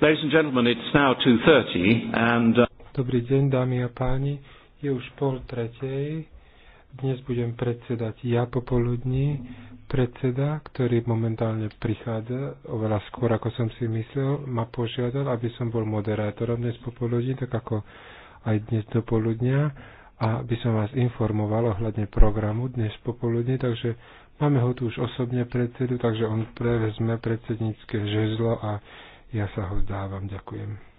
Uh, Dobrý deň, dámy a páni. Je už pol tretej. Dnes budem predsedať ja popoludní. Predseda, ktorý momentálne prichádza oveľa skôr, ako som si myslel, ma požiadal, aby som bol moderátorom dnes popoludní, tak ako aj dnes do poludnia a by som vás informoval ohľadne programu dnes popoludní, takže máme ho tu už osobne predsedu, takže on prevezme predsednícke žezlo a ja sa ho zdávam. Ďakujem.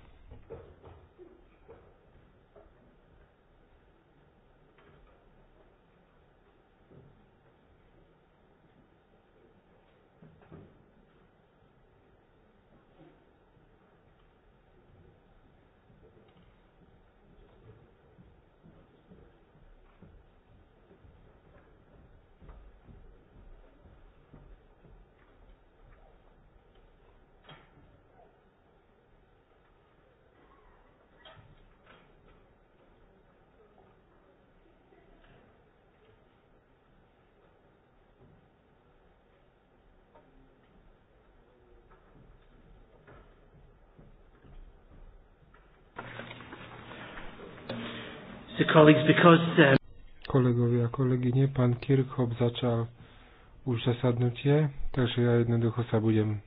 colleagues, because... Um... Uh, Kolegovia kolegyne, pán Kirchhoff začal už zasadnutie, takže ja jednoducho sa budem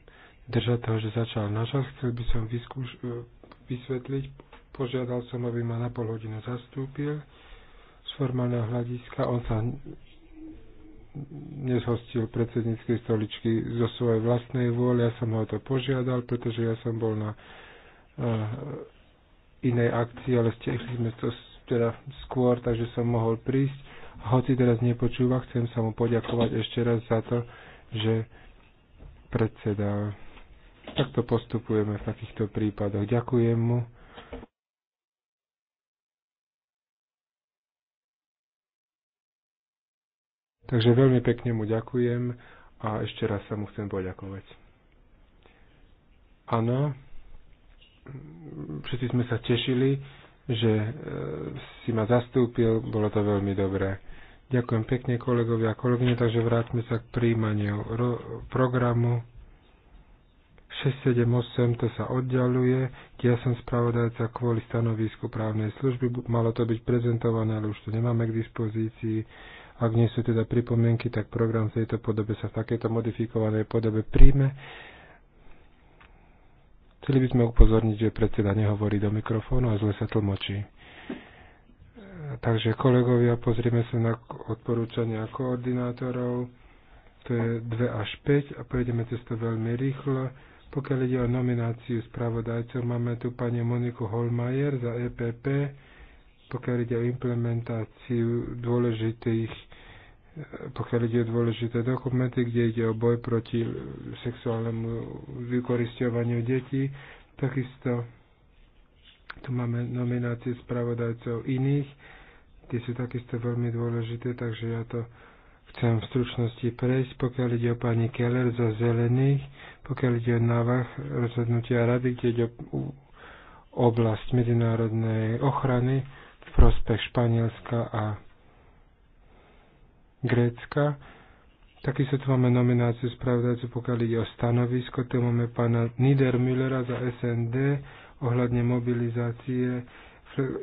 držať toho, že začal na čas. Chcel by som vyskúš, e, vysvetliť, požiadal som, aby ma na pol hodinu zastúpil. Z formálneho hľadiska on sa nezhostil predsedníckej stoličky zo svojej vlastnej vôle. Ja som ho o to požiadal, pretože ja som bol na uh, inej akcii, ale ste sme to teda skôr, takže som mohol prísť. Hoci teraz nepočúva, chcem sa mu poďakovať ešte raz za to, že predseda. Takto postupujeme v takýchto prípadoch. Ďakujem mu. Takže veľmi pekne mu ďakujem a ešte raz sa mu chcem poďakovať. Áno, všetci sme sa tešili, že e, si ma zastúpil, bolo to veľmi dobré. Ďakujem pekne kolegovia a kolegyne, takže vráťme sa k príjmaniu programu 678, to sa oddialuje, kde ja som spravodajca kvôli stanovisku právnej služby, malo to byť prezentované, ale už to nemáme k dispozícii. Ak nie sú teda pripomienky, tak program v tejto podobe sa v takejto modifikovanej podobe príjme. Chceli by sme upozorniť, že predseda nehovorí do mikrofónu a zle sa tlmočí. Takže kolegovia, pozrieme sa na odporúčania koordinátorov. To je 2 až 5 a pôjdeme cez to veľmi rýchlo. Pokiaľ ide o nomináciu spravodajcov, máme tu pani Moniku Holmajer za EPP. Pokiaľ ide o implementáciu dôležitých pokiaľ ide o dôležité dokumenty, kde ide o boj proti sexuálnemu vykoristovaniu detí. Takisto tu máme nominácie spravodajcov iných, tie sú takisto veľmi dôležité, takže ja to chcem v stručnosti prejsť, pokiaľ ide o pani Keller za zelených, pokiaľ ide o návrh rozhodnutia rady, kde ide o oblasť medzinárodnej ochrany v prospech Španielska a Grécka. Takisto tu máme nomináciu spravodajcu, pokiaľ ide o stanovisko. Tu máme pána Niedermüllera za SND ohľadne mobilizácie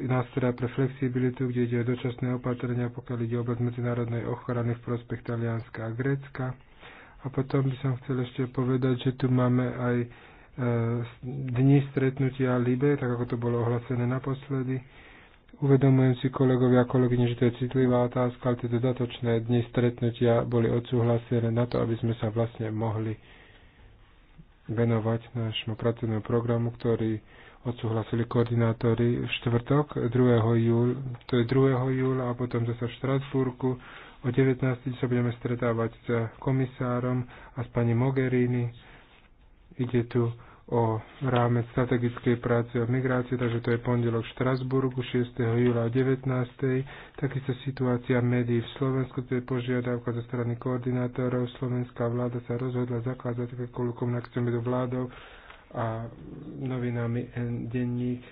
nástroja pre flexibilitu, kde ide o dočasné opatrenia, pokiaľ ide o oblasť medzinárodnej ochrany v prospech Talianska a Grécka. A potom by som chcel ešte povedať, že tu máme aj e, dni stretnutia LIBE, tak ako to bolo ohlasené naposledy. Uvedomujem si, kolegovia a kolegyne, že to je citlivá otázka, ale tie dodatočné dni stretnutia boli odsúhlasené na to, aby sme sa vlastne mohli venovať nášmu pracovnému programu, ktorý odsúhlasili koordinátori v štvrtok 2. júla, to je 2. júla a potom zase v Štrasburku. o 19. sa budeme stretávať s komisárom a s pani Mogherini. Ide tu o rámec strategickej práce o migrácii, takže to je pondelok v Štrasburgu 6. júla 19. Takisto situácia médií v Slovensku, to je požiadavka zo strany koordinátorov. Slovenská vláda sa rozhodla zakázať akékoľvek komunikáciu medzi vládou a novinami denník.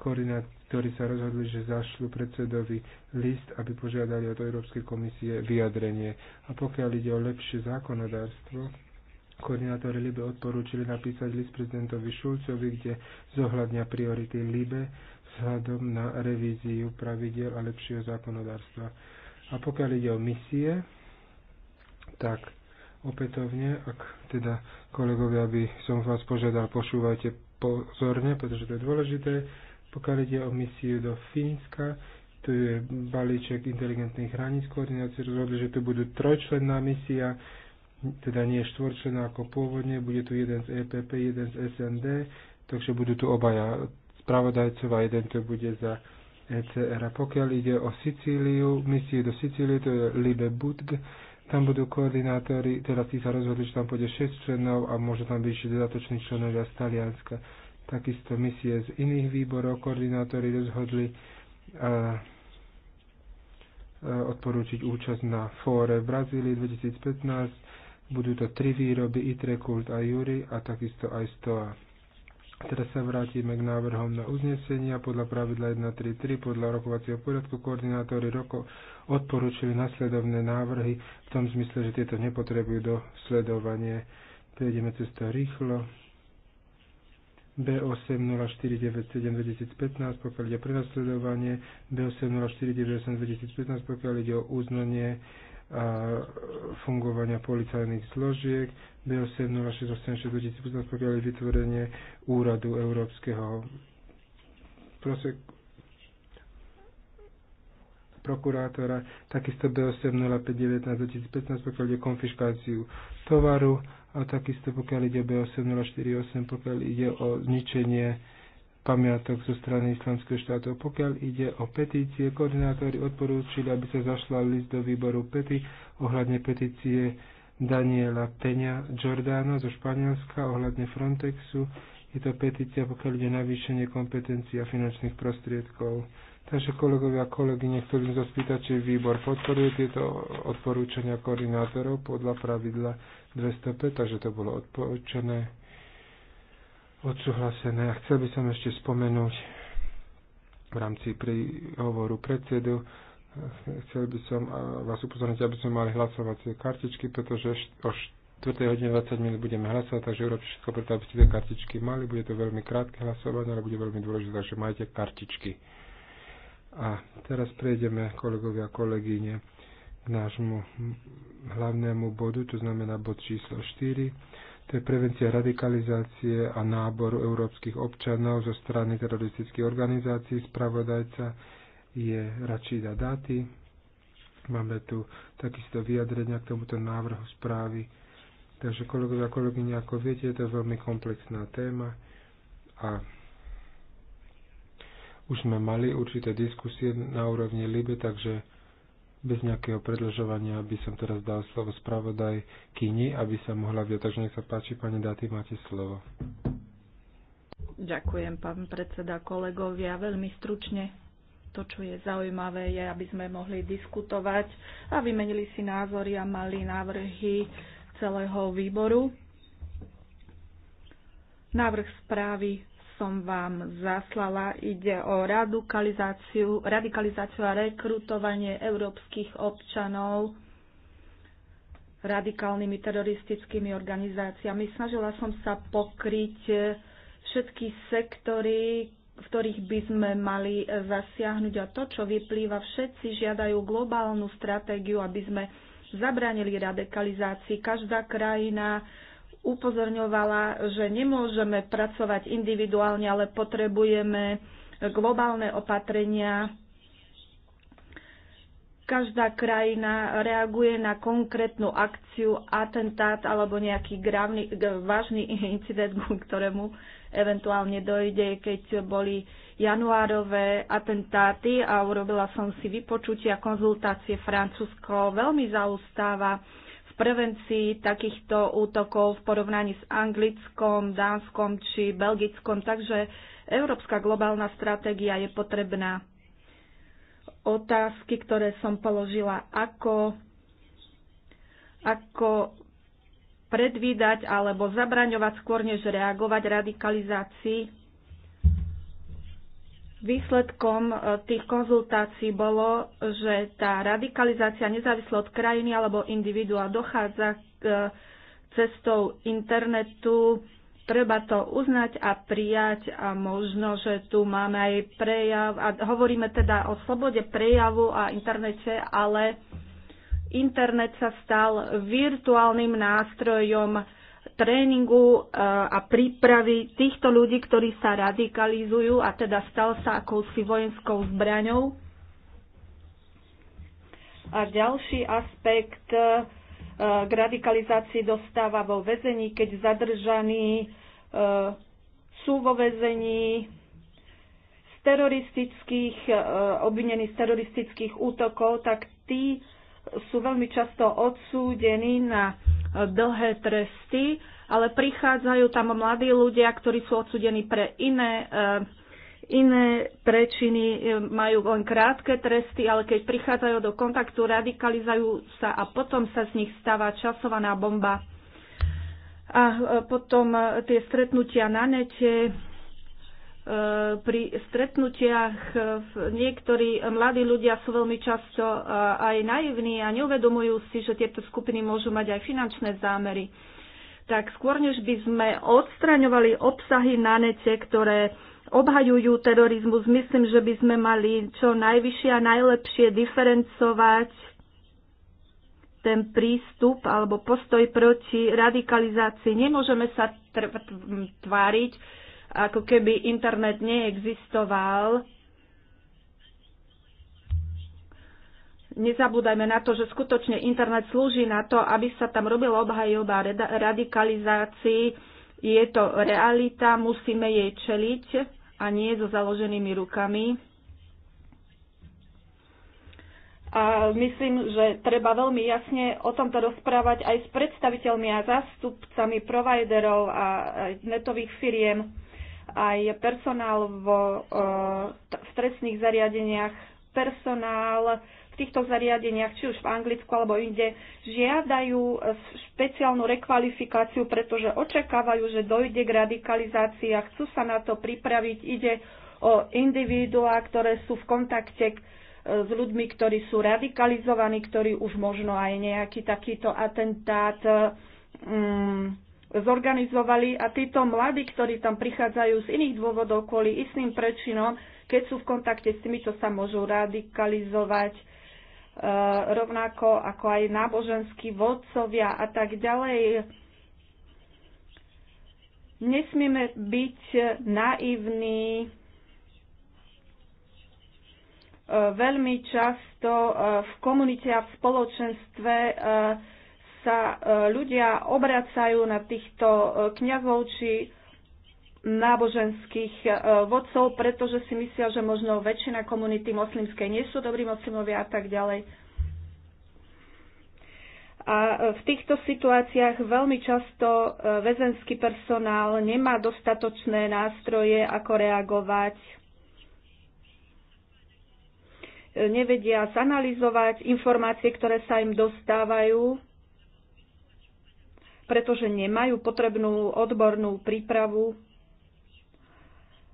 Koordinátori sa rozhodli, že zašlu predsedovi list, aby požiadali od Európskej komisie vyjadrenie. A pokiaľ ide o lepšie zákonodárstvo, Koordinátori Libe odporúčili napísať list prezidentovi Šulcovi, kde zohľadňa priority Libe vzhľadom na revíziu pravidel a lepšieho zákonodárstva. A pokiaľ ide o misie, tak opätovne, ak teda kolegovia by som vás požiadal, pošúvajte pozorne, pretože to je dôležité. Pokiaľ ide o misiu do Fínska, tu je balíček inteligentných hraníc koordinácie, rozhodli, že tu budú trojčlenná misia, teda nie štvorčlená ako pôvodne, bude tu jeden z EPP, jeden z SND, takže budú tu obaja spravodajcov a jeden to bude za ECR. A pokiaľ ide o Sicíliu, misie do Sicílie, to je Libe Budg, tam budú koordinátori, teda tí sa rozhodli, že tam pôjde 6 členov a môže tam byť ešte dodatoční členovia z Talianska. Takisto misie z iných výborov koordinátori rozhodli a, odporúčiť účasť na fóre v Brazílii 2015 budú to tri výroby ITRE, KULT a JURY a takisto aj STOA. Teraz sa vrátime k návrhom na uznesenia. Podľa pravidla 133 podľa rokovacieho poriadku koordinátori roko odporúčili nasledovné návrhy v tom zmysle, že tieto nepotrebujú dosledovanie. Prejdeme cez to rýchlo. B80497-2015, pokiaľ ide o prenasledovanie, B80498-2015, pokiaľ ide o uznanie a fungovania policajných zložiek. B8 0686 2015 pokiaľ vytvorenie úradu Európskeho prosek- prokurátora, takisto B8 0519 2015 pokiaľ ide konfiškáciu tovaru a takisto pokiaľ ide B8 048 pokiaľ ide o zničenie pamiatok zo strany islamského štátu, Pokiaľ ide o petície, koordinátori odporúčili, aby sa zašla list do výboru pety ohľadne petície Daniela Peňa Giordano zo Španielska ohľadne Frontexu. Je to petícia, pokiaľ ide navýšenie kompetencií a finančných prostriedkov. Takže kolegovia a kolegyne, chceli sa spýtať, či výbor podporuje tieto odporúčania koordinátorov podľa pravidla 205, takže to bolo odporúčené odsúhlasené. A chcel by som ešte spomenúť v rámci príhovoru predsedu, chcel by som vás upozorniť, aby sme mali hlasovacie kartičky, pretože o 4. hodine 20 minút budeme hlasovať, takže urobte všetko preto, aby ste tie kartičky mali. Bude to veľmi krátke hlasovanie, ale bude veľmi dôležité, takže majte kartičky. A teraz prejdeme, kolegovia a kolegyne, k nášmu hlavnému bodu, to znamená bod číslo 4 to je prevencia radikalizácie a náboru európskych občanov zo strany teroristických organizácií. Spravodajca je Račida Dati. Máme tu takisto vyjadrenia k tomuto návrhu správy. Takže kolegovia a kolegyne, ako viete, je to veľmi komplexná téma a už sme mali určité diskusie na úrovni Libe, takže bez nejakého predlžovania by som teraz dal slovo spravodaj Kini, aby sa mohla viac. Takže nech sa páči, pani Dáty, máte slovo. Ďakujem, pán predseda, kolegovia. Veľmi stručne to, čo je zaujímavé, je, aby sme mohli diskutovať a vymenili si názory a mali návrhy celého výboru. Návrh správy som vám zaslala. Ide o radikalizáciu, radikalizáciu a rekrutovanie európskych občanov radikálnymi teroristickými organizáciami. Snažila som sa pokryť všetky sektory, v ktorých by sme mali zasiahnuť a to, čo vyplýva, všetci žiadajú globálnu stratégiu, aby sme zabránili radikalizácii. Každá krajina upozorňovala, že nemôžeme pracovať individuálne, ale potrebujeme globálne opatrenia. Každá krajina reaguje na konkrétnu akciu, atentát alebo nejaký gravný, vážny incident, k ktorému eventuálne dojde, keď boli januárové atentáty a urobila som si vypočutia, konzultácie Francúzsko veľmi zaustáva prevencii takýchto útokov v porovnaní s anglickom, dánskom či belgickom. Takže európska globálna stratégia je potrebná. Otázky, ktoré som položila, ako, ako predvídať alebo zabraňovať skôr než reagovať radikalizácii Výsledkom e, tých konzultácií bolo, že tá radikalizácia nezávisle od krajiny alebo individua dochádza k e, cestou internetu. Treba to uznať a prijať a možno, že tu máme aj prejav. A hovoríme teda o slobode prejavu a internete, ale internet sa stal virtuálnym nástrojom tréningu e, a prípravy týchto ľudí, ktorí sa radikalizujú a teda stal sa akousi vojenskou zbraňou. A ďalší aspekt e, k radikalizácii dostáva vo väzení, keď zadržaní e, sú vo väzení z teroristických, obvinení z teroristických útokov, tak tí sú veľmi často odsúdení na dlhé tresty, ale prichádzajú tam mladí ľudia, ktorí sú odsudení pre iné, eh, iné prečiny, eh, majú len krátke tresty, ale keď prichádzajú do kontaktu, radikalizujú sa a potom sa z nich stáva časovaná bomba. A eh, potom tie stretnutia na nete, E, pri stretnutiach e, niektorí mladí ľudia sú veľmi často e, aj naivní a neuvedomujú si, že tieto skupiny môžu mať aj finančné zámery. Tak skôr, než by sme odstraňovali obsahy na nete, ktoré obhajujú terorizmus, myslím, že by sme mali čo najvyššie a najlepšie diferencovať ten prístup alebo postoj proti radikalizácii. Nemôžeme sa tváriť, ako keby internet neexistoval. Nezabúdajme na to, že skutočne internet slúži na to, aby sa tam robila obhajoba radikalizácii. Je to realita, musíme jej čeliť a nie so založenými rukami. A myslím, že treba veľmi jasne o tomto rozprávať aj s predstaviteľmi a zástupcami providerov a netových firiem aj personál v, e, v trestných zariadeniach, personál v týchto zariadeniach, či už v Anglicku alebo inde, žiadajú špeciálnu rekvalifikáciu, pretože očakávajú, že dojde k radikalizácii a chcú sa na to pripraviť. Ide o individuá, ktoré sú v kontakte e, s ľuďmi, ktorí sú radikalizovaní, ktorí už možno aj nejaký takýto atentát mm, zorganizovali a títo mladí, ktorí tam prichádzajú z iných dôvodov kvôli istým prečinom, keď sú v kontakte s tými, čo sa môžu radikalizovať, e, rovnako ako aj náboženskí vodcovia a tak ďalej. Nesmieme byť naivní. E, veľmi často e, v komunite a v spoločenstve e, sa e, ľudia obracajú na týchto e, kniazov či náboženských e, vodcov, pretože si myslia, že možno väčšina komunity moslimskej nie sú dobrí moslimovia a tak ďalej. A v týchto situáciách veľmi často väzenský personál nemá dostatočné nástroje, ako reagovať. Nevedia zanalizovať informácie, ktoré sa im dostávajú pretože nemajú potrebnú odbornú prípravu,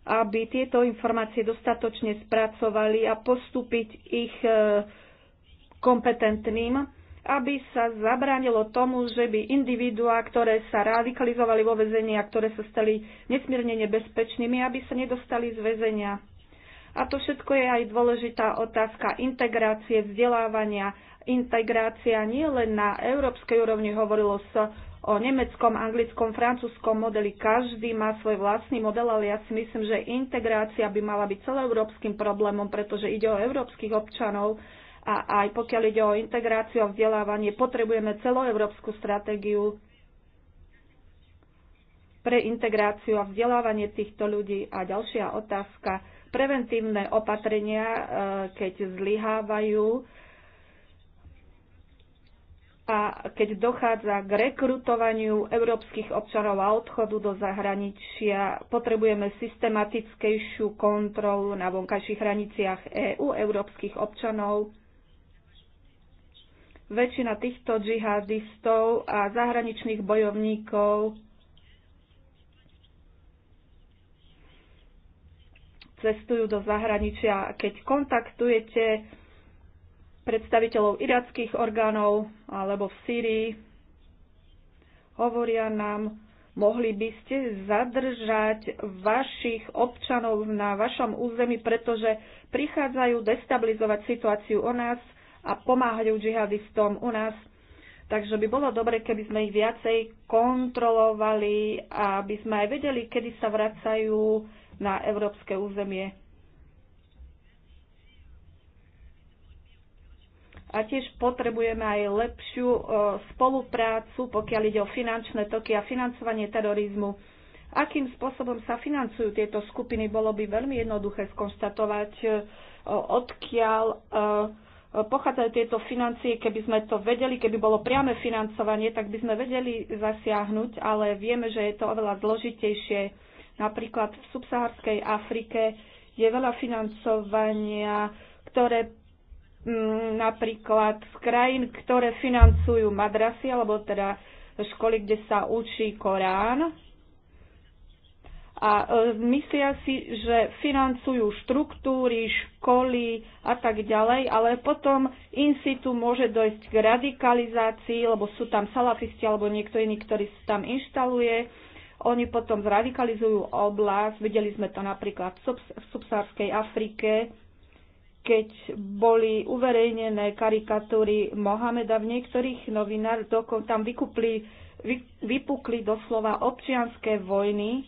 aby tieto informácie dostatočne spracovali a postúpiť ich e, kompetentným, aby sa zabránilo tomu, že by individuá, ktoré sa radikalizovali vo väzení a ktoré sa stali nesmierne nebezpečnými, aby sa nedostali z väzenia. A to všetko je aj dôležitá otázka integrácie, vzdelávania, integrácia nie len na európskej úrovni, hovorilo sa o nemeckom, anglickom, francúzskom modeli. Každý má svoj vlastný model, ale ja si myslím, že integrácia by mala byť celoeurópskym problémom, pretože ide o európskych občanov a aj pokiaľ ide o integráciu a vzdelávanie, potrebujeme celoeurópsku stratégiu pre integráciu a vzdelávanie týchto ľudí. A ďalšia otázka. Preventívne opatrenia, e, keď zlyhávajú, a keď dochádza k rekrutovaniu európskych občanov a odchodu do zahraničia, potrebujeme systematickejšiu kontrolu na vonkajších hraniciach EÚ, európskych občanov. Väčšina týchto džihadistov a zahraničných bojovníkov cestujú do zahraničia. Keď kontaktujete predstaviteľov irackých orgánov alebo v Sýrii. Hovoria nám, mohli by ste zadržať vašich občanov na vašom území, pretože prichádzajú destabilizovať situáciu u nás a pomáhajú džihadistom u nás. Takže by bolo dobre, keby sme ich viacej kontrolovali a aby sme aj vedeli, kedy sa vracajú na európske územie. a tiež potrebujeme aj lepšiu e, spoluprácu, pokiaľ ide o finančné toky a financovanie terorizmu. Akým spôsobom sa financujú tieto skupiny, bolo by veľmi jednoduché skonštatovať, e, odkiaľ e, pochádzajú tieto financie. Keby sme to vedeli, keby bolo priame financovanie, tak by sme vedeli zasiahnuť, ale vieme, že je to oveľa zložitejšie. Napríklad v subsaharskej Afrike je veľa financovania, ktoré napríklad z krajín, ktoré financujú madrasy, alebo teda školy, kde sa učí Korán. A e, myslia si, že financujú štruktúry, školy a tak ďalej, ale potom in situ môže dojsť k radikalizácii, lebo sú tam salafisti alebo niekto iný, ktorý sa tam inštaluje. Oni potom zradikalizujú oblasť, videli sme to napríklad v subsárskej Afrike, keď boli uverejnené karikatúry Mohameda v niektorých novinách, tam vykupli, vy, vypukli doslova občianské vojny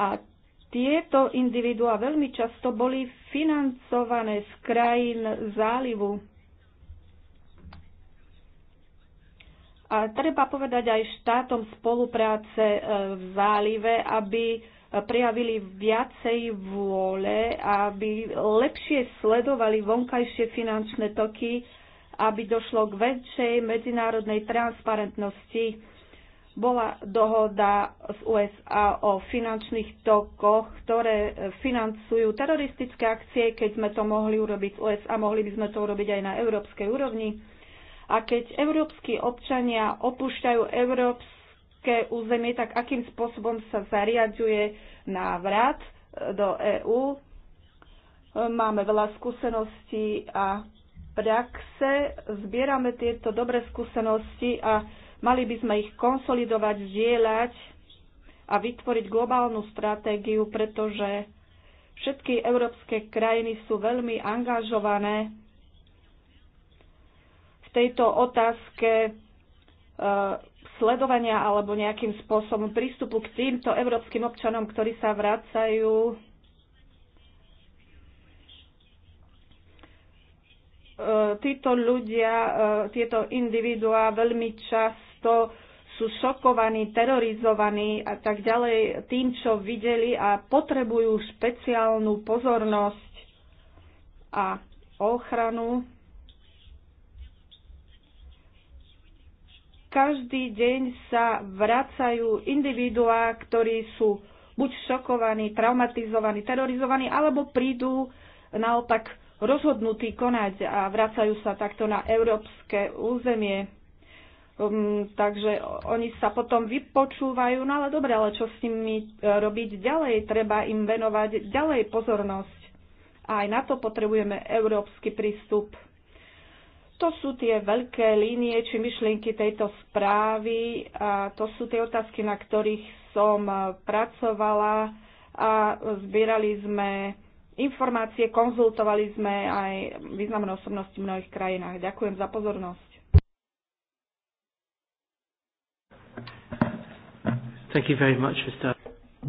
a tieto individuá veľmi často boli financované z krajín zálivu. A treba povedať aj štátom spolupráce e, v zálive, aby prijavili viacej vôle, aby lepšie sledovali vonkajšie finančné toky, aby došlo k väčšej medzinárodnej transparentnosti. Bola dohoda z USA o finančných tokoch, ktoré financujú teroristické akcie. Keď sme to mohli urobiť z USA, mohli by sme to urobiť aj na európskej úrovni. A keď európsky občania opúšťajú európske územie, tak akým spôsobom sa zariaduje návrat e, do EÚ. Máme veľa skúseností a praxe, zbierame tieto dobré skúsenosti a mali by sme ich konsolidovať, zdieľať a vytvoriť globálnu stratégiu, pretože všetky európske krajiny sú veľmi angažované v tejto otázke e, sledovania alebo nejakým spôsobom prístupu k týmto európskym občanom, ktorí sa vracajú e, títo ľudia, e, tieto individuá veľmi často sú šokovaní, terorizovaní a tak ďalej tým, čo videli a potrebujú špeciálnu pozornosť a ochranu. Každý deň sa vracajú individuá, ktorí sú buď šokovaní, traumatizovaní, terorizovaní, alebo prídu naopak rozhodnutí konať a vracajú sa takto na európske územie. Um, takže oni sa potom vypočúvajú, no ale dobre, ale čo s nimi e, robiť ďalej? Treba im venovať ďalej pozornosť. A aj na to potrebujeme európsky prístup to sú tie veľké línie či myšlienky tejto správy a to sú tie otázky, na ktorých som pracovala a zbierali sme informácie, konzultovali sme aj významné osobnosti v mnohých krajinách. Ďakujem za pozornosť. Thank you very much, Mr.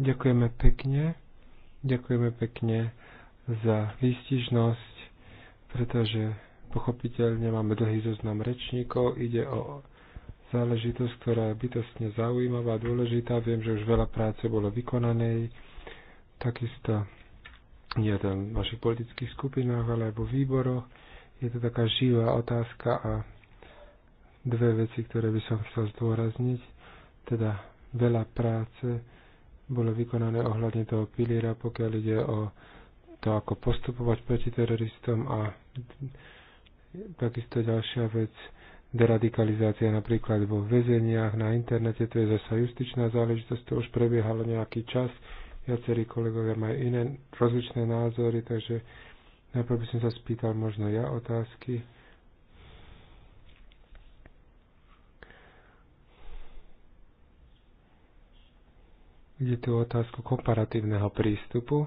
Ďakujeme pekne. Ďakujeme pekne za výstižnosť, pretože Pochopiteľne máme dlhý zoznam rečníkov, ide o záležitosť, ktorá je bytostne zaujímavá a dôležitá. Viem, že už veľa práce bolo vykonanej, takisto nie len v vašich politických skupinách, ale aj vo výboroch. Je to taká živá otázka a dve veci, ktoré by som chcel zdôrazniť. Teda veľa práce bolo vykonané ohľadne toho piliera, pokiaľ ide o to, ako postupovať proti teroristom a Takisto ďalšia vec, deradikalizácia napríklad vo väzeniach, na internete, to je zasa justičná záležitosť, to už prebiehalo nejaký čas, viacerí kolegovia majú iné rozličné názory, takže najprv by som sa spýtal možno ja otázky. Ide tu otázku komparatívneho prístupu,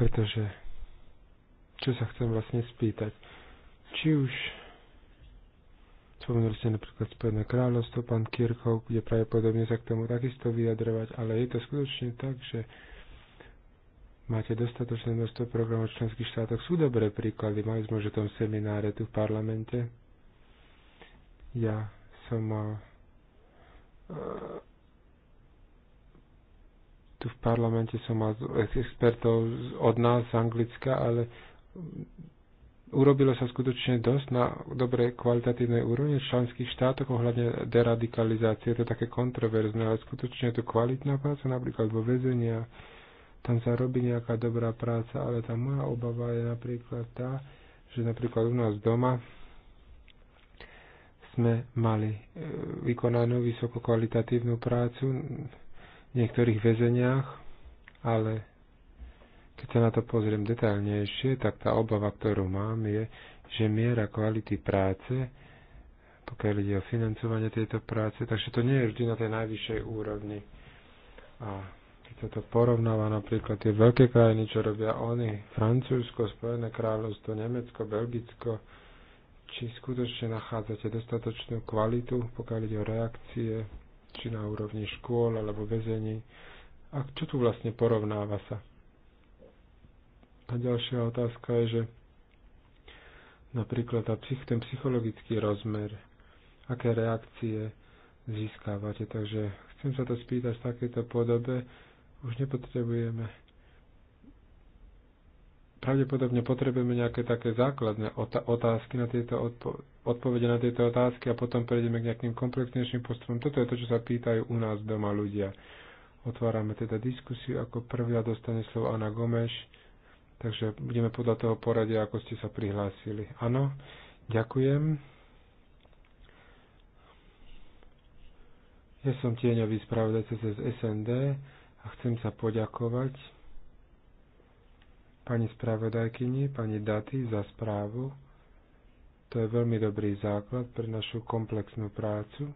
pretože čo sa chcem vlastne spýtať? Či už spomenuli ste napríklad Spojené kráľovstvo, pán Kirchhoff bude pravdepodobne sa k tomu takisto vyjadrovať, ale je to skutočne tak, že máte dostatočné množstvo programov v členských štátoch. Sú dobré príklady, mali sme už o tom semináre tu v parlamente. Ja som mal eh, tu v parlamente som mal expertov od nás z Anglicka, ale urobilo sa skutočne dosť na dobre kvalitatívnej úrovni v členských štátoch ohľadne deradikalizácie. Je to také kontroverzné, ale skutočne je to kvalitná práca, napríklad vo väzeniach. Tam sa robí nejaká dobrá práca, ale tá moja obava je napríklad tá, že napríklad u nás doma sme mali e, vykonanú vysokokvalitatívnu prácu v niektorých väzeniach, ale keď sa na to pozriem detailnejšie, tak tá obava, ktorú mám, je, že miera kvality práce, pokiaľ ide o financovanie tejto práce, takže to nie je vždy na tej najvyššej úrovni. A keď sa to porovnáva napríklad tie veľké krajiny, čo robia oni, Francúzsko, Spojené kráľovstvo, Nemecko, Belgicko, či skutočne nachádzate dostatočnú kvalitu, pokiaľ ide o reakcie, či na úrovni škôl alebo väzení. A čo tu vlastne porovnáva sa? A ďalšia otázka je, že napríklad ten psychologický rozmer, aké reakcie získávate. Takže chcem sa to spýtať v takejto podobe. Už nepotrebujeme pravdepodobne potrebujeme nejaké také základné otázky na tieto odpo- odpovede na tieto otázky a potom prejdeme k nejakým komplexnejším postupom. Toto je to, čo sa pýtajú u nás doma ľudia. Otvárame teda diskusiu. Ako prvá dostane slovo Ana Gomeš Takže budeme podľa toho poradia, ako ste sa prihlásili. Áno, ďakujem. Ja som tieňový spravodajca cez SND a chcem sa poďakovať pani spravodajkyni, pani Daty za správu. To je veľmi dobrý základ pre našu komplexnú prácu.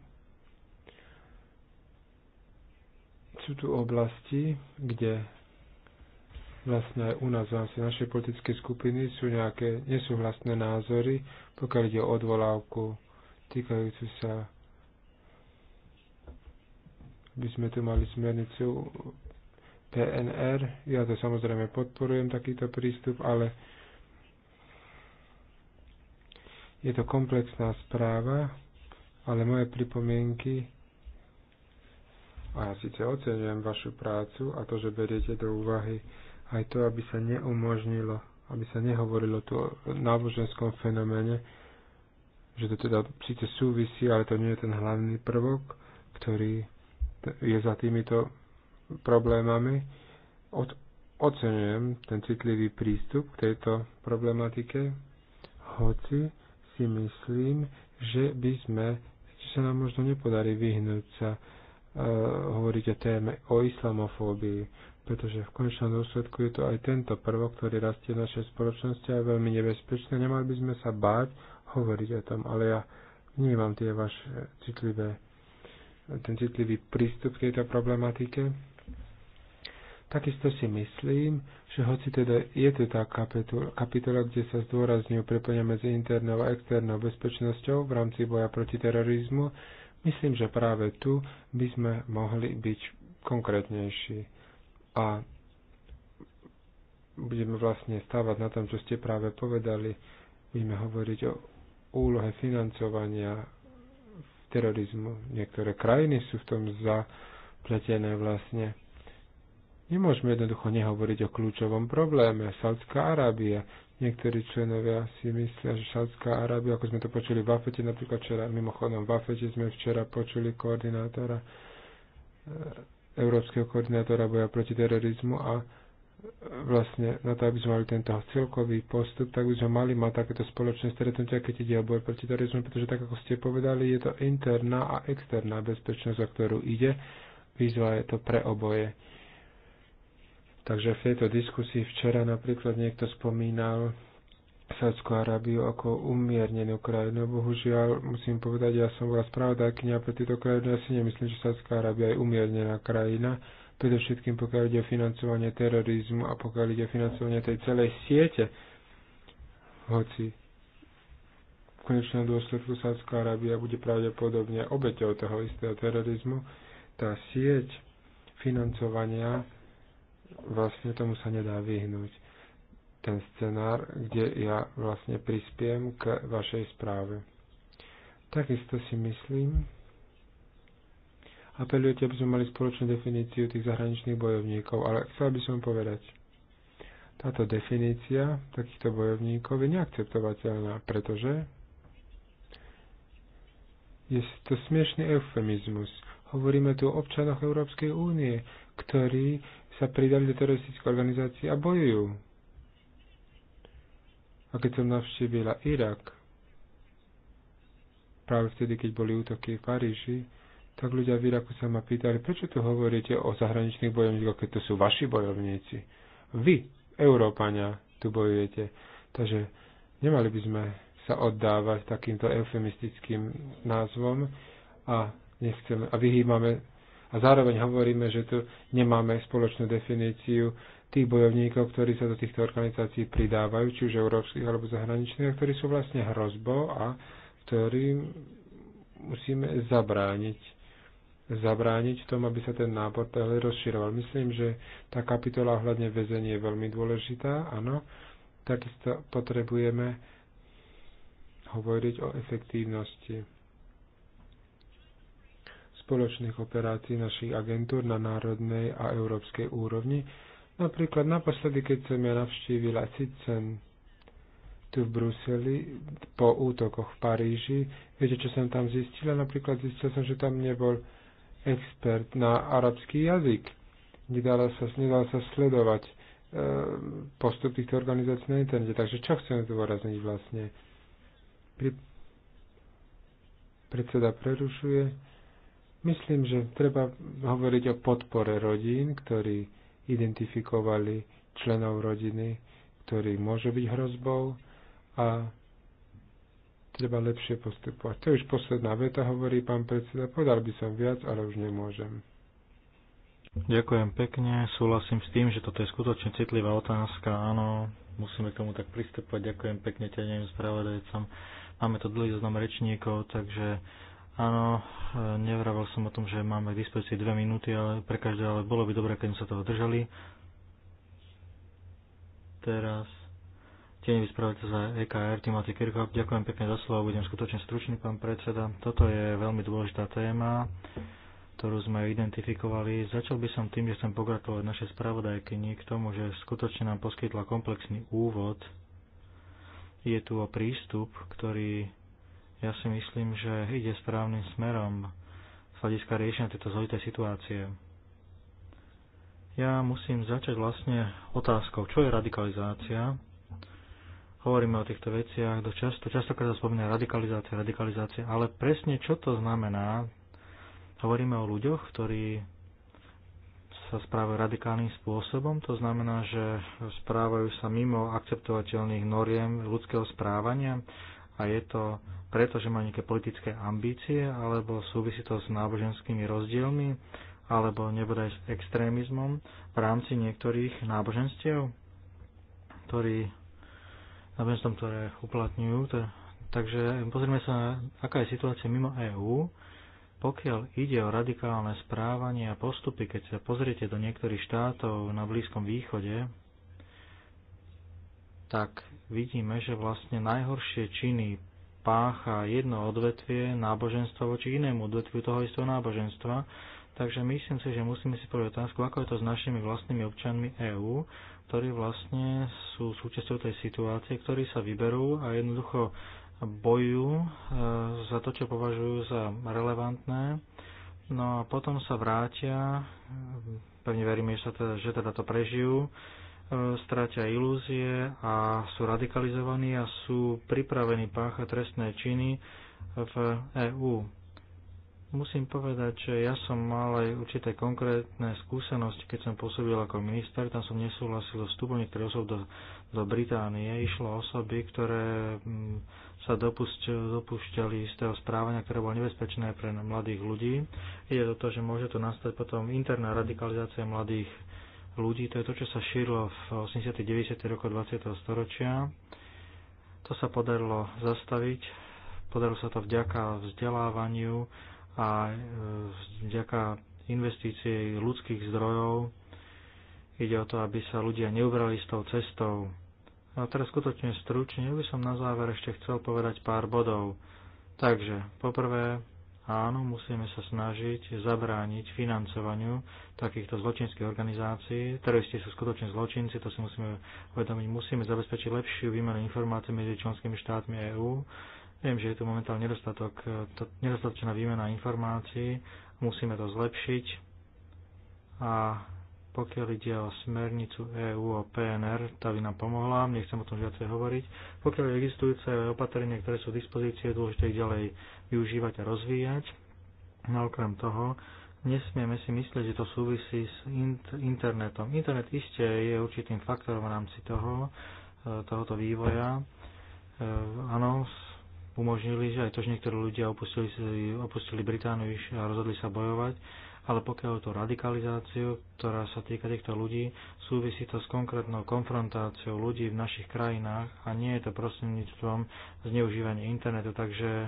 Sú tu oblasti, kde vlastne u nás v rámci našej politickej skupiny sú nejaké nesúhlasné názory, pokiaľ ide o odvolávku týkajúcu sa by sme tu mali smernicu PNR. Ja to samozrejme podporujem, takýto prístup, ale je to komplexná správa, ale moje pripomienky a ja síce ocenujem vašu prácu a to, že beriete do úvahy aj to, aby sa neumožnilo, aby sa nehovorilo tu o náboženskom fenoméne, že to teda síce súvisí, ale to nie je ten hlavný prvok, ktorý je za týmito problémami. Od, oceňujem ten citlivý prístup k tejto problematike, hoci si myslím, že by sme, že sa nám možno nepodarí vyhnúť sa, uh, hovoriť o téme o islamofóbii pretože v konečnom dôsledku je to aj tento prvok, ktorý rastie v našej spoločnosti a je veľmi nebezpečný. Nemali by sme sa báť hovoriť o tom, ale ja vnímam tie vaše citlivé, ten citlivý prístup k tejto problematike. Takisto si myslím, že hoci teda je tu tá kapitola, kapitola kde sa zdôrazňujú prepojenia medzi internou a externou bezpečnosťou v rámci boja proti terorizmu, myslím, že práve tu by sme mohli byť konkrétnejší a budeme vlastne stávať na tom, čo ste práve povedali. Budeme hovoriť o úlohe financovania terorizmu. Niektoré krajiny sú v tom zapletené vlastne. Nemôžeme jednoducho nehovoriť o kľúčovom probléme. Saudská Arábia. Niektorí členovia si myslia, že Saudská Arábia, ako sme to počuli v Afete, napríklad včera, mimochodom v Afete sme včera počuli koordinátora Európskeho koordinátora boja proti terorizmu a e, vlastne na to, aby sme mali tento celkový postup, tak by sme mali mať takéto spoločné stretnutia, keď ide o boj proti terorizmu, pretože tak, ako ste povedali, je to interná a externá bezpečnosť, o ktorú ide. Výzva je to pre oboje. Takže v tejto diskusii včera napríklad niekto spomínal Sádskú Arábiu ako umiernenú krajinu. Bohužiaľ, musím povedať, ja som bola kniha pre tieto krajiny, Ja si nemyslím, že Sádska Arábia je umiernená krajina. Predovšetkým pokiaľ ide o financovanie terorizmu a pokiaľ ide o financovanie tej celej siete. Hoci v konečnom dôsledku Sádska Arábia bude pravdepodobne obeťou toho istého terorizmu, tá sieť financovania vlastne tomu sa nedá vyhnúť ten scenár, kde ja vlastne prispiem k vašej správe. Takisto si myslím, apelujete, aby sme mali spoločnú definíciu tých zahraničných bojovníkov, ale chcel by som povedať, táto definícia takýchto bojovníkov je neakceptovateľná, pretože je to smiešný eufemizmus. Hovoríme tu o občanoch Európskej únie, ktorí sa pridali do teroristickej organizácie a bojujú a keď som navštívila Irak, práve vtedy, keď boli útoky v Paríži, tak ľudia v Iraku sa ma pýtali, prečo tu hovoríte o zahraničných bojovníkoch, keď to sú vaši bojovníci. Vy, Európania, tu bojujete. Takže nemali by sme sa oddávať takýmto eufemistickým názvom a, nechceme, a vyhýmame a zároveň hovoríme, že tu nemáme spoločnú definíciu tých bojovníkov, ktorí sa do týchto organizácií pridávajú, či už európskych alebo zahraničných, a ktorí sú vlastne hrozbou a ktorým musíme zabrániť zabrániť v tom, aby sa ten nápor rozširoval. Myslím, že tá kapitola ohľadne väzenie je veľmi dôležitá, áno. Takisto potrebujeme hovoriť o efektívnosti spoločných operácií našich agentúr na národnej a európskej úrovni Napríklad naposledy, keď som ja navštívila Cicen tu v Bruseli po útokoch v Paríži, viete, čo som tam zistila? Napríklad zistil som, že tam nebol expert na arabský jazyk. Nedalo sa, nedalo sa sledovať e, postup týchto organizácií na internete. Takže čo chcem zdôrazniť vlastne? Pri... Predseda prerušuje. Myslím, že treba hovoriť o podpore rodín, ktorí identifikovali členov rodiny, ktorí môžu byť hrozbou a treba lepšie postupovať. To je už posledná veta, hovorí pán predseda. Podal by som viac, ale už nemôžem. Ďakujem pekne, súhlasím s tým, že toto je skutočne citlivá otázka, áno, musíme k tomu tak pristupovať. Ďakujem pekne teniem spravodajcom. Máme to dlhý zoznam rečníkov, takže Áno, e, nevrával som o tom, že máme k dispozícii dve minúty ale pre každé, ale bolo by dobré, keď sme sa toho držali. Teraz tieňový spravodajca za EKR, Timothy Kirchhoff. Ďakujem pekne za slovo, budem skutočne stručný, pán predseda. Toto je veľmi dôležitá téma, ktorú sme identifikovali. Začal by som tým, že chcem pogratulovať našej spravodajkyni k tomu, že skutočne nám poskytla komplexný úvod. Je tu o prístup, ktorý ja si myslím, že ide správnym smerom z hľadiska riešenia tejto zložitej situácie. Ja musím začať vlastne otázkou, čo je radikalizácia. Hovoríme o týchto veciach, do často, častokrát sa spomína radikalizácia, radikalizácia, ale presne čo to znamená, hovoríme o ľuďoch, ktorí sa správajú radikálnym spôsobom, to znamená, že správajú sa mimo akceptovateľných noriem ľudského správania, a je to preto, že majú nejaké politické ambície, alebo súvisí to s náboženskými rozdielmi, alebo nebude s extrémizmom v rámci niektorých náboženstiev, ktorí, náboženstvom, ktoré uplatňujú. Takže pozrieme sa, aká je situácia mimo EÚ. Pokiaľ ide o radikálne správanie a postupy, keď sa pozriete do niektorých štátov na Blízkom východe, tak vidíme, že vlastne najhoršie činy pácha jedno odvetvie náboženstva voči inému odvetviu toho istého náboženstva. Takže myslím si, že musíme si povedať otázku, ako je to s našimi vlastnými občanmi EÚ, ktorí vlastne sú súčasťou tej situácie, ktorí sa vyberú a jednoducho bojujú e, za to, čo považujú za relevantné. No a potom sa vrátia, pevne veríme, že, sa teda, že teda to prežijú, E, stratia ilúzie a sú radikalizovaní a sú pripravení páchať trestné činy v EÚ. Musím povedať, že ja som mal aj určité konkrétne skúsenosti, keď som pôsobil ako minister, tam som nesúhlasil so vstupom niektorých osob do, do Británie. Išlo osoby, ktoré mm, sa dopúšťali istého správania, ktoré bolo nebezpečné pre mladých ľudí. Ide do to, že môže tu nastať potom interná radikalizácia mladých ľudí ľudí. To je to, čo sa šírilo v 80. 90. rokoch 20. storočia. To sa podarilo zastaviť. Podarilo sa to vďaka vzdelávaniu a e, vďaka investície ľudských zdrojov. Ide o to, aby sa ľudia neubrali s tou cestou. A teraz skutočne stručne by som na záver ešte chcel povedať pár bodov. Takže, poprvé, Áno, musíme sa snažiť zabrániť financovaniu takýchto zločinských organizácií. Teroristi sú skutočne zločinci, to si musíme uvedomiť. Musíme zabezpečiť lepšiu výmenu informácií medzi členskými štátmi EÚ. Viem, že je tu momentálne nedostatok, nedostatočná výmena informácií. Musíme to zlepšiť. A pokiaľ ide o smernicu EÚ o PNR, tá by nám pomohla, nechcem o tom viacej hovoriť. Pokiaľ existujúce opatrenia, ktoré sú v dispozícii, je dôležité ich ďalej využívať a rozvíjať. No okrem toho, nesmieme si myslieť, že to súvisí s internetom. Internet iste je určitým faktorom v rámci toho, e, tohoto vývoja. E, áno, umožnili, že aj to, že niektorí ľudia opustili, opustili Britániu a rozhodli sa bojovať, ale pokiaľ je to radikalizáciu, ktorá sa týka týchto ľudí, súvisí to s konkrétnou konfrontáciou ľudí v našich krajinách a nie je to prostredníctvom zneužívania internetu, takže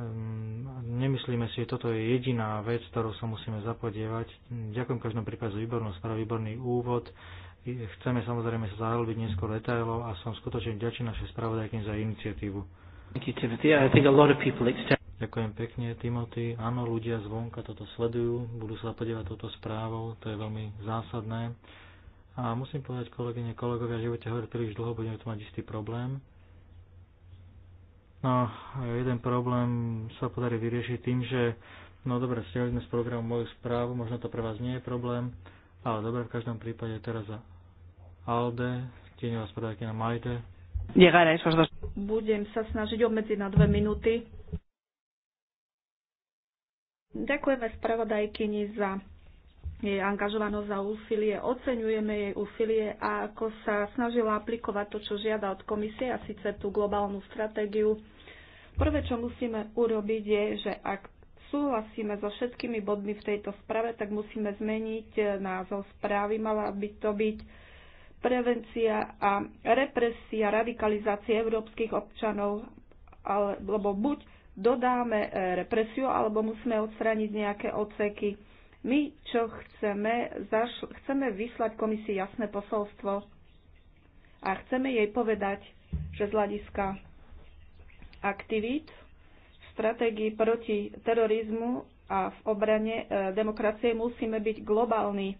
ehm, nemyslíme si, že toto je jediná vec, ktorou sa musíme zapodievať. Ďakujem v každom prípade za výbornú správu, výborný úvod. Chceme samozrejme sa zahlbiť neskôr detailov a som skutočne vďačný našej spravodajkým za iniciatívu. Thank you, Timothy. I think a lot of people extend Ďakujem pekne, Timothy. Áno, ľudia zvonka toto sledujú, budú sa podievať touto správou, to je veľmi zásadné. A musím povedať, kolegyne, kolegovia, že budete hovoriť príliš dlho, budeme tu mať istý problém. No, jeden problém sa podarí vyriešiť tým, že no dobre, stiahli sme z programu moju správu, možno to pre vás nie je problém, ale dobre, v každom prípade teraz za Alde, tieňová na Majte. Budem sa snažiť obmedziť na dve minúty. Ďakujeme spravodajkyni za jej angažovanosť za úsilie, oceňujeme jej úsilie a ako sa snažila aplikovať to, čo žiada od komisie a síce tú globálnu stratégiu. Prvé, čo musíme urobiť je, že ak súhlasíme so všetkými bodmi v tejto sprave, tak musíme zmeniť názov správy. Mala by to byť prevencia a represia radikalizácie európskych občanov, alebo buď dodáme e, represiu alebo musíme odstrániť nejaké odseky. My, čo chceme, zašl- chceme vyslať komisii jasné posolstvo a chceme jej povedať, že z hľadiska aktivít v stratégii proti terorizmu a v obrane e, demokracie musíme byť globálni.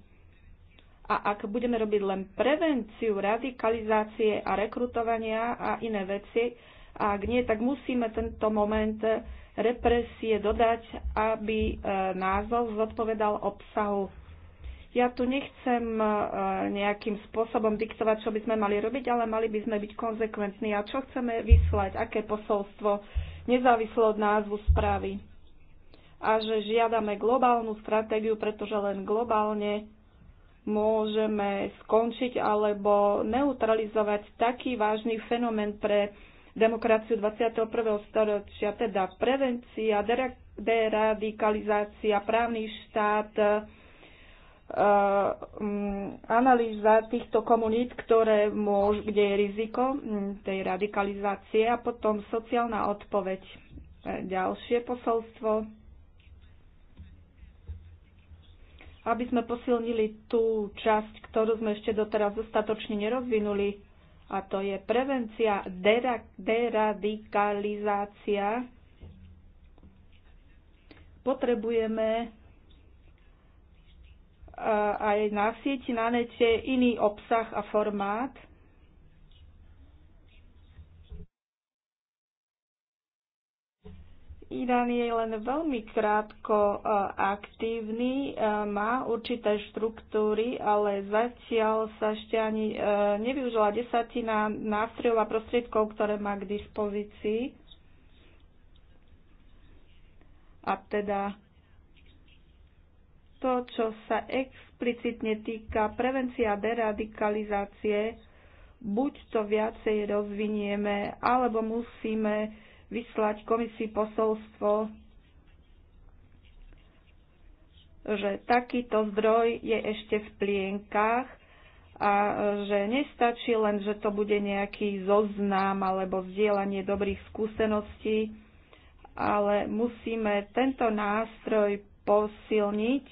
A ak budeme robiť len prevenciu radikalizácie a rekrutovania a iné veci, a ak nie, tak musíme tento moment represie dodať, aby e, názov zodpovedal obsahu. Ja tu nechcem e, nejakým spôsobom diktovať, čo by sme mali robiť, ale mali by sme byť konzekventní. A čo chceme vyslať, aké posolstvo, nezávislo od názvu správy. A že žiadame globálnu stratégiu, pretože len globálne môžeme skončiť alebo neutralizovať taký vážny fenomén pre demokraciu 21. storočia, teda prevencia, deradikalizácia, právny štát, e, mm, analýza týchto komunít, ktoré môž, kde je riziko mm, tej radikalizácie a potom sociálna odpoveď. E, ďalšie posolstvo. Aby sme posilnili tú časť, ktorú sme ešte doteraz dostatočne nerozvinuli, a to je prevencia, dera, deradikalizácia. Potrebujeme e, aj na sieti, na nete iný obsah a formát – Irán je len veľmi krátko e, aktívny, e, má určité štruktúry, ale zatiaľ sa ešte ani e, nevyužila desatina nástrojov a prostriedkov, ktoré má k dispozícii. A teda to, čo sa explicitne týka prevencia deradikalizácie, buď to viacej rozvinieme, alebo musíme vyslať komisii posolstvo, že takýto zdroj je ešte v plienkách a e, že nestačí len, že to bude nejaký zoznam alebo vzdielanie dobrých skúseností, ale musíme tento nástroj posilniť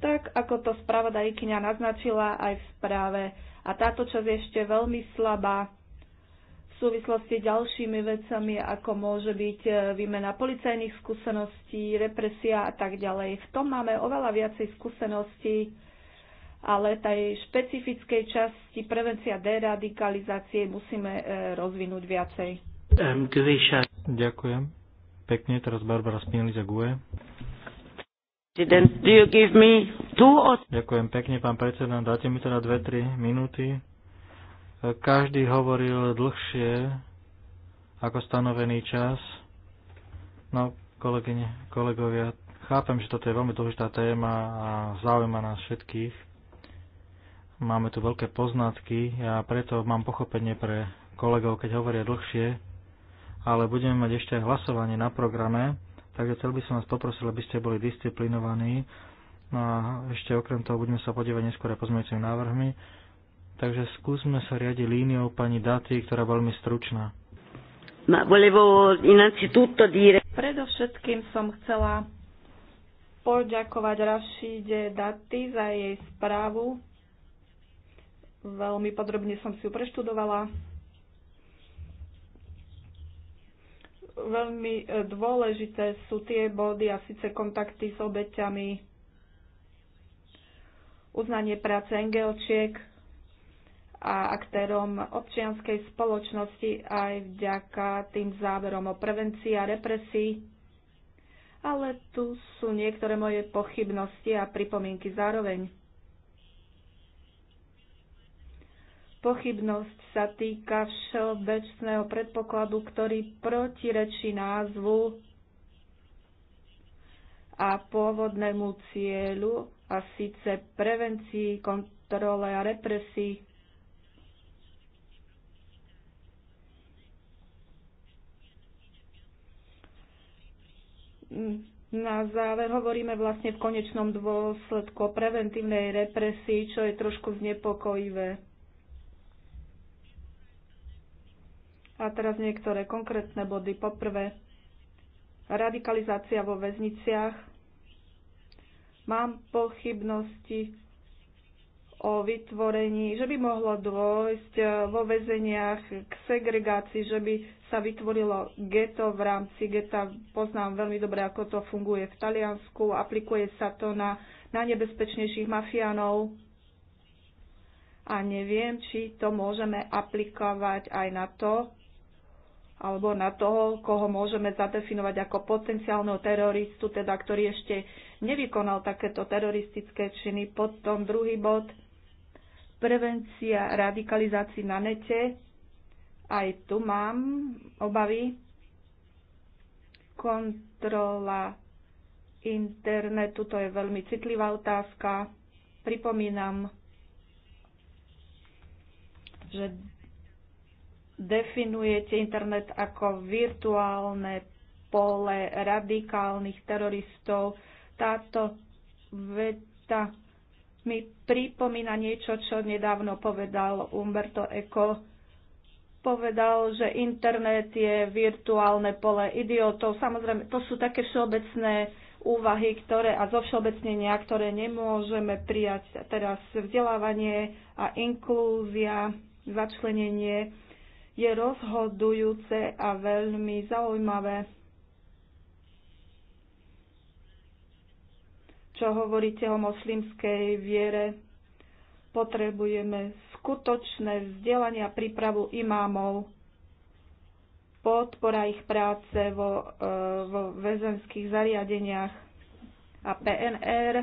tak, ako to spravodajkyňa naznačila aj v správe. A táto časť je ešte veľmi slabá súvislosti s ďalšími vecami, ako môže byť e, výmena policajných skúseností, represia a tak ďalej. V tom máme oveľa viacej skúseností, ale tej špecifickej časti prevencia deradikalizácie musíme e, rozvinúť viacej. Ďakujem. Pekne, teraz Barbara Spinelli za GUE. Ďakujem pekne, pán predseda. Dáte mi teda 2-3 minúty každý hovoril dlhšie ako stanovený čas. No, kolegyne, kolegovia, chápem, že toto je veľmi dôležitá téma a zaujíma nás všetkých. Máme tu veľké poznatky a preto mám pochopenie pre kolegov, keď hovoria dlhšie, ale budeme mať ešte aj hlasovanie na programe, takže chcel by som vás poprosil, aby ste boli disciplinovaní. No a ešte okrem toho budeme sa podívať neskôr aj pozmeňujúcimi návrhmi. Takže skúsme sa riadiť líniou pani Daty, ktorá je veľmi stručná. Predovšetkým som chcela poďakovať Rašíde Daty za jej správu. Veľmi podrobne som si ju preštudovala. Veľmi e, dôležité sú tie body a síce kontakty s obeťami, uznanie práce engelčiek, a aktérom občianskej spoločnosti aj vďaka tým záverom o prevencii a represii. Ale tu sú niektoré moje pochybnosti a pripomienky zároveň. Pochybnosť sa týka všeobecného predpokladu, ktorý protirečí názvu a pôvodnému cieľu, a síce prevencii, kontrole a represii na záver hovoríme vlastne v konečnom dôsledku o preventívnej represii, čo je trošku znepokojivé. A teraz niektoré konkrétne body. Poprvé, radikalizácia vo väzniciach. Mám pochybnosti o vytvorení, že by mohlo dôjsť eh, vo väzeniach k segregácii, že by sa vytvorilo geto v rámci geta. Poznám veľmi dobre, ako to funguje v Taliansku. Aplikuje sa to na najnebezpečnejších mafiánov. A neviem, či to môžeme aplikovať aj na to, alebo na toho, koho môžeme zadefinovať ako potenciálneho teroristu, teda ktorý ešte nevykonal takéto teroristické činy. Potom druhý bod – prevencia radikalizácií na nete. Aj tu mám obavy. Kontrola internetu, to je veľmi citlivá otázka. Pripomínam, že definujete internet ako virtuálne pole radikálnych teroristov. Táto veta mi pripomína niečo, čo nedávno povedal Umberto Eco. Povedal, že internet je virtuálne pole idiotov. Samozrejme, to sú také všeobecné úvahy, ktoré a zo všeobecnenia, ktoré nemôžeme prijať teraz vzdelávanie a inklúzia, začlenenie je rozhodujúce a veľmi zaujímavé čo hovoríte o moslimskej viere. Potrebujeme skutočné vzdelanie a prípravu imámov, podpora ich práce vo, e, vo väzenských zariadeniach a PNR.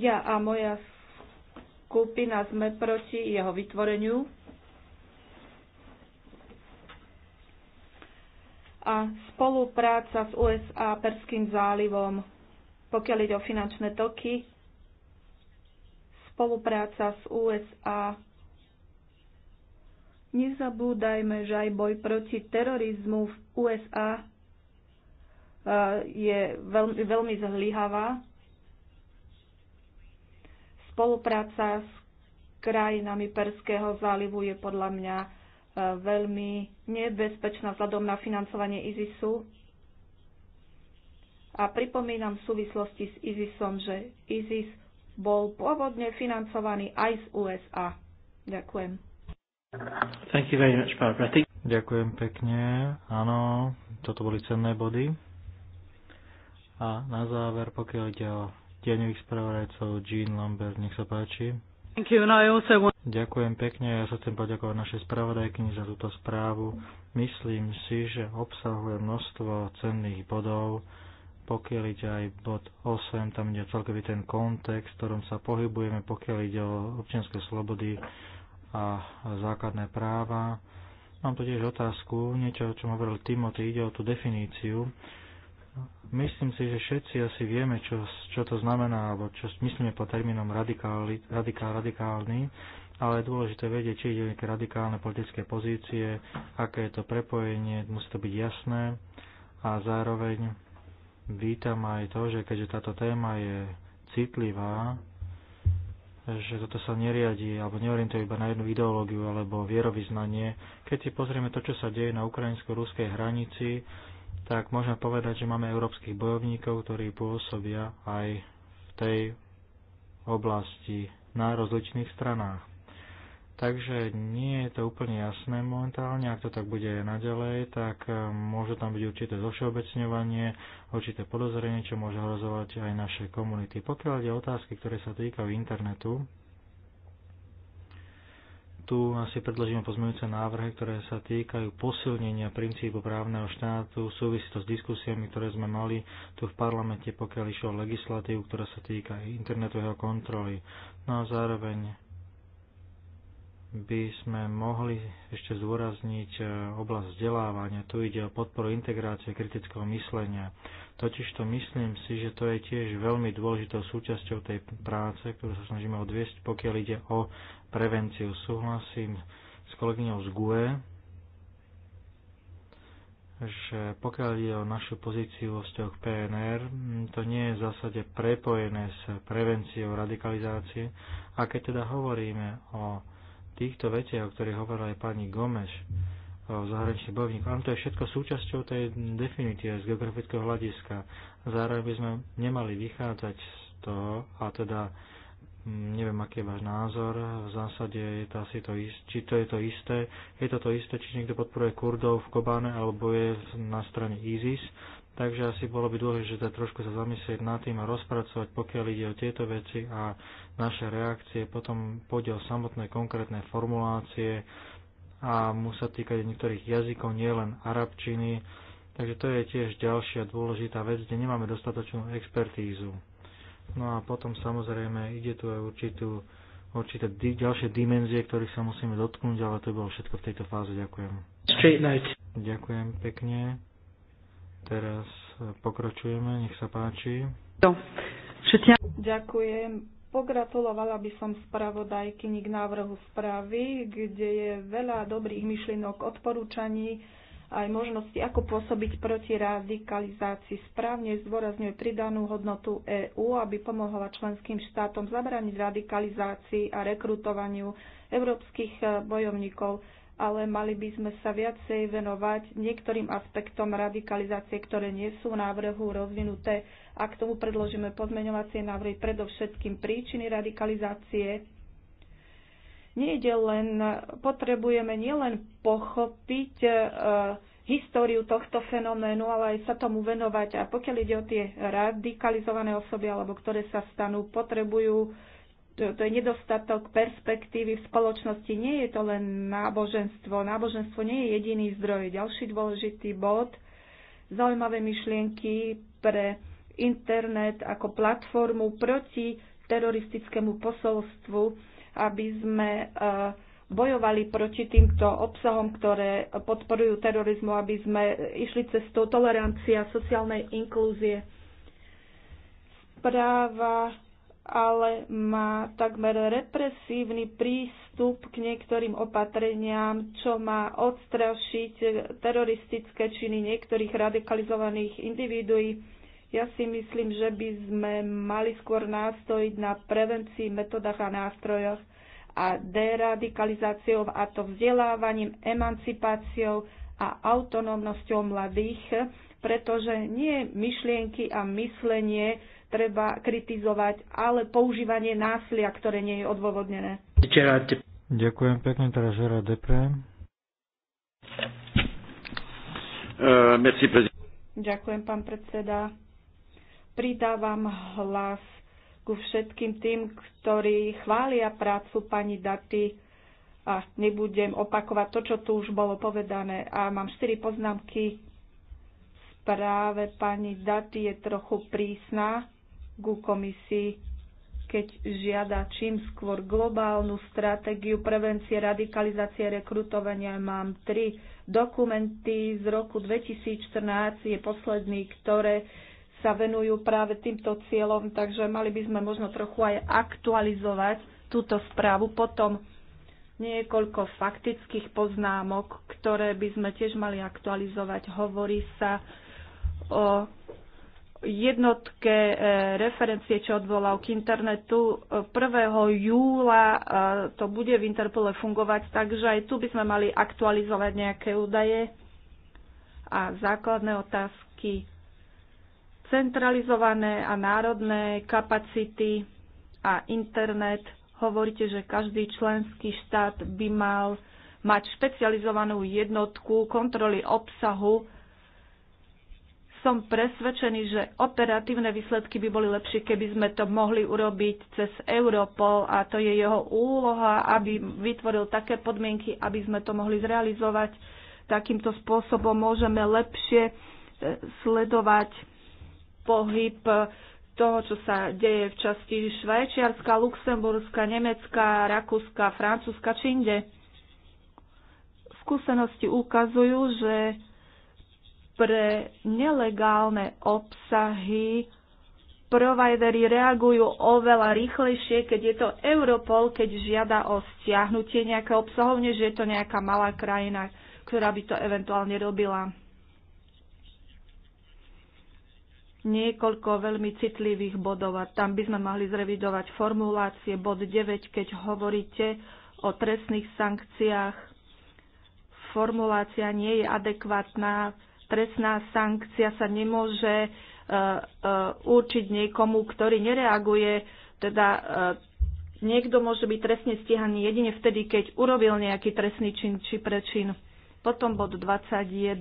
Ja a moja skupina sme proti jeho vytvoreniu a spolupráca s USA a Perským zálivom, pokiaľ ide o finančné toky, spolupráca s USA. Nezabúdajme, že aj boj proti terorizmu v USA e, je veľmi, veľmi zlyhavá. Spolupráca s krajinami Perského zálivu je podľa mňa veľmi nebezpečná vzhľadom na financovanie ISISu. A pripomínam v súvislosti s ISISom, že ISIS bol pôvodne financovaný aj z USA. Ďakujem. Thank you very much, Barbara. Think... Ďakujem pekne. Áno, toto boli cenné body. A na záver, pokiaľ ide o tieňových spravodajcov, Jean Lambert, nech sa páči. Ďakujem pekne, ja sa chcem poďakovať našej spravodajkyni za túto správu. Myslím si, že obsahuje množstvo cenných bodov, pokiaľ ide aj bod 8, tam ide celkový ten kontext, v ktorom sa pohybujeme, pokiaľ ide o občianske slobody a základné práva. Mám tu tiež otázku, niečo, o čom hovoril Timothy, ide o tú definíciu. Myslím si, že všetci asi vieme, čo, čo to znamená, alebo čo myslíme po termínom radikál, radikál, radikálny, ale je dôležité vedieť, či ide nejaké radikálne politické pozície, aké je to prepojenie, musí to byť jasné a zároveň vítam aj to, že keďže táto téma je citlivá, že toto sa neriadi, alebo neorientuje iba na jednu ideológiu alebo vierovýznanie. Keď si pozrieme to, čo sa deje na ukrajinsko-ruskej hranici, tak môžeme povedať, že máme európskych bojovníkov, ktorí pôsobia aj v tej oblasti na rozličných stranách. Takže nie je to úplne jasné momentálne, ak to tak bude aj naďalej, tak e, môže tam byť určité zovšeobecňovanie, určité podozrenie, čo môže hrozovať aj naše komunity. Pokiaľ ide otázky, ktoré sa týkajú internetu, tu asi predložíme pozmeňujúce návrhy, ktoré sa týkajú posilnenia princípu právneho štátu. Súvisí to s diskusiami, ktoré sme mali tu v parlamente, pokiaľ išlo o legislatívu, ktorá sa týka internetového kontroly. No a zároveň by sme mohli ešte zdôrazniť e, oblasť vzdelávania. Tu ide o podporu integrácie kritického myslenia. Totižto myslím si, že to je tiež veľmi dôležitou súčasťou tej práce, ktorú sa snažíme odviesť, pokiaľ ide o prevenciu. Súhlasím s kolegyňou z GUE, že pokiaľ ide o našu pozíciu vo vzťahu PNR, to nie je v zásade prepojené s prevenciou radikalizácie. A keď teda hovoríme o týchto veciach, o ktorých hovorila aj pani Gomeš, o zahraničných bojovníkoch, áno, to je všetko súčasťou tej definície z geografického hľadiska. Zároveň by sme nemali vychádzať z toho, a teda Neviem, aký je váš názor. V zásade je to asi to isté. Či to je to isté? Je to to isté, či niekto podporuje Kurdov v Kobane alebo je na strane ISIS. Takže asi bolo by dôležité trošku sa zamyslieť nad tým a rozpracovať, pokiaľ ide o tieto veci a naše reakcie, potom pôjde o samotné konkrétne formulácie a musia týkať niektorých jazykov, nielen arabčiny. Takže to je tiež ďalšia dôležitá vec, kde nemáme dostatočnú expertízu. No a potom samozrejme ide tu aj určitú, určité di- ďalšie dimenzie, ktorých sa musíme dotknúť, ale to bolo všetko v tejto fáze. Ďakujem. Street night. Ďakujem pekne. Teraz pokračujeme, nech sa páči. No, Ďakujem. Pogratulovala by som spravodajkyni k návrhu správy, kde je veľa dobrých myšlienok, odporúčaní aj možnosti, ako pôsobiť proti radikalizácii. Správne zdôrazňuje pridanú hodnotu EÚ, aby pomohla členským štátom zabrániť radikalizácii a rekrutovaniu európskych eh, bojovníkov, ale mali by sme sa viacej venovať niektorým aspektom radikalizácie, ktoré nie sú v návrhu rozvinuté a k tomu predložíme pozmeňovacie návrhy predovšetkým príčiny radikalizácie Nejde len, potrebujeme nielen pochopiť e, históriu tohto fenoménu, ale aj sa tomu venovať. A pokiaľ ide o tie radikalizované osoby, alebo ktoré sa stanú, potrebujú to je nedostatok perspektívy v spoločnosti. Nie je to len náboženstvo. Náboženstvo nie je jediný zdroj. Ďalší dôležitý bod, zaujímavé myšlienky pre internet ako platformu proti teroristickému posolstvu aby sme e, bojovali proti týmto obsahom, ktoré podporujú terorizmu, aby sme išli cestou tolerancie tolerancia sociálnej inklúzie. Správa ale má takmer represívny prístup k niektorým opatreniam, čo má odstrašiť teroristické činy niektorých radikalizovaných individuí ja si myslím, že by sme mali skôr nástojiť na prevencii, metodách a nástrojoch a deradikalizáciou a to vzdelávaním, emancipáciou a autonómnosťou mladých, pretože nie myšlienky a myslenie treba kritizovať, ale používanie násilia, ktoré nie je odôvodnené. Ďakujem pekne, teraz Žera Depre. Uh, merci, Ďakujem, pán predseda pridávam hlas ku všetkým tým, ktorí chvália prácu pani Daty a nebudem opakovať to, čo tu už bolo povedané. A mám štyri poznámky. Práve pani Daty je trochu prísna ku komisii, keď žiada čím skôr globálnu stratégiu prevencie radikalizácie rekrutovania. Mám tri dokumenty z roku 2014, je posledný, ktoré sa venujú práve týmto cieľom, takže mali by sme možno trochu aj aktualizovať túto správu. Potom niekoľko faktických poznámok, ktoré by sme tiež mali aktualizovať. Hovorí sa o jednotke e, referencie či k internetu 1. E, júla e, to bude v Interpole fungovať, takže aj tu by sme mali aktualizovať nejaké údaje a základné otázky centralizované a národné kapacity a internet. Hovoríte, že každý členský štát by mal mať špecializovanú jednotku kontroly obsahu. Som presvedčený, že operatívne výsledky by boli lepšie, keby sme to mohli urobiť cez Europol a to je jeho úloha, aby vytvoril také podmienky, aby sme to mohli zrealizovať. Takýmto spôsobom môžeme lepšie e, sledovať pohyb toho, čo sa deje v časti Švajčiarska, Luxemburska, Nemecka, Rakúska, Francúzska či inde. Skúsenosti ukazujú, že pre nelegálne obsahy provideri reagujú oveľa rýchlejšie, keď je to Europol, keď žiada o stiahnutie nejakého obsahovne, že je to nejaká malá krajina, ktorá by to eventuálne robila. niekoľko veľmi citlivých bodov a tam by sme mohli zrevidovať formulácie bod 9, keď hovoríte o trestných sankciách. Formulácia nie je adekvátna. Trestná sankcia sa nemôže e, e, určiť niekomu, ktorý nereaguje. Teda e, niekto môže byť trestne stíhaný jedine vtedy, keď urobil nejaký trestný čin či prečin. Potom bod 21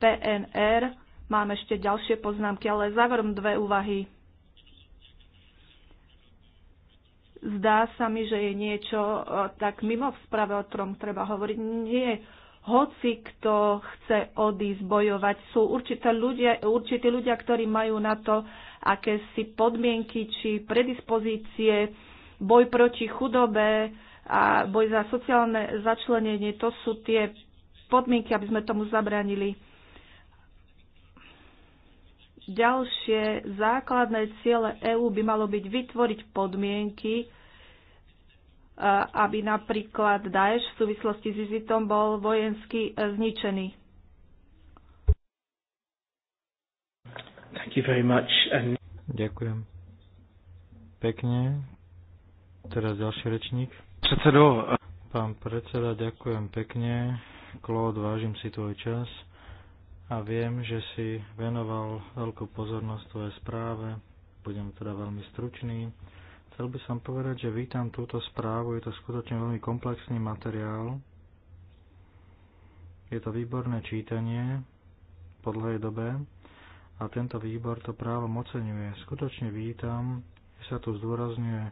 PNR Mám ešte ďalšie poznámky, ale záverom dve úvahy. Zdá sa mi, že je niečo e, tak mimo v správe, o ktorom treba hovoriť. Nie. Hoci kto chce odísť bojovať, sú určité ľudia, určití ľudia, ktorí majú na to akési podmienky či predispozície, boj proti chudobe a boj za sociálne začlenenie. To sú tie podmienky, aby sme tomu zabránili Ďalšie základné ciele EÚ by malo byť vytvoriť podmienky, aby napríklad Daesh v súvislosti s Izitom bol vojensky e, zničený. Thank you very much. And... Ďakujem. Pekne. Teraz ďalší rečník. Predsedo. E- Pán predseda, ďakujem pekne. Claude, vážim si tvoj čas a viem, že si venoval veľkú pozornosť tvojej správe. Budem teda veľmi stručný. Chcel by som povedať, že vítam túto správu. Je to skutočne veľmi komplexný materiál. Je to výborné čítanie po dlhej dobe a tento výbor to právo oceňuje. Skutočne vítam, že sa tu zdôrazňuje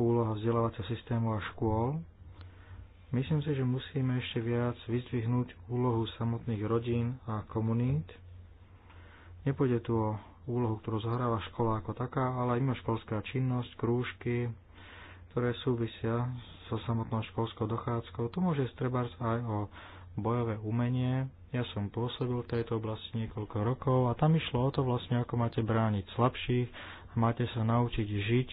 úloha vzdelávacieho systému a škôl Myslím si, že musíme ešte viac vyzdvihnúť úlohu samotných rodín a komunít. Nepôjde tu o úlohu, ktorú zahráva škola ako taká, ale aj školská činnosť, krúžky, ktoré súvisia so samotnou školskou dochádzkou. Tu môže strebať aj o bojové umenie. Ja som pôsobil v tejto oblasti niekoľko rokov a tam išlo o to vlastne, ako máte brániť slabších a máte sa naučiť žiť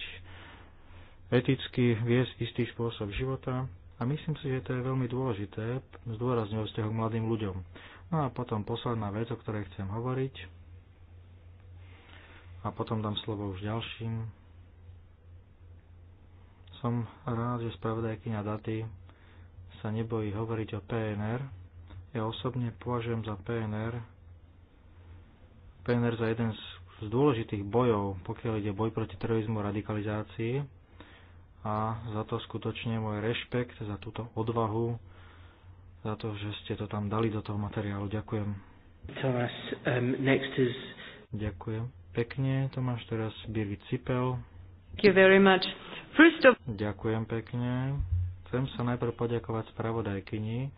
eticky, viesť istý spôsob života. A myslím si, že to je veľmi dôležité zdôrazňovať vzťahu k mladým ľuďom. No a potom posledná vec, o ktorej chcem hovoriť. A potom dám slovo už ďalším. Som rád, že spravodajkyňa Daty sa nebojí hovoriť o PNR. Ja osobne považujem za PNR PNR za jeden z dôležitých bojov, pokiaľ ide boj proti terorizmu a radikalizácii a za to skutočne môj rešpekt, za túto odvahu, za to, že ste to tam dali do toho materiálu. Ďakujem. Thomas, um, next is... Ďakujem pekne. Tomáš teraz Birgit Cipel. Thank you very much. First of... Ďakujem pekne. Chcem sa najprv poďakovať spravodajkyni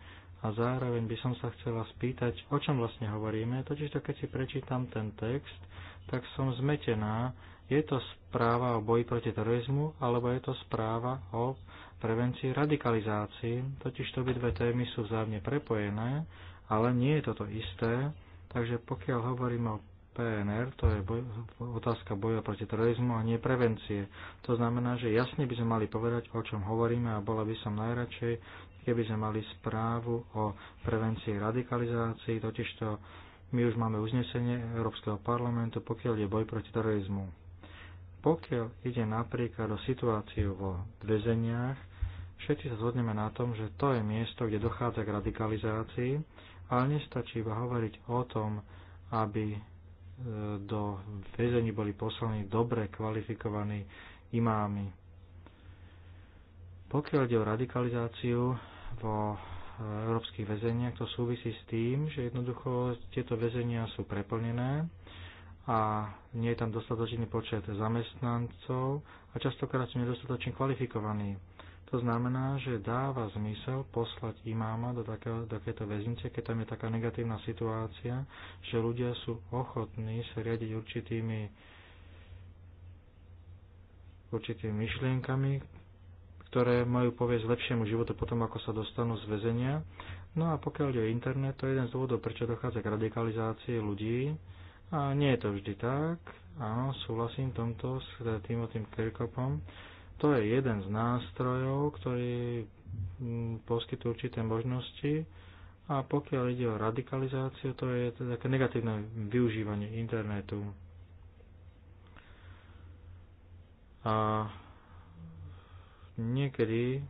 a zároveň by som sa chcela spýtať, o čom vlastne hovoríme. Totiž to, keď si prečítam ten text, tak som zmetená, je to správa o boji proti terorizmu, alebo je to správa o prevencii radikalizácii, totiž to dve témy sú vzájomne prepojené, ale nie je toto isté, takže pokiaľ hovoríme o PNR, to je boj, otázka boja proti terorizmu a nie prevencie. To znamená, že jasne by sme mali povedať, o čom hovoríme a bola by som najradšej, keby sme mali správu o prevencii radikalizácii, totižto my už máme uznesenie Európskeho parlamentu, pokiaľ je boj proti terorizmu. Pokiaľ ide napríklad o situáciu vo väzeniach, všetci sa zhodneme na tom, že to je miesto, kde dochádza k radikalizácii, ale nestačí iba hovoriť o tom, aby e, do väzení boli poslaní dobre kvalifikovaní imámi. Pokiaľ ide o radikalizáciu vo e, európskych väzeniach, to súvisí s tým, že jednoducho tieto väzenia sú preplnené, a nie je tam dostatočný počet zamestnancov a častokrát sú nedostatočne kvalifikovaní. To znamená, že dáva zmysel poslať imáma do, takého, takéto väznice, keď tam je taká negatívna situácia, že ľudia sú ochotní sa riadiť určitými, určitými myšlienkami, ktoré majú povieť lepšiemu životu potom, ako sa dostanú z väzenia. No a pokiaľ ide o internet, to je jeden z dôvodov, prečo dochádza k radikalizácii ľudí, a nie je to vždy tak. Áno, súhlasím tomto s Timotým Kirkopom. To je jeden z nástrojov, ktorý mm, poskytuje určité možnosti a pokiaľ ide o radikalizáciu, to je teda také negatívne využívanie internetu. A niekedy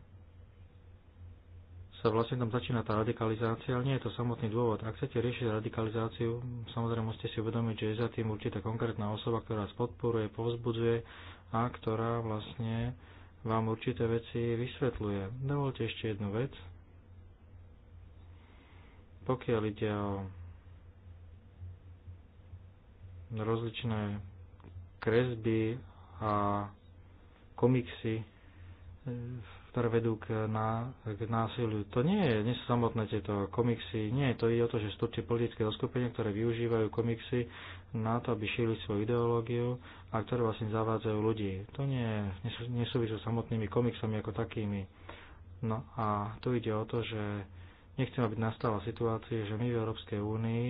sa vlastne tam začína tá radikalizácia, ale nie je to samotný dôvod. Ak chcete riešiť radikalizáciu, samozrejme musíte si uvedomiť, že je za tým určitá konkrétna osoba, ktorá vás podporuje, povzbudzuje a ktorá vlastne vám určité veci vysvetľuje. Dovolte ešte jednu vec. Pokiaľ ide o rozličné kresby a komiksy v ktoré vedú k, na, k násiliu. To nie je, nie sú samotné tieto komiksy, nie je to ide o to, že sú tie politické zoskupenia, ktoré využívajú komiksy na to, aby šíli svoju ideológiu a ktoré vlastne zavádzajú ľudí. To nie, nie sú samotnými komiksami ako takými. No a tu ide o to, že nechcem, aby nastala situácia, že my v Európskej únii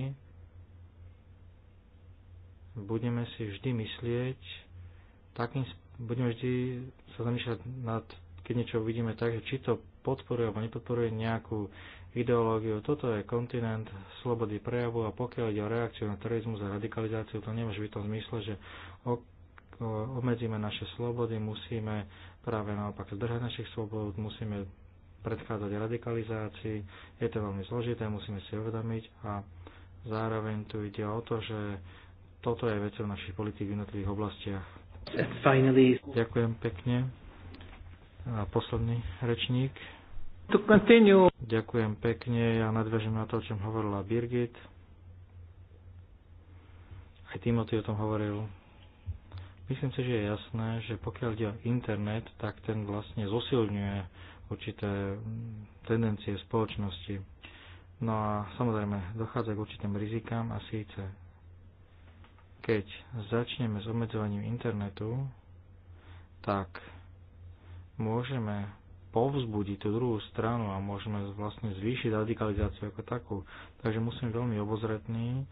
budeme si vždy myslieť takým budeme vždy sa zamýšľať nad keď niečo uvidíme tak, že či to podporuje alebo nepodporuje nejakú ideológiu. Toto je kontinent slobody prejavu a pokiaľ ide o reakciu na terorizmus a radikalizáciu, to nemôže byť v tom zmysle, že obmedzíme naše slobody, musíme práve naopak zdržať našich slobod, musíme predchádzať radikalizácii. Je to veľmi zložité, musíme si uvedomiť a zároveň tu ide o to, že toto je vecou našich politik v jednotlivých oblastiach. Ďakujem pekne. A posledný rečník. Ďakujem pekne, ja nadviažem na to, o čom hovorila Birgit. Aj Timothy o tom hovoril. Myslím si, že je jasné, že pokiaľ ide o internet, tak ten vlastne zosilňuje určité mm, tendencie spoločnosti. No a samozrejme, dochádza k určitým rizikám a síce keď začneme s obmedzovaním internetu, tak môžeme povzbudiť tú druhú stranu a môžeme vlastne zvýšiť radikalizáciu ako takú. Takže musíme veľmi obozretní.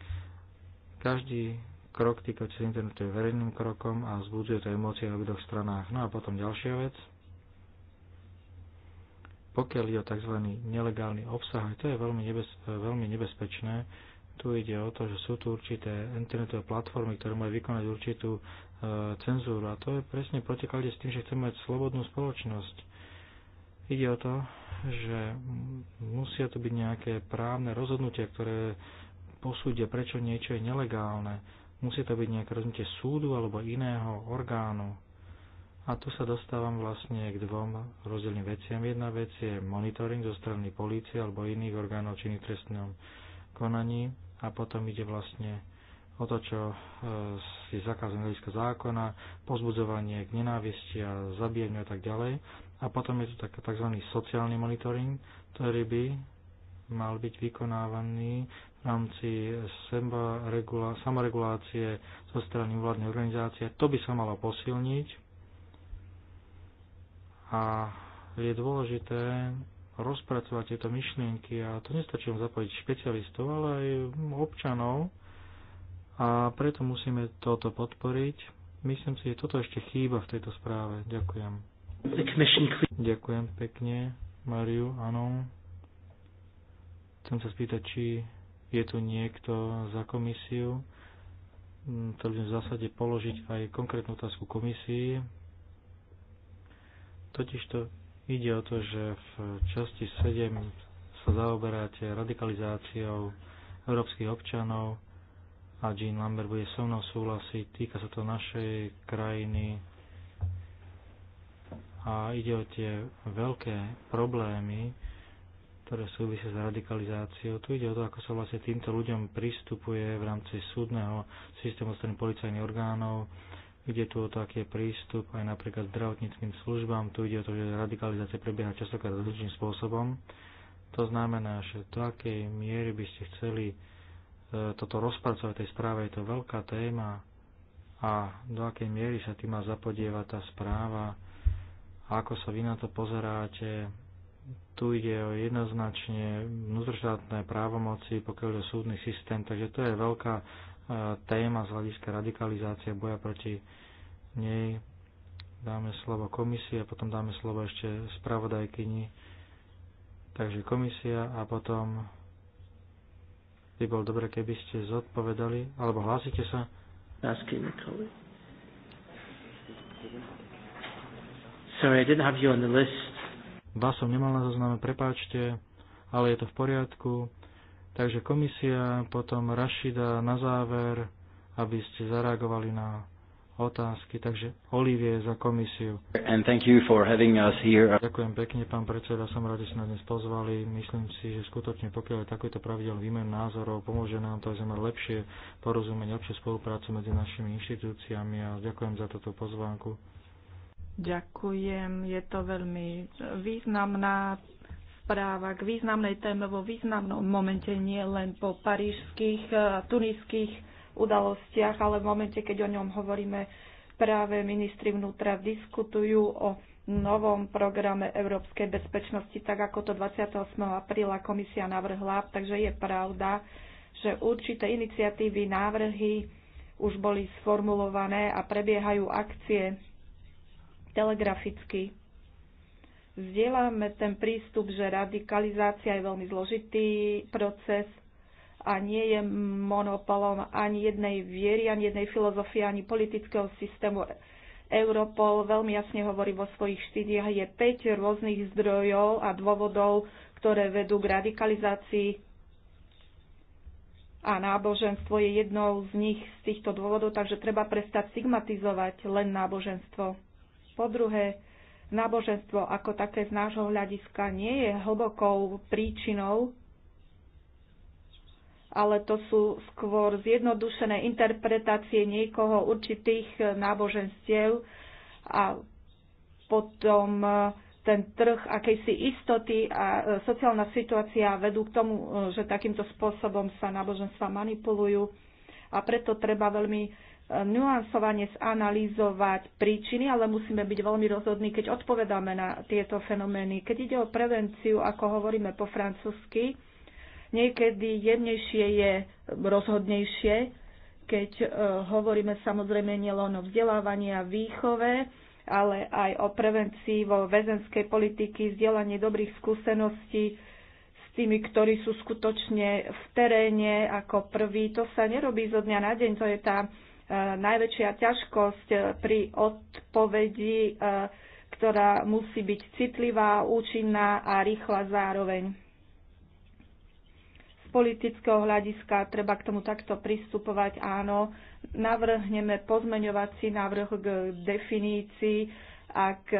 Každý krok týkajúci sa internetu je verejným krokom a vzbudzuje to emócie na obidvoch stranách. No a potom ďalšia vec. Pokiaľ je o tzv. nelegálny obsah, to je veľmi, nebez, veľmi nebezpečné. Tu ide o to, že sú tu určité internetové platformy, ktoré majú vykonať určitú cenzúru. A to je presne protiklade s tým, že chceme mať slobodnú spoločnosť. Ide o to, že musia tu byť nejaké právne rozhodnutia, ktoré posúdia, prečo niečo je nelegálne. Musí to byť nejaké rozhodnutie súdu alebo iného orgánu. A tu sa dostávam vlastne k dvom rozdielným veciam. Jedna vec je monitoring zo strany polície alebo iných orgánov činných trestnom konaní a potom ide vlastne o to, čo je zakázané hľadiska zákona, pozbudzovanie k nenávisti a zabíjaniu a tak ďalej. A potom je tu tak, tzv. sociálny monitoring, ktorý by mal byť vykonávaný v rámci samoregulácie zo strany vládnej organizácie. To by sa malo posilniť a je dôležité rozpracovať tieto myšlienky a to nestačí len zapojiť špecialistov, ale aj občanov, a preto musíme toto podporiť. Myslím si, že toto ešte chýba v tejto správe. Ďakujem. Ďakujem pekne, Mariu, áno. Chcem sa spýtať, či je tu niekto za komisiu, ktorý mm, v zásade položiť aj konkrétnu otázku komisii. Totižto ide o to, že v časti 7 sa zaoberáte radikalizáciou európskych občanov, a Jean Lambert bude so mnou súhlasiť. Týka sa to našej krajiny a ide o tie veľké problémy, ktoré súvisia s radikalizáciou. Tu ide o to, ako sa vlastne týmto ľuďom pristupuje v rámci súdneho systému strany policajných orgánov. Ide tu o to, aký je prístup aj napríklad zdravotníckým službám. Tu ide o to, že radikalizácia prebieha častokrát rozličným spôsobom. To znamená, že do akej miery by ste chceli toto rozpracovať tej správe, je to veľká téma a do akej miery sa tým má zapodievať tá správa, ako sa vy na to pozeráte. Tu ide o jednoznačne vnútroštátne právomoci, pokiaľ je súdny systém, takže to je veľká e, téma z hľadiska radikalizácie, boja proti nej. Dáme slovo komisie, a potom dáme slovo ešte spravodajkyni. Takže komisia a potom by bol dobre, keby ste zodpovedali, alebo hlásite sa. Sorry, I didn't have you on the list. Vás som nemal na zozname, prepáčte, ale je to v poriadku. Takže komisia, potom Rašida na záver, aby ste zareagovali na otázky, takže Olivie za komisiu. And thank you for having us here. Ďakujem pekne, pán predseda, som rád, že sme nás dnes pozvali. Myslím si, že skutočne pokiaľ je takýto pravidel výmen názorov, pomôže nám to, aby sme mali lepšie porozumieť, lepšie spoluprácu medzi našimi inštitúciami a ďakujem za túto pozvánku. Ďakujem, je to veľmi významná správa k významnej téme vo významnom momente, nie len po parížských a tuniských udalostiach, ale v momente, keď o ňom hovoríme, práve ministri vnútra diskutujú o novom programe Európskej bezpečnosti, tak ako to 28. apríla komisia navrhla. Takže je pravda, že určité iniciatívy, návrhy už boli sformulované a prebiehajú akcie telegraficky. Zdieľame ten prístup, že radikalizácia je veľmi zložitý proces, a nie je monopolom ani jednej viery, ani jednej filozofie, ani politického systému. Europol veľmi jasne hovorí vo svojich štúdiách, je 5 rôznych zdrojov a dôvodov, ktoré vedú k radikalizácii a náboženstvo je jednou z nich z týchto dôvodov, takže treba prestať stigmatizovať len náboženstvo. Po druhé, náboženstvo ako také z nášho hľadiska nie je hlbokou príčinou ale to sú skôr zjednodušené interpretácie niekoho určitých náboženstiev a potom e, ten trh akejsi istoty a e, sociálna situácia vedú k tomu, e, že takýmto spôsobom sa náboženstva manipulujú a preto treba veľmi nuansovane zanalýzovať príčiny, ale musíme byť veľmi rozhodní, keď odpovedáme na tieto fenomény. Keď ide o prevenciu, ako hovoríme po francúzsky, Niekedy jemnejšie je rozhodnejšie, keď e, hovoríme samozrejme nielen o vzdelávaní a výchove, ale aj o prevencii vo väzenskej politiky, vzdelanie dobrých skúseností s tými, ktorí sú skutočne v teréne ako prví. To sa nerobí zo dňa na deň, to je tá e, najväčšia ťažkosť e, pri odpovedi, ktorá musí byť citlivá, účinná a rýchla zároveň politického hľadiska treba k tomu takto pristupovať. Áno, navrhneme pozmeňovací návrh k definícii a k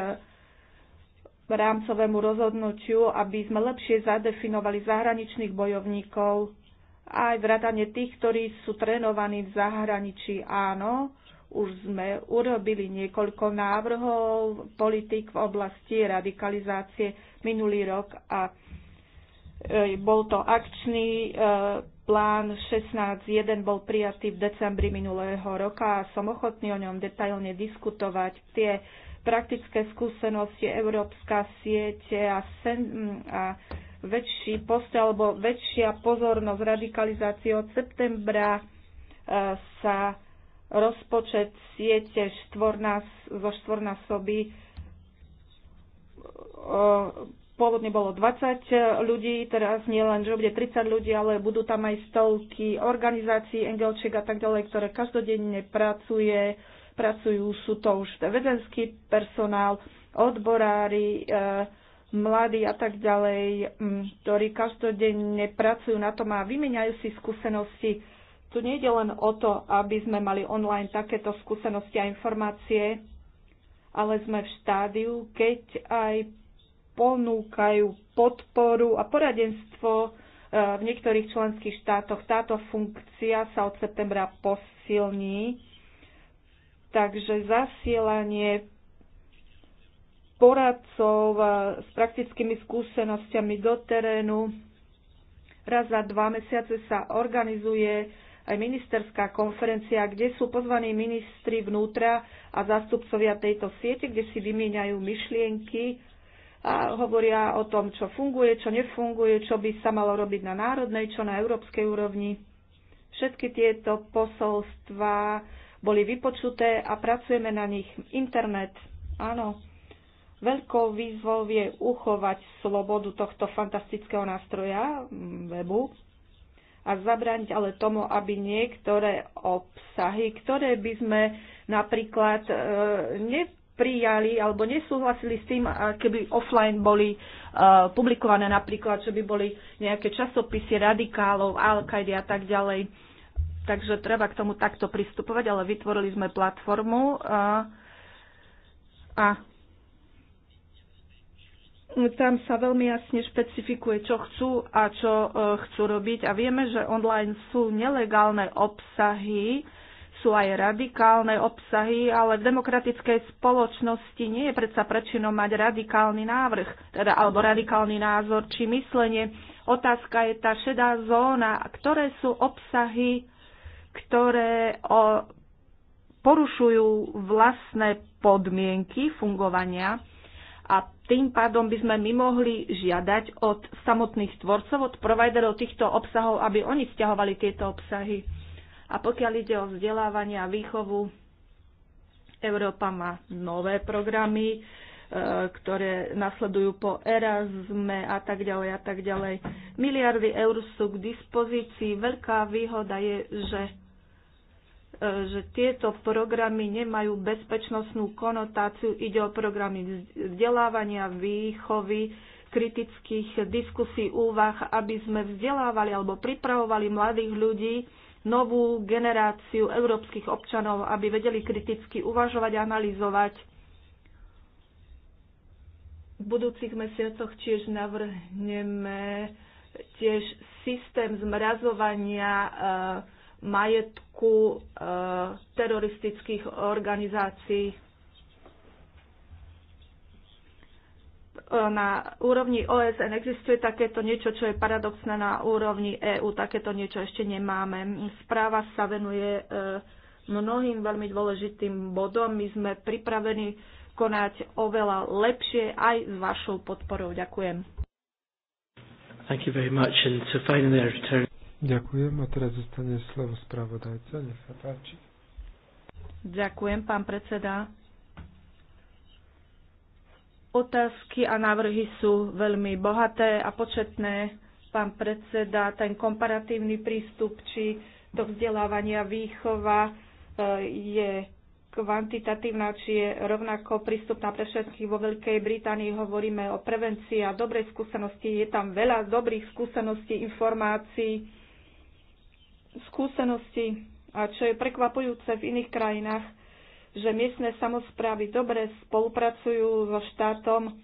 rámcovému rozhodnutiu, aby sme lepšie zadefinovali zahraničných bojovníkov, aj vrátane tých, ktorí sú trénovaní v zahraničí. Áno, už sme urobili niekoľko návrhov politik v oblasti radikalizácie minulý rok a E, bol to akčný e, plán 16.1, bol prijatý v decembri minulého roka a som ochotný o ňom detailne diskutovať. Tie praktické skúsenosti, európska siete a, sen, a väčší postoj alebo väčšia pozornosť radikalizácie od septembra e, sa rozpočet siete štvornás, zo štvornásoby pôvodne bolo 20 ľudí, teraz nie len, že bude 30 ľudí, ale budú tam aj stovky organizácií, engelček a tak ďalej, ktoré každodenne pracuje, pracujú, sú to už vedenský personál, odborári, e, mladí a tak ďalej, ktorí každodenne pracujú na tom a vymeniajú si skúsenosti. Tu nejde len o to, aby sme mali online takéto skúsenosti a informácie, ale sme v štádiu, keď aj ponúkajú podporu a poradenstvo e, v niektorých členských štátoch. Táto funkcia sa od septembra posilní, takže zasielanie poradcov e, s praktickými skúsenostiami do terénu. Raz za dva mesiace sa organizuje aj ministerská konferencia, kde sú pozvaní ministri vnútra a zástupcovia tejto siete, kde si vymieňajú myšlienky a hovoria o tom, čo funguje, čo nefunguje, čo by sa malo robiť na národnej, čo na európskej úrovni. Všetky tieto posolstva boli vypočuté a pracujeme na nich. Internet, áno. Veľkou výzvou je uchovať slobodu tohto fantastického nástroja, mm, webu, a zabrániť ale tomu, aby niektoré obsahy, ktoré by sme napríklad e, ne, prijali alebo nesúhlasili s tým, keby offline boli uh, publikované napríklad, že by boli nejaké časopisy radikálov, al a tak ďalej. Takže treba k tomu takto pristupovať, ale vytvorili sme platformu a, a tam sa veľmi jasne špecifikuje, čo chcú a čo uh, chcú robiť. A vieme, že online sú nelegálne obsahy, sú aj radikálne obsahy, ale v demokratickej spoločnosti nie je predsa prečinom mať radikálny návrh, teda alebo radikálny názor či myslenie. Otázka je tá šedá zóna, ktoré sú obsahy, ktoré o, porušujú vlastné podmienky fungovania a tým pádom by sme my mohli žiadať od samotných tvorcov, od providerov týchto obsahov, aby oni stiahovali tieto obsahy. A pokiaľ ide o vzdelávanie a výchovu, Európa má nové programy, e, ktoré nasledujú po Erasme a tak ďalej a tak ďalej. Miliardy eur sú k dispozícii. Veľká výhoda je, že e, že tieto programy nemajú bezpečnostnú konotáciu. Ide o programy vzdelávania, výchovy, kritických diskusí, úvah, aby sme vzdelávali alebo pripravovali mladých ľudí novú generáciu európskych občanov, aby vedeli kriticky uvažovať a analyzovať. V budúcich mesiacoch tiež navrhneme tiež systém zmrazovania e, majetku e, teroristických organizácií. na úrovni OSN existuje takéto niečo, čo je paradoxné na úrovni EÚ. Takéto niečo ešte nemáme. Správa sa venuje e, mnohým veľmi dôležitým bodom. My sme pripravení konať oveľa lepšie aj s vašou podporou. Ďakujem. Thank you very much. And so finally I return. Ďakujem a teraz zostane slovo spravodajca. Nech sa páči. Ďakujem, pán predseda. Otázky a návrhy sú veľmi bohaté a početné. Pán predseda, ten komparatívny prístup, či to vzdelávania výchova e, je kvantitatívna, či je rovnako prístupná pre všetkých. Vo Veľkej Británii hovoríme o prevencii a dobrej skúsenosti. Je tam veľa dobrých skúseností, informácií, skúseností. A čo je prekvapujúce v iných krajinách, že miestne samozprávy dobre spolupracujú so štátom,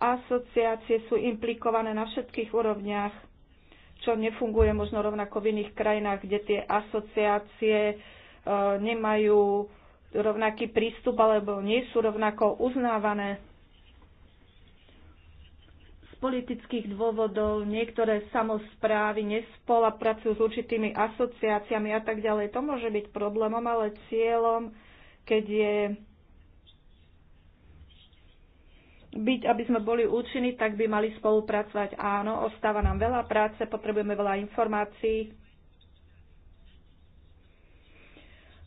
asociácie sú implikované na všetkých úrovniach, čo nefunguje možno rovnako v iných krajinách, kde tie asociácie e, nemajú rovnaký prístup alebo nie sú rovnako uznávané. Z politických dôvodov niektoré samozprávy nespolapracujú s určitými asociáciami a tak ďalej. To môže byť problémom, ale cieľom keď je byť, aby sme boli účinní, tak by mali spolupracovať. Áno, ostáva nám veľa práce, potrebujeme veľa informácií.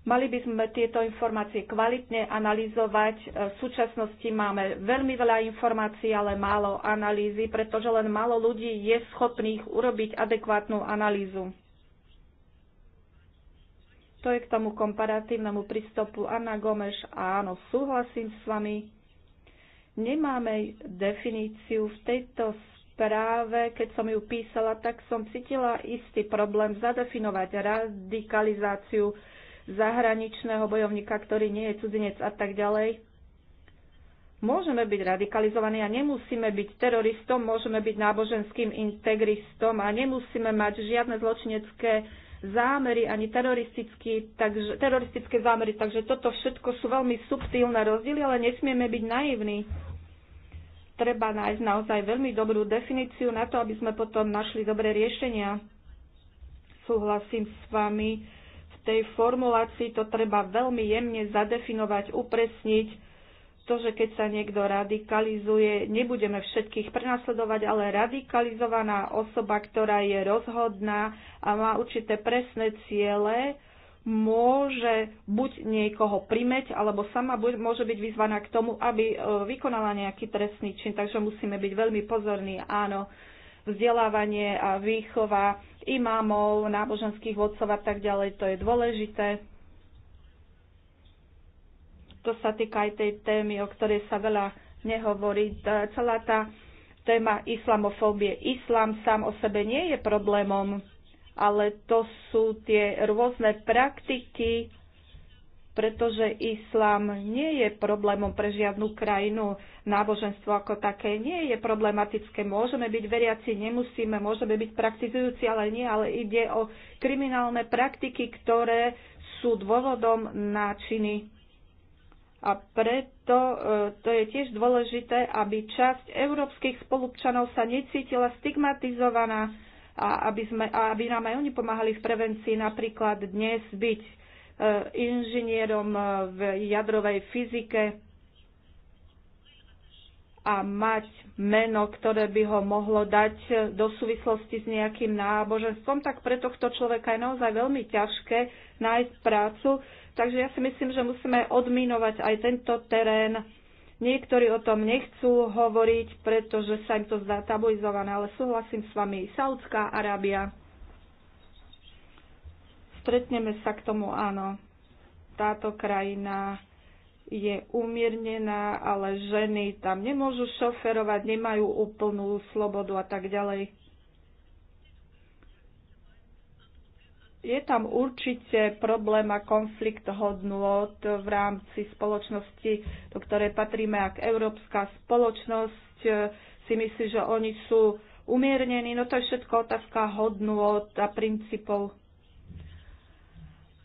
Mali by sme tieto informácie kvalitne analyzovať. V súčasnosti máme veľmi veľa informácií, ale málo analýzy, pretože len málo ľudí je schopných urobiť adekvátnu analýzu. To je k tomu komparatívnemu prístupu. Anna Gomeš, áno, súhlasím s vami. Nemáme definíciu v tejto správe, keď som ju písala, tak som cítila istý problém zadefinovať radikalizáciu zahraničného bojovníka, ktorý nie je cudzinec a tak ďalej. Môžeme byť radikalizovaní a nemusíme byť teroristom, môžeme byť náboženským integristom a nemusíme mať žiadne zločinecké zámery, ani takže, teroristické zámery. Takže toto všetko sú veľmi subtilné rozdiely, ale nesmieme byť naivní. Treba nájsť naozaj veľmi dobrú definíciu na to, aby sme potom našli dobré riešenia. Súhlasím s vami, v tej formulácii to treba veľmi jemne zadefinovať, upresniť, to, že keď sa niekto radikalizuje, nebudeme všetkých prenasledovať, ale radikalizovaná osoba, ktorá je rozhodná a má určité presné ciele, môže buď niekoho primeť, alebo sama môže byť vyzvaná k tomu, aby e, vykonala nejaký trestný čin. Takže musíme byť veľmi pozorní. Áno, vzdelávanie a výchova imámov, náboženských vodcov a tak ďalej, to je dôležité to sa týka aj tej témy, o ktorej sa veľa nehovorí. Celá tá téma islamofóbie. Islám sám o sebe nie je problémom, ale to sú tie rôzne praktiky, pretože islám nie je problémom pre žiadnu krajinu. Náboženstvo ako také nie je problematické. Môžeme byť veriaci, nemusíme, môžeme byť praktizujúci, ale nie, ale ide o kriminálne praktiky, ktoré sú dôvodom na činy. A preto e, to je tiež dôležité, aby časť európskych spolupčanov sa necítila stigmatizovaná a aby, sme, a aby nám aj oni pomáhali v prevencii napríklad dnes byť e, inžinierom e, v jadrovej fyzike a mať meno, ktoré by ho mohlo dať do súvislosti s nejakým náboženstvom, tak pre tohto človeka je naozaj veľmi ťažké nájsť prácu, Takže ja si myslím, že musíme odminovať aj tento terén. Niektorí o tom nechcú hovoriť, pretože sa im to zdá tabuizované, ale súhlasím s vami. Saudská Arábia. Stretneme sa k tomu, áno. Táto krajina je umiernená, ale ženy tam nemôžu šoferovať, nemajú úplnú slobodu a tak ďalej. je tam určite problém a konflikt hodnot v rámci spoločnosti, do ktorej patríme, ak európska spoločnosť e, si myslí, že oni sú umiernení. No to je všetko otázka hodnot a princípov.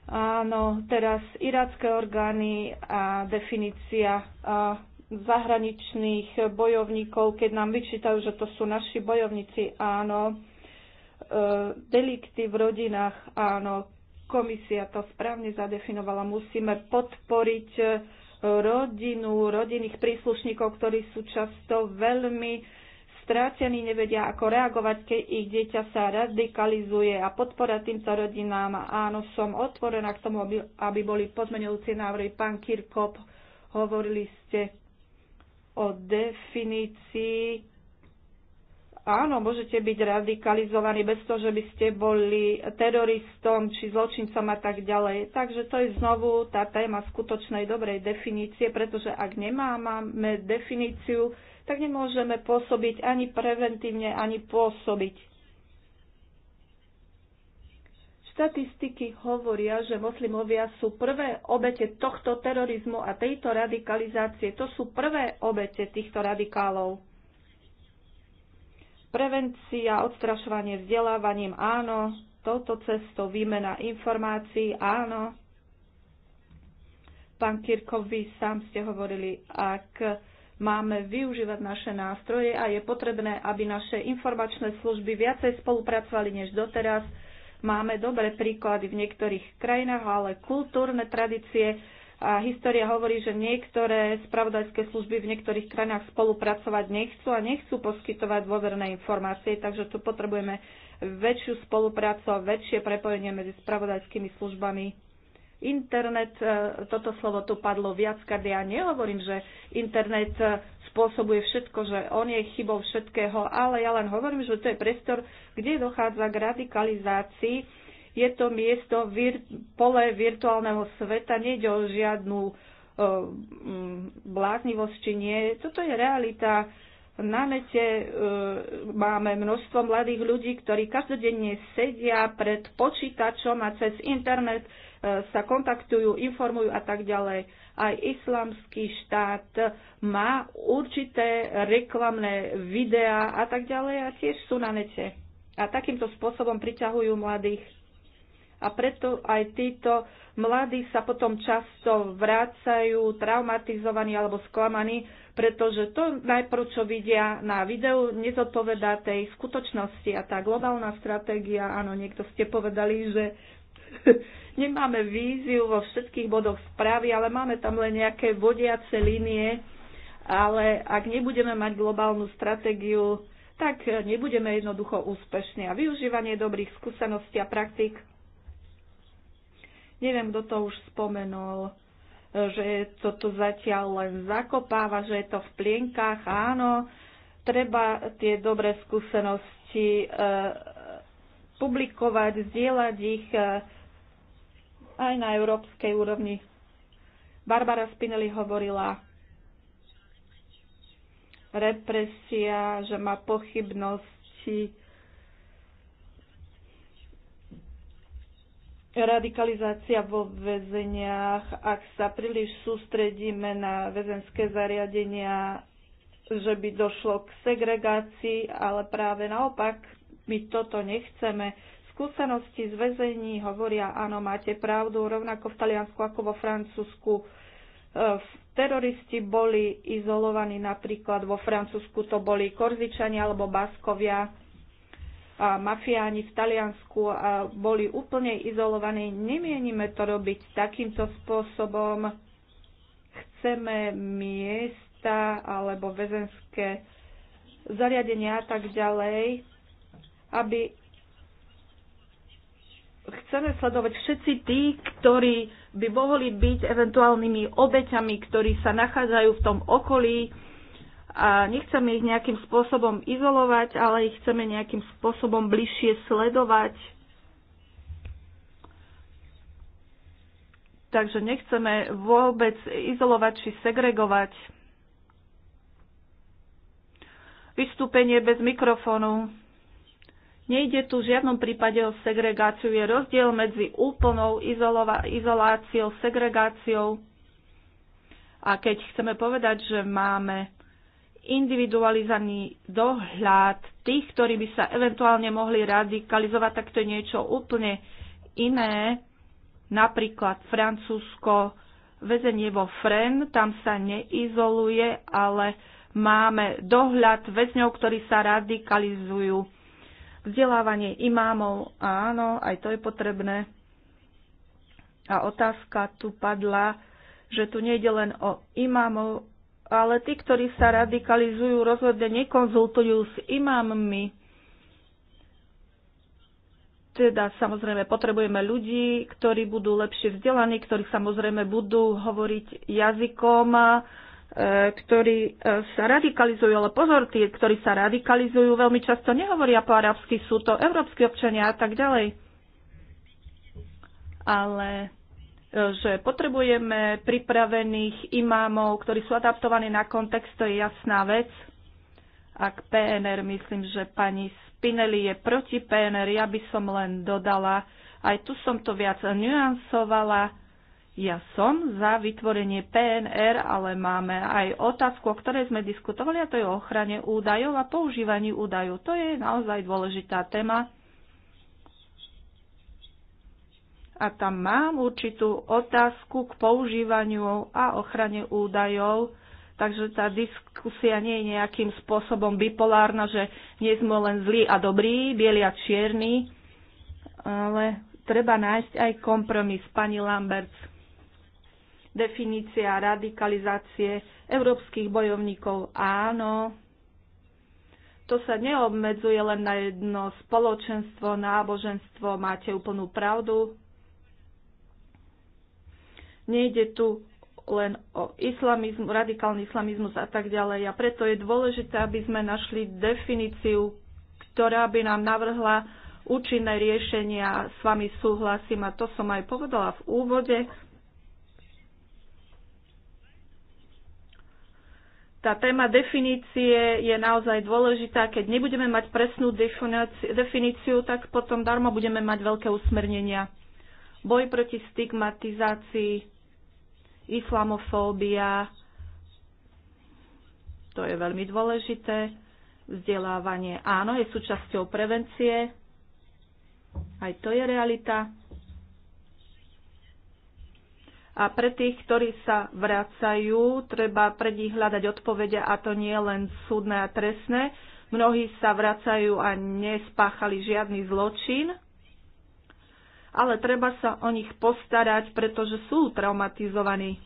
Áno, teraz irácké orgány a definícia a zahraničných bojovníkov, keď nám vyčítajú, že to sú naši bojovníci, áno E, delikty v rodinách, áno, komisia to správne zadefinovala. Musíme podporiť e, rodinu, rodinných príslušníkov, ktorí sú často veľmi strátení, nevedia ako reagovať, keď ich dieťa sa radikalizuje a podpora týmto rodinám. Áno, som otvorená k tomu, aby boli pozmeňujúci návrhy. Pán Kirkop, hovorili ste o definícii Áno, môžete byť radikalizovaní bez toho, že by ste boli teroristom či zločincom a tak ďalej. Takže to je znovu tá téma skutočnej dobrej definície, pretože ak nemáme definíciu, tak nemôžeme pôsobiť ani preventívne, ani pôsobiť. Štatistiky hovoria, že moslimovia sú prvé obete tohto terorizmu a tejto radikalizácie. To sú prvé obete týchto radikálov. Prevencia, odstrašovanie vzdelávaním, áno. Touto cestou výmena informácií, áno. Pán Kirkov, vy sám ste hovorili, ak máme využívať naše nástroje a je potrebné, aby naše informačné služby viacej spolupracovali než doteraz. Máme dobré príklady v niektorých krajinách, ale kultúrne tradície a história hovorí, že niektoré spravodajské služby v niektorých krajinách spolupracovať nechcú a nechcú poskytovať dôverné informácie, takže tu potrebujeme väčšiu spoluprácu a väčšie prepojenie medzi spravodajskými službami. Internet, e, toto slovo tu padlo viackrát, ja nehovorím, že internet e, spôsobuje všetko, že on je chybou všetkého, ale ja len hovorím, že to je priestor, kde dochádza k radikalizácii je to miesto, vir, pole virtuálneho sveta, nejde o žiadnu e, mm, bláznivosť či nie. Toto je realita. Na nete e, máme množstvo mladých ľudí, ktorí každodenne sedia pred počítačom a cez internet e, sa kontaktujú, informujú a tak ďalej. Aj islamský štát má určité reklamné videá a tak ďalej a tiež sú na nete. A takýmto spôsobom priťahujú mladých a preto aj títo mladí sa potom často vrácajú traumatizovaní alebo sklamaní, pretože to najprv, čo vidia na videu, nezodpovedá tej skutočnosti. A tá globálna stratégia, áno, niekto ste povedali, že nemáme víziu vo všetkých bodoch správy, ale máme tam len nejaké vodiace línie, ale ak nebudeme mať globálnu stratégiu, tak nebudeme jednoducho úspešní. A využívanie dobrých skúseností a praktík Neviem, kto to už spomenul, e, že to tu zatiaľ len zakopáva, že je to v plienkách. Áno, treba tie dobré skúsenosti e, publikovať, zdieľať ich e, aj na európskej úrovni. Barbara Spinelli hovorila, represia, že má pochybnosti radikalizácia vo väzeniach, ak sa príliš sústredíme na väzenské zariadenia, že by došlo k segregácii, ale práve naopak my toto nechceme. Skúsenosti z väzení hovoria, áno, máte pravdu, rovnako v Taliansku ako vo Francúzsku. E, teroristi boli izolovaní napríklad vo Francúzsku, to boli Korzičania alebo Baskovia mafiáni v Taliansku boli úplne izolovaní. Nemienime to robiť takýmto spôsobom. Chceme miesta alebo väzenské zariadenia a tak ďalej, aby chceme sledovať všetci tí, ktorí by mohli byť eventuálnymi obeťami, ktorí sa nachádzajú v tom okolí, a nechceme ich nejakým spôsobom izolovať, ale ich chceme nejakým spôsobom bližšie sledovať. Takže nechceme vôbec izolovať či segregovať. Vystúpenie bez mikrofónu. Nejde tu v žiadnom prípade o segregáciu. Je rozdiel medzi úplnou izoláciou, segregáciou. A keď chceme povedať, že máme individualizovaný dohľad tých, ktorí by sa eventuálne mohli radikalizovať, tak to je niečo úplne iné. Napríklad Francúzsko, väzenie vo Fren, tam sa neizoluje, ale máme dohľad väzňov, ktorí sa radikalizujú. Vzdelávanie imámov, áno, aj to je potrebné. A otázka tu padla, že tu nejde len o imámov, ale tí, ktorí sa radikalizujú, rozhodne nekonzultujú s imámmi. Teda samozrejme potrebujeme ľudí, ktorí budú lepšie vzdelaní, ktorí samozrejme budú hovoriť jazykom, e, ktorí e, sa radikalizujú, ale pozor, tí, ktorí sa radikalizujú, veľmi často nehovoria po arabsky, sú to európsky občania a tak ďalej. Ale že potrebujeme pripravených imámov, ktorí sú adaptovaní na kontext, to je jasná vec. Ak PNR, myslím, že pani Spinelli je proti PNR, ja by som len dodala, aj tu som to viac nuansovala, ja som za vytvorenie PNR, ale máme aj otázku, o ktorej sme diskutovali, a to je o ochrane údajov a používaní údajov. To je naozaj dôležitá téma a tam mám určitú otázku k používaniu a ochrane údajov, takže tá diskusia nie je nejakým spôsobom bipolárna, že nie sme len zlí a dobrí, bieli a čierni, ale treba nájsť aj kompromis, pani Lamberts. Definícia radikalizácie európskych bojovníkov, áno, to sa neobmedzuje len na jedno spoločenstvo, náboženstvo, máte úplnú pravdu. Nejde tu len o islamizm, radikálny islamizmus a tak ďalej. A preto je dôležité, aby sme našli definíciu, ktorá by nám navrhla účinné riešenia. S vami súhlasím a to som aj povedala v úvode. Tá téma definície je naozaj dôležitá. Keď nebudeme mať presnú definíciu, tak potom darmo budeme mať veľké usmernenia. Boj proti stigmatizácii islamofóbia, to je veľmi dôležité. Vzdelávanie áno, je súčasťou prevencie, aj to je realita. A pre tých, ktorí sa vracajú, treba pre nich hľadať odpovede a to nie len súdne a trestné. Mnohí sa vracajú a nespáchali žiadny zločin, ale treba sa o nich postarať, pretože sú traumatizovaní.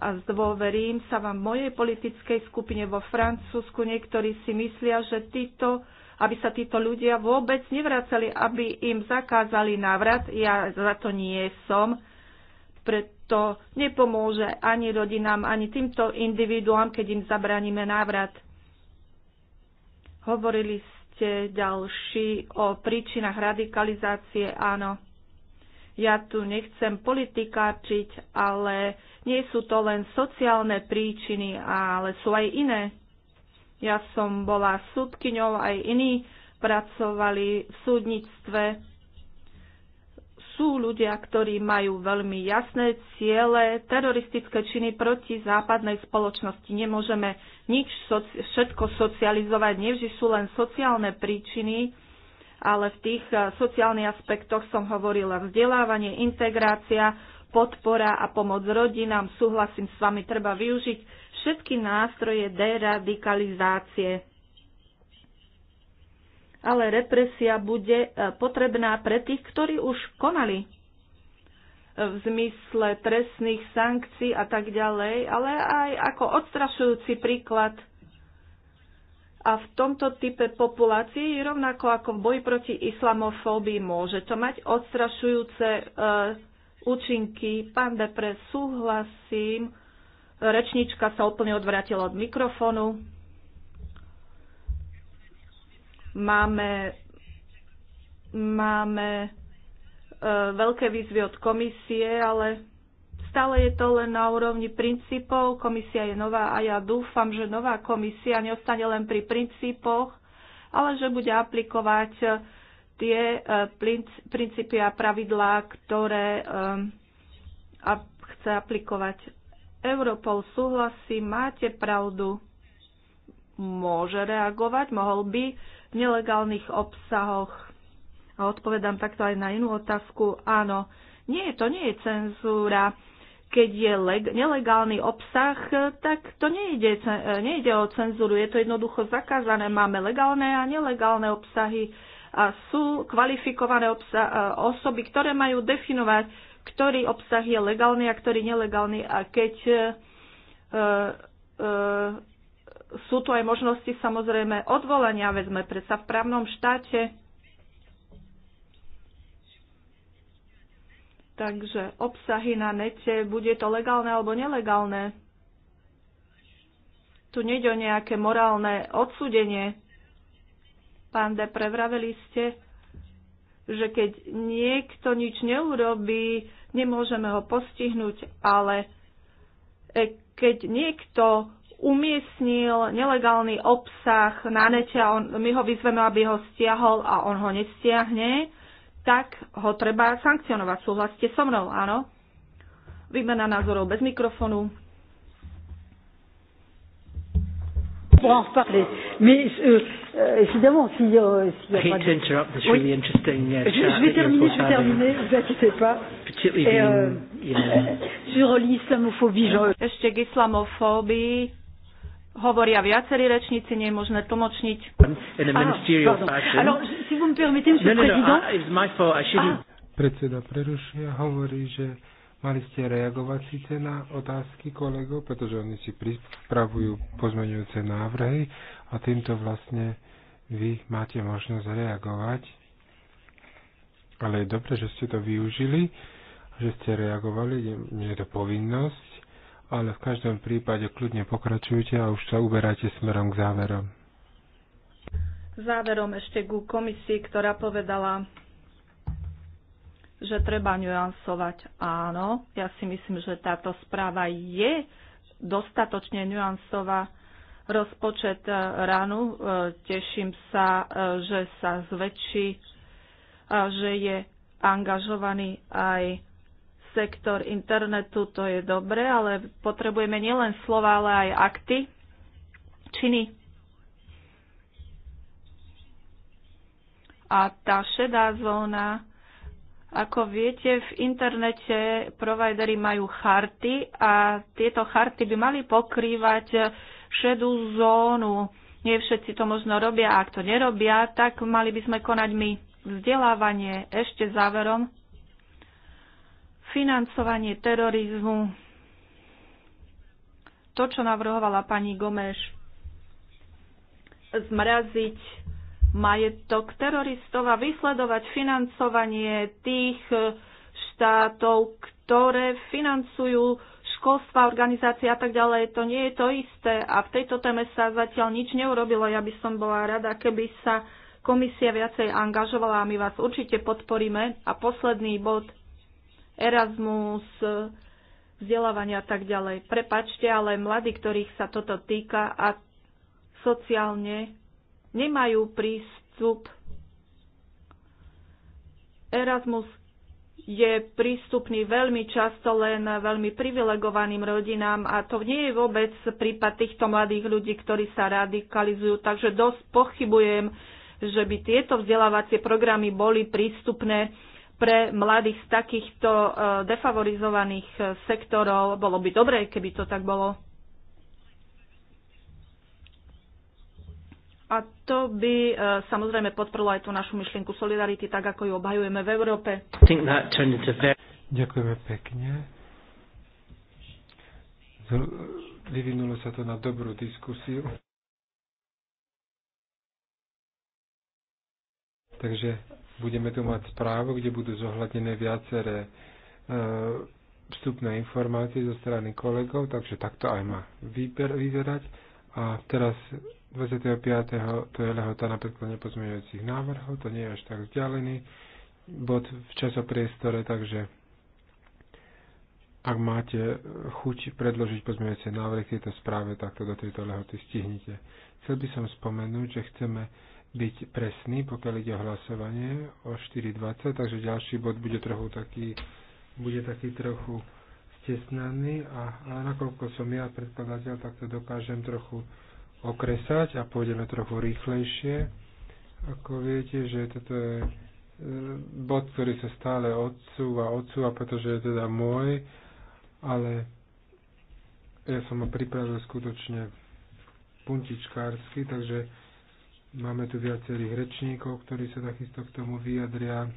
A zdôverím sa vám v mojej politickej skupine vo Francúzsku. Niektorí si myslia, že títo, aby sa títo ľudia vôbec nevracali, aby im zakázali návrat. Ja za to nie som, preto nepomôže ani rodinám, ani týmto individuám, keď im zabraníme návrat. Hovorili ešte ďalší o príčinách radikalizácie, áno. Ja tu nechcem politikáčiť, ale nie sú to len sociálne príčiny, ale sú aj iné. Ja som bola súdkyňou, aj iní pracovali v súdnictve sú ľudia, ktorí majú veľmi jasné ciele, teroristické činy proti západnej spoločnosti. Nemôžeme nič, soci- všetko socializovať, nevždy sú len sociálne príčiny, ale v tých eh, sociálnych aspektoch som hovorila vzdelávanie, integrácia, podpora a pomoc rodinám. Súhlasím s vami, treba využiť všetky nástroje deradikalizácie ale represia bude e, potrebná pre tých, ktorí už konali e, v zmysle trestných sankcií a tak ďalej, ale aj ako odstrašujúci príklad. A v tomto type populácie, rovnako ako v boji proti islamofóbii, môže to mať odstrašujúce e, účinky. Pán Depre, súhlasím. Rečnička sa úplne odvratila od mikrofónu. Máme, máme e, veľké výzvy od komisie, ale stále je to len na úrovni princípov. Komisia je nová a ja dúfam, že nová komisia neostane len pri princípoch, ale že bude aplikovať e, tie e, princípy a pravidlá, ktoré chce aplikovať. Europol súhlasí, máte pravdu, môže reagovať, mohol by nelegálnych obsahoch. A odpovedám takto aj na inú otázku. Áno, nie, to nie je cenzúra. Keď je leg- nelegálny obsah, tak to nejde, e, nejde o cenzúru. Je to jednoducho zakázané. Máme legálne a nelegálne obsahy a sú kvalifikované obsa- e, osoby, ktoré majú definovať, ktorý obsah je legálny a ktorý nelegálny. A keď e, e, sú tu aj možnosti samozrejme odvolania, veď sme predsa v právnom štáte. Takže obsahy na nete, bude to legálne alebo nelegálne. Tu nejde o nejaké morálne odsúdenie. Pán de, prevraveli ste, že keď niekto nič neurobí, nemôžeme ho postihnúť, ale e, keď niekto umiestnil nelegálny obsah na nete a on, my ho vyzveme, aby ho stiahol a on ho nestiahne, tak ho treba sankcionovať. Súhlasíte so mnou, áno? Výmena názorov bez mikrofonu. pour en Mais euh, euh, évidemment, s'il si, euh, si a pas de... oui. interesting, uh, je, je vais terminer, je vais terminer, vous inquiétez pas. Et, euh, you know... Sur l'islamophobie, je... Ešte k islamofóbii. Hovoria viacerí rečníci, nie je možné tlmočniť. No, no, no, Predseda prerušia, hovorí, že mali ste reagovať síce na otázky kolegov, pretože oni si pripravujú pozmeňujúce návrhy a týmto vlastne vy máte možnosť reagovať. Ale je dobre, že ste to využili, že ste reagovali, nie je to povinnosť ale v každom prípade kľudne pokračujte a už sa uberáte smerom k záverom. Záverom ešte ku komisii, ktorá povedala, že treba nuansovať. Áno, ja si myslím, že táto správa je dostatočne nuansová rozpočet eh, ránu. Eh, teším sa, eh, že sa zväčší a že je angažovaný aj sektor internetu, to je dobre, ale potrebujeme nielen slova, ale aj akty, činy. A tá šedá zóna, ako viete, v internete providery majú charty a tieto charty by mali pokrývať šedú zónu. Nie všetci to možno robia, a ak to nerobia, tak mali by sme konať my. Vzdelávanie ešte záverom Financovanie terorizmu. To, čo navrhovala pani Gomeš, zmraziť majetok teroristov a vysledovať financovanie tých štátov, ktoré financujú školstva, organizácie a tak ďalej, to nie je to isté a v tejto téme sa zatiaľ nič neurobilo. Ja by som bola rada, keby sa komisia viacej angažovala a my vás určite podporíme. A posledný bod, Erasmus, vzdelávania a tak ďalej. Prepačte, ale mladí, ktorých sa toto týka a sociálne nemajú prístup. Erasmus je prístupný veľmi často len veľmi privilegovaným rodinám a to nie je vôbec prípad týchto mladých ľudí, ktorí sa radikalizujú. Takže dosť pochybujem, že by tieto vzdelávacie programy boli prístupné pre mladých z takýchto e, defavorizovaných e, sektorov. Bolo by dobré, keby to tak bolo. A to by e, samozrejme podporilo aj tú našu myšlienku solidarity, tak ako ju obhajujeme v Európe. Ďakujeme pekne. Vyvinulo sa to na dobrú diskusiu. Takže budeme tu mať správu, kde budú zohľadené viaceré e, vstupné informácie zo strany kolegov, takže takto aj má výber, vyzerať. A teraz 25. to je lehota na predkladne pozmeňujúcich návrhov, to nie je až tak vzdialený bod v časopriestore, takže ak máte chuť predložiť pozmeňujúce návrhy k tejto správe, tak to do tejto lehoty stihnite. Chcel by som spomenúť, že chceme byť presný, pokiaľ ide o hlasovanie o 4.20, takže ďalší bod bude trochu taký, bude taký trochu stesnaný a, a nakoľko som ja predkladateľ, tak to dokážem trochu okresať a pôjdeme trochu rýchlejšie. Ako viete, že toto je e, bod, ktorý sa stále odsúva, odsúva, pretože je teda môj, ale ja som ho pripravil skutočne puntičkársky, takže Máme tu viacerých rečníkov, ktorí sa takisto k tomu vyjadria.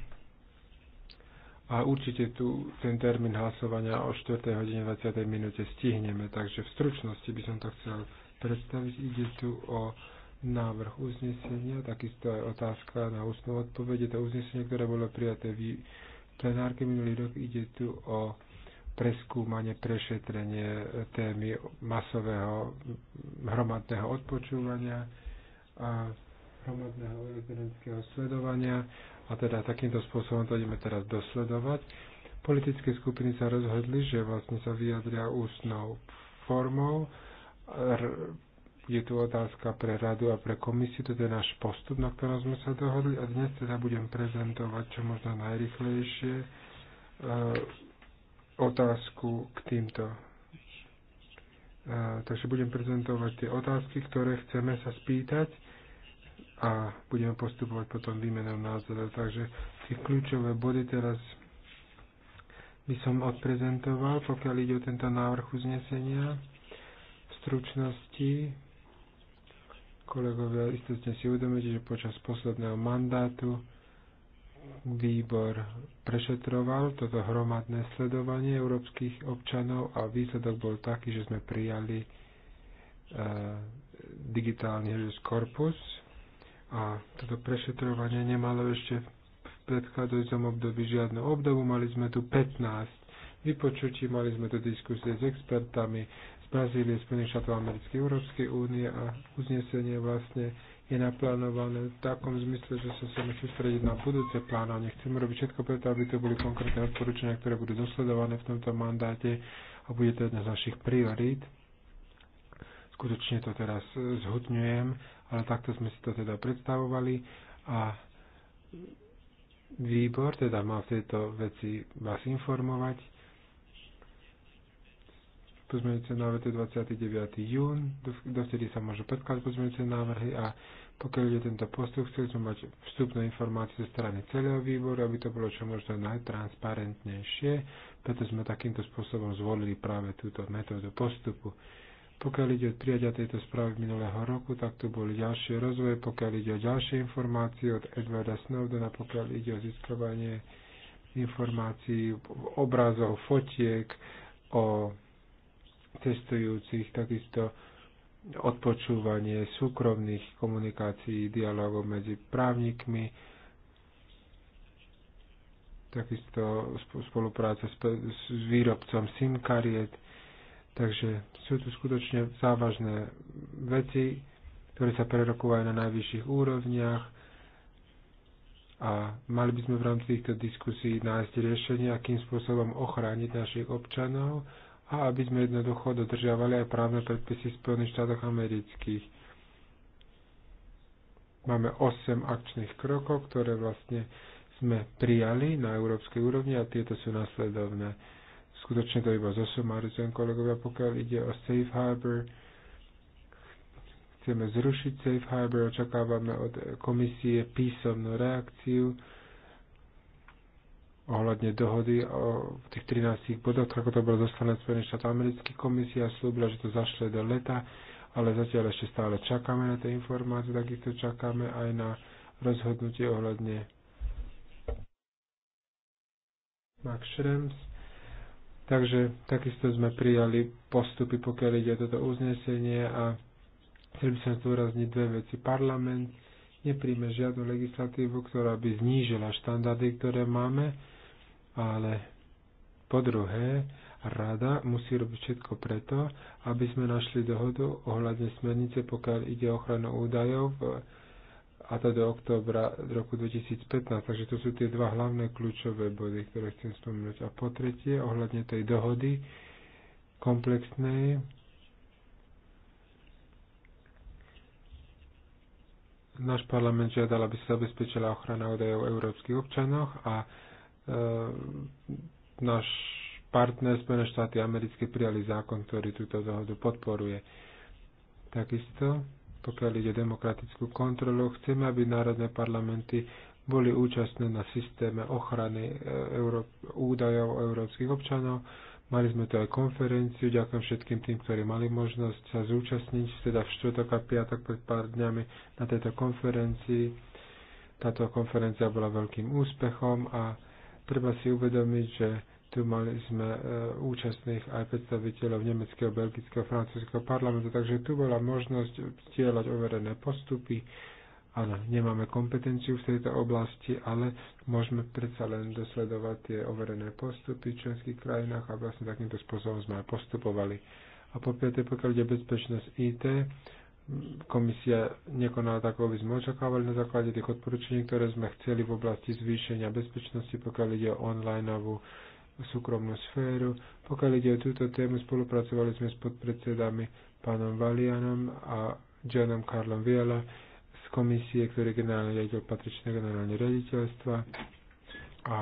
A určite tu ten termín hlasovania o 4. hodine 20. minúte stihneme, takže v stručnosti by som to chcel predstaviť. Ide tu o návrh uznesenia, takisto aj otázka na ústnu odpoveď. Je to uznesenie, ktoré bolo prijaté v plenárke minulý rok. Ide tu o preskúmanie, prešetrenie témy masového hromadného odpočúvania a hromadného elektronického sledovania a teda takýmto spôsobom to ideme teraz dosledovať. Politické skupiny sa rozhodli, že vlastne sa vyjadria ústnou formou. Je tu otázka pre radu a pre komisiu, to je náš postup, na ktorom sme sa dohodli a dnes teda budem prezentovať čo možno najrychlejšie e, otázku k týmto e, takže budem prezentovať tie otázky, ktoré chceme sa spýtať a budeme postupovať potom výmenou názorov. Takže tie kľúčové body teraz by som odprezentoval, pokiaľ ide o tento návrh uznesenia v stručnosti. Kolegovia, istotne si uvedomíte, že počas posledného mandátu výbor prešetroval toto hromadné sledovanie európskych občanov a výsledok bol taký, že sme prijali e, digitálny korpus a toto prešetrovanie nemalo ešte v predchádzajúcom období žiadnu obdobu, mali sme tu 15 vypočutí, mali sme tu diskusie s expertami z Brazílie, Spojených štátov Americkej, Európskej únie a uznesenie vlastne je naplánované v takom zmysle, že sa chceme sústrediť na budúce plánovanie. nechcem robiť všetko preto, aby to boli konkrétne odporúčania, ktoré budú dosledované v tomto mandáte a bude to jedna z našich priorít. Skutočne to teraz zhodňujem ale takto sme si to teda predstavovali a výbor teda mal v tejto veci vás informovať. Pozmeňujúce návrhy 29. jún, dovtedy sa môžu predkladať pozmeňujúce návrhy a pokiaľ ide tento postup, chceli sme mať vstupnú informáciu zo strany celého výboru, aby to bolo čo možno najtransparentnejšie, preto sme takýmto spôsobom zvolili práve túto metódu postupu. Pokiaľ ide od prijatia tejto správy minulého roku, tak tu boli ďalšie rozvoje, pokiaľ ide o ďalšie informácie od Edwarda Snowdena, pokiaľ ide o získavanie informácií, obrazov, fotiek o cestujúcich, takisto odpočúvanie súkromných komunikácií, dialogov medzi právnikmi, takisto spolupráca s výrobcom SIM kariet. Takže sú tu skutočne závažné veci, ktoré sa prerokovajú na najvyšších úrovniach a mali by sme v rámci týchto diskusí nájsť riešenie, akým spôsobom ochrániť našich občanov a aby sme jednoducho dodržiavali aj právne predpisy v Spojených štátoch amerických. Máme 8 akčných krokov, ktoré vlastne sme prijali na európskej úrovni a tieto sú nasledovné skutočne to iba zosumarizujem, kolegovia, pokiaľ ide o Safe Harbor, chceme zrušiť Safe Harbor, očakávame od komisie písomnú reakciu ohľadne dohody o tých 13 bodoch, ako to bolo zostané Spojených štátov amerických komisia, slúbila, že to zašle do leta, ale zatiaľ ešte stále čakáme na tie informácie, takisto čakáme aj na rozhodnutie ohľadne Max Schrems, Takže takisto sme prijali postupy, pokiaľ ide toto uznesenie a chcel by som zdôrazniť dve veci. Parlament nepríjme žiadnu legislatívu, ktorá by znížila štandardy, ktoré máme, ale po druhé, Rada musí robiť všetko preto, aby sme našli dohodu ohľadne smernice, pokiaľ ide o ochranu údajov v a to do októbra roku 2015. Takže to sú tie dva hlavné kľúčové body, ktoré chcem spomenúť. A po tretie, ohľadne tej dohody komplexnej, náš parlament žiadal, aby sa zabezpečila ochrana údajov európskych občanoch a e, náš partner Spojené štáty americké prijali zákon, ktorý túto dohodu podporuje. Takisto pokiaľ ide demokratickú kontrolu. Chceme, aby národné parlamenty boli účastné na systéme ochrany e, Euró- údajov európskych občanov. Mali sme tu aj konferenciu, ďakujem všetkým tým, ktorí mali možnosť sa zúčastniť, teda v štvrtok a piatok pred pár dňami na tejto konferencii. Táto konferencia bola veľkým úspechom a treba si uvedomiť, že tu mali sme e, účastných aj predstaviteľov nemeckého, belgického, francúzského parlamentu, takže tu bola možnosť vzdielať overené postupy. Áno, nemáme kompetenciu v tejto oblasti, ale môžeme predsa len dosledovať tie overené postupy v členských krajinách a vlastne takýmto spôsobom sme aj postupovali. A po piaté, pokiaľ ide bezpečnosť IT, komisia nekonala tak, ako by sme očakávali na základe tých odporúčení, ktoré sme chceli v oblasti zvýšenia bezpečnosti, pokiaľ ide o online súkromnú sféru. Pokiaľ ide o túto tému, spolupracovali sme s podpredsedami pánom Valianom a Johnom Karlom Viela z komisie, ktorý je generálny riaditeľ patričné generálne riaditeľstva. A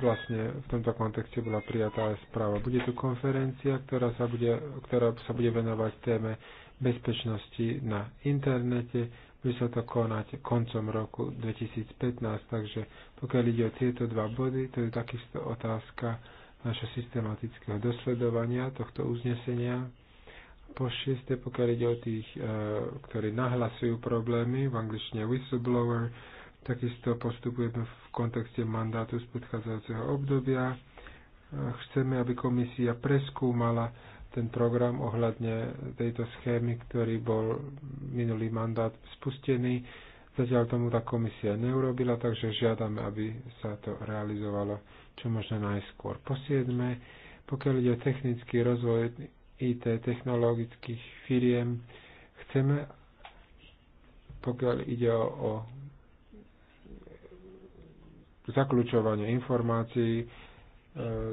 vlastne v tomto kontexte bola prijatá aj správa. Bude tu konferencia, ktorá sa bude, ktorá sa bude venovať téme bezpečnosti na internete bude sa to konať koncom roku 2015, takže pokiaľ ide o tieto dva body, to je takisto otázka našho systematického dosledovania tohto uznesenia. Po šieste, pokiaľ ide o tých, e, ktorí nahlasujú problémy, v angličtine whistleblower, takisto postupujeme v kontexte mandátu z predchádzajúceho obdobia. E, chceme, aby komisia preskúmala ten program ohľadne tejto schémy, ktorý bol minulý mandát spustený. Zatiaľ tomu tá komisia neurobila, takže žiadame, aby sa to realizovalo čo možno najskôr. Po siedme, pokiaľ ide o technický rozvoj IT technologických firiem, chceme, pokiaľ ide o, o zakľúčovanie informácií, e,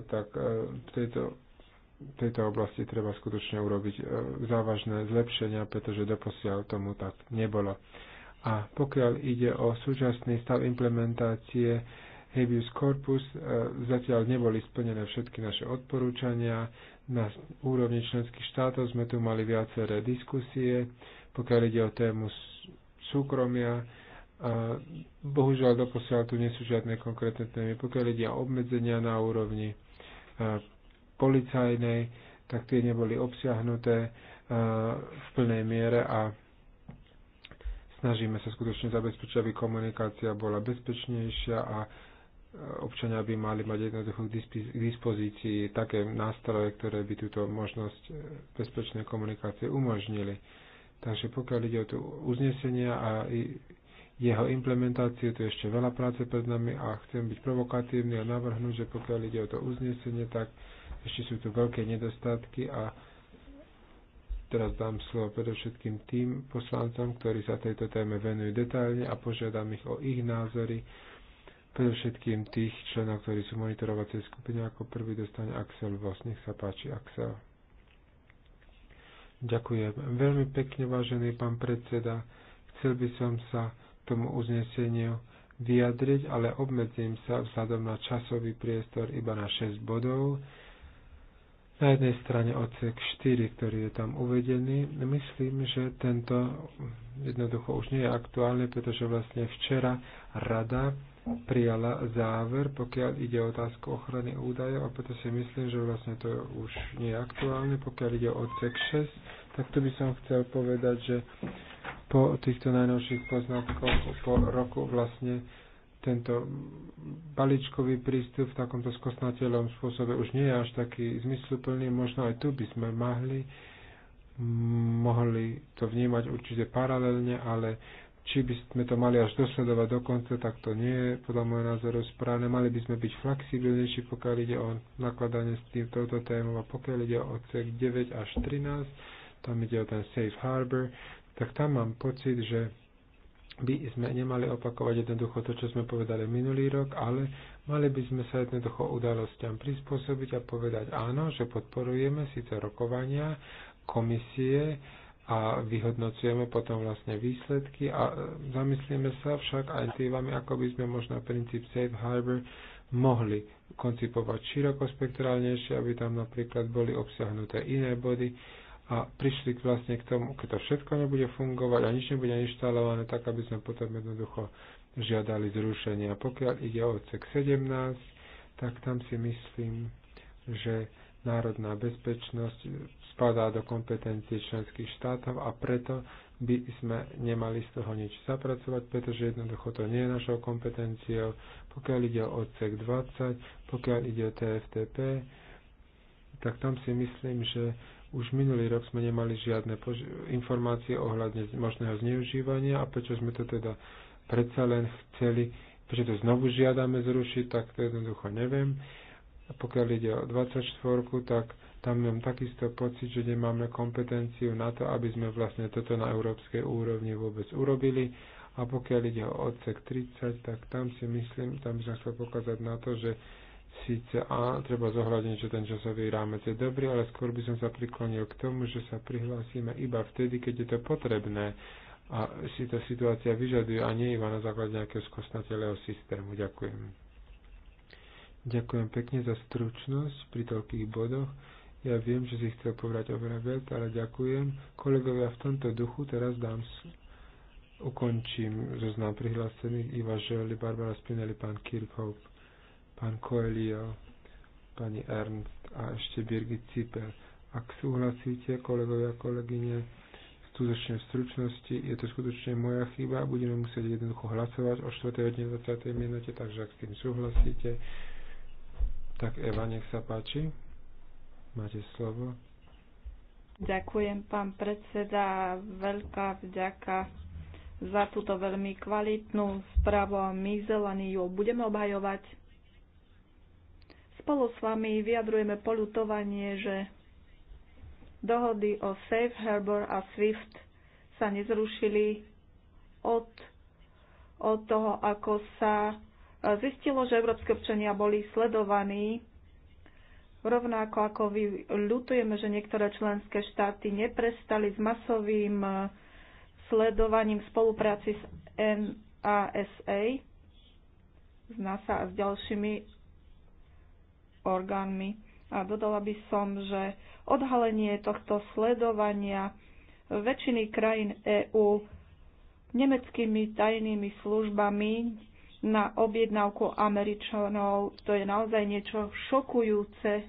tak e, v tejto v tejto oblasti treba skutočne urobiť e, závažné zlepšenia, pretože doposiaľ tomu tak nebolo. A pokiaľ ide o súčasný stav implementácie habeas corpus, e, zatiaľ neboli splnené všetky naše odporúčania. Na úrovni členských štátov sme tu mali viaceré diskusie, pokiaľ ide o tému súkromia. E, bohužiaľ doposiaľ tu nie sú žiadne konkrétne témy, pokiaľ ide o obmedzenia na úrovni policajnej, tak tie neboli obsiahnuté eh, v plnej miere a snažíme sa skutočne zabezpečiť, aby komunikácia bola bezpečnejšia a eh, občania by mali mať jednoducho k dispozícii také nástroje, ktoré by túto možnosť eh, bezpečnej komunikácie umožnili. Takže pokiaľ ide o to uznesenie a jeho implementáciu, tu je ešte veľa práce pred nami a chcem byť provokatívny a navrhnúť, že pokiaľ ide o to uznesenie, tak ešte sú tu veľké nedostatky a teraz dám slovo predovšetkým tým poslancom, ktorí sa tejto téme venujú detailne a požiadam ich o ich názory. Predovšetkým tých členov, ktorí sú monitorovacej skupine, ako prvý dostane Axel Vos. Nech sa páči, Axel. Ďakujem. Veľmi pekne, vážený pán predseda. Chcel by som sa tomu uzneseniu vyjadriť, ale obmedzím sa vzhľadom na časový priestor iba na 6 bodov na jednej strane odsek 4, ktorý je tam uvedený. Myslím, že tento jednoducho už nie je aktuálny, pretože vlastne včera rada prijala záver, pokiaľ ide o otázku ochrany údajov a preto si myslím, že vlastne to už nie je aktuálne. Pokiaľ ide o odsek 6, tak tu by som chcel povedať, že po týchto najnovších poznatkoch po roku vlastne tento balíčkový prístup v takomto skosnateľom spôsobe už nie je až taký zmysluplný. Možno aj tu by sme mohli, mohli to vnímať určite paralelne, ale či by sme to mali až dosledovať do konca, tak to nie je podľa môjho názoru správne. Mali by sme byť flexibilnejší, pokiaľ ide o nakladanie s tým, touto témou a pokiaľ ide o cek 9 až 13, tam ide o ten safe harbor, tak tam mám pocit, že by sme nemali opakovať jednoducho to, čo sme povedali minulý rok, ale mali by sme sa jednoducho udalostiam prispôsobiť a povedať áno, že podporujeme síce rokovania komisie a vyhodnocujeme potom vlastne výsledky a e, zamyslíme sa však aj tým, ako by sme možno princíp Safe Harbor mohli koncipovať širokospektrálnejšie, aby tam napríklad boli obsiahnuté iné body, a prišli k vlastne k tomu, keď to všetko nebude fungovať a nič nebude inštalované, tak aby sme potom jednoducho žiadali zrušenie. A pokiaľ ide o odsek 17, tak tam si myslím, že národná bezpečnosť spadá do kompetencie členských štátov a preto by sme nemali z toho nič zapracovať, pretože jednoducho to nie je našou kompetenciou. Pokiaľ ide o odsek 20, pokiaľ ide o TFTP, tak tam si myslím, že už minulý rok sme nemali žiadne informácie ohľadne možného zneužívania a prečo sme to teda predsa len chceli, prečo to znovu žiadame zrušiť, tak to jednoducho neviem. A pokiaľ ide o 24, tak tam mám takisto pocit, že nemáme kompetenciu na to, aby sme vlastne toto na európskej úrovni vôbec urobili. A pokiaľ ide o odsek 30, tak tam si myslím, tam by som chcel pokázať na to, že Sice a treba zohľadniť, že ten časový rámec je dobrý, ale skôr by som sa priklonil k tomu, že sa prihlásime iba vtedy, keď je to potrebné a si to situácia vyžaduje a nie iba na základe nejakého skosnatelého systému. Ďakujem. Ďakujem pekne za stručnosť pri toľkých bodoch. Ja viem, že si chcel povedať oveľa viac, ale ďakujem. Kolegovia, v tomto duchu teraz dám ukončím zoznam prihlásených Iva Želi, Barbara Spinelli, pán Kirchhoff pán Coelio, pani Ernst a ešte Birgit Cipel. Ak súhlasíte, kolegovia a kolegyne, skutočne v stručnosti, je to skutočne moja chyba, budeme musieť jednoducho hlasovať o 4.20. minúte, takže ak s tým súhlasíte, tak Eva, nech sa páči. Máte slovo. Ďakujem, pán predseda. Veľká vďaka za túto veľmi kvalitnú správu. My zelení ju budeme obhajovať Spolu s vami vyjadrujeme polutovanie, že dohody o Safe Harbor a SWIFT sa nezrušili od, od toho, ako sa e, zistilo, že európske občania boli sledovaní. Rovnako ako vy ľutujeme, že niektoré členské štáty neprestali s masovým e, sledovaním spolupráci s NASA a s ďalšími orgánmi. A dodala by som, že odhalenie tohto sledovania väčšiny krajín EÚ nemeckými tajnými službami na objednávku Američanov, to je naozaj niečo šokujúce.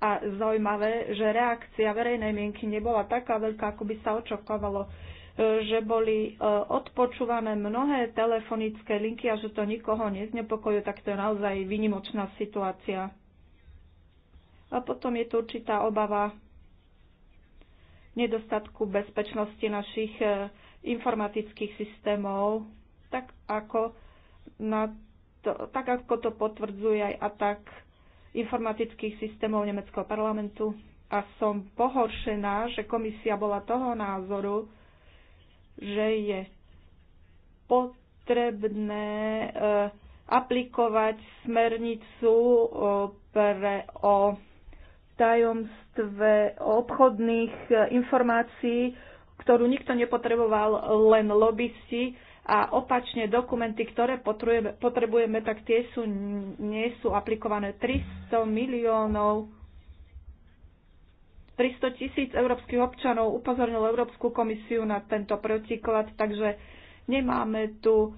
A zaujímavé, že reakcia verejnej mienky nebola taká veľká, ako by sa očakávalo že boli e, odpočúvané mnohé telefonické linky a že to nikoho neznepokojuje, tak to je naozaj vynimočná situácia. A potom je tu určitá obava nedostatku bezpečnosti našich e, informatických systémov, tak ako, na to, tak ako to potvrdzuje aj atak informatických systémov Nemeckého parlamentu. A som pohoršená, že komisia bola toho názoru, že je potrebné eh, aplikovať smernicu eh, pre, o tajomstve obchodných eh, informácií, ktorú nikto nepotreboval, len lobbysti. A opačne dokumenty, ktoré potrebujeme, potrebujeme tak tie sú, nie sú aplikované. 300 miliónov 300 tisíc európskych občanov upozornil Európsku komisiu na tento protiklad, takže nemáme tu e,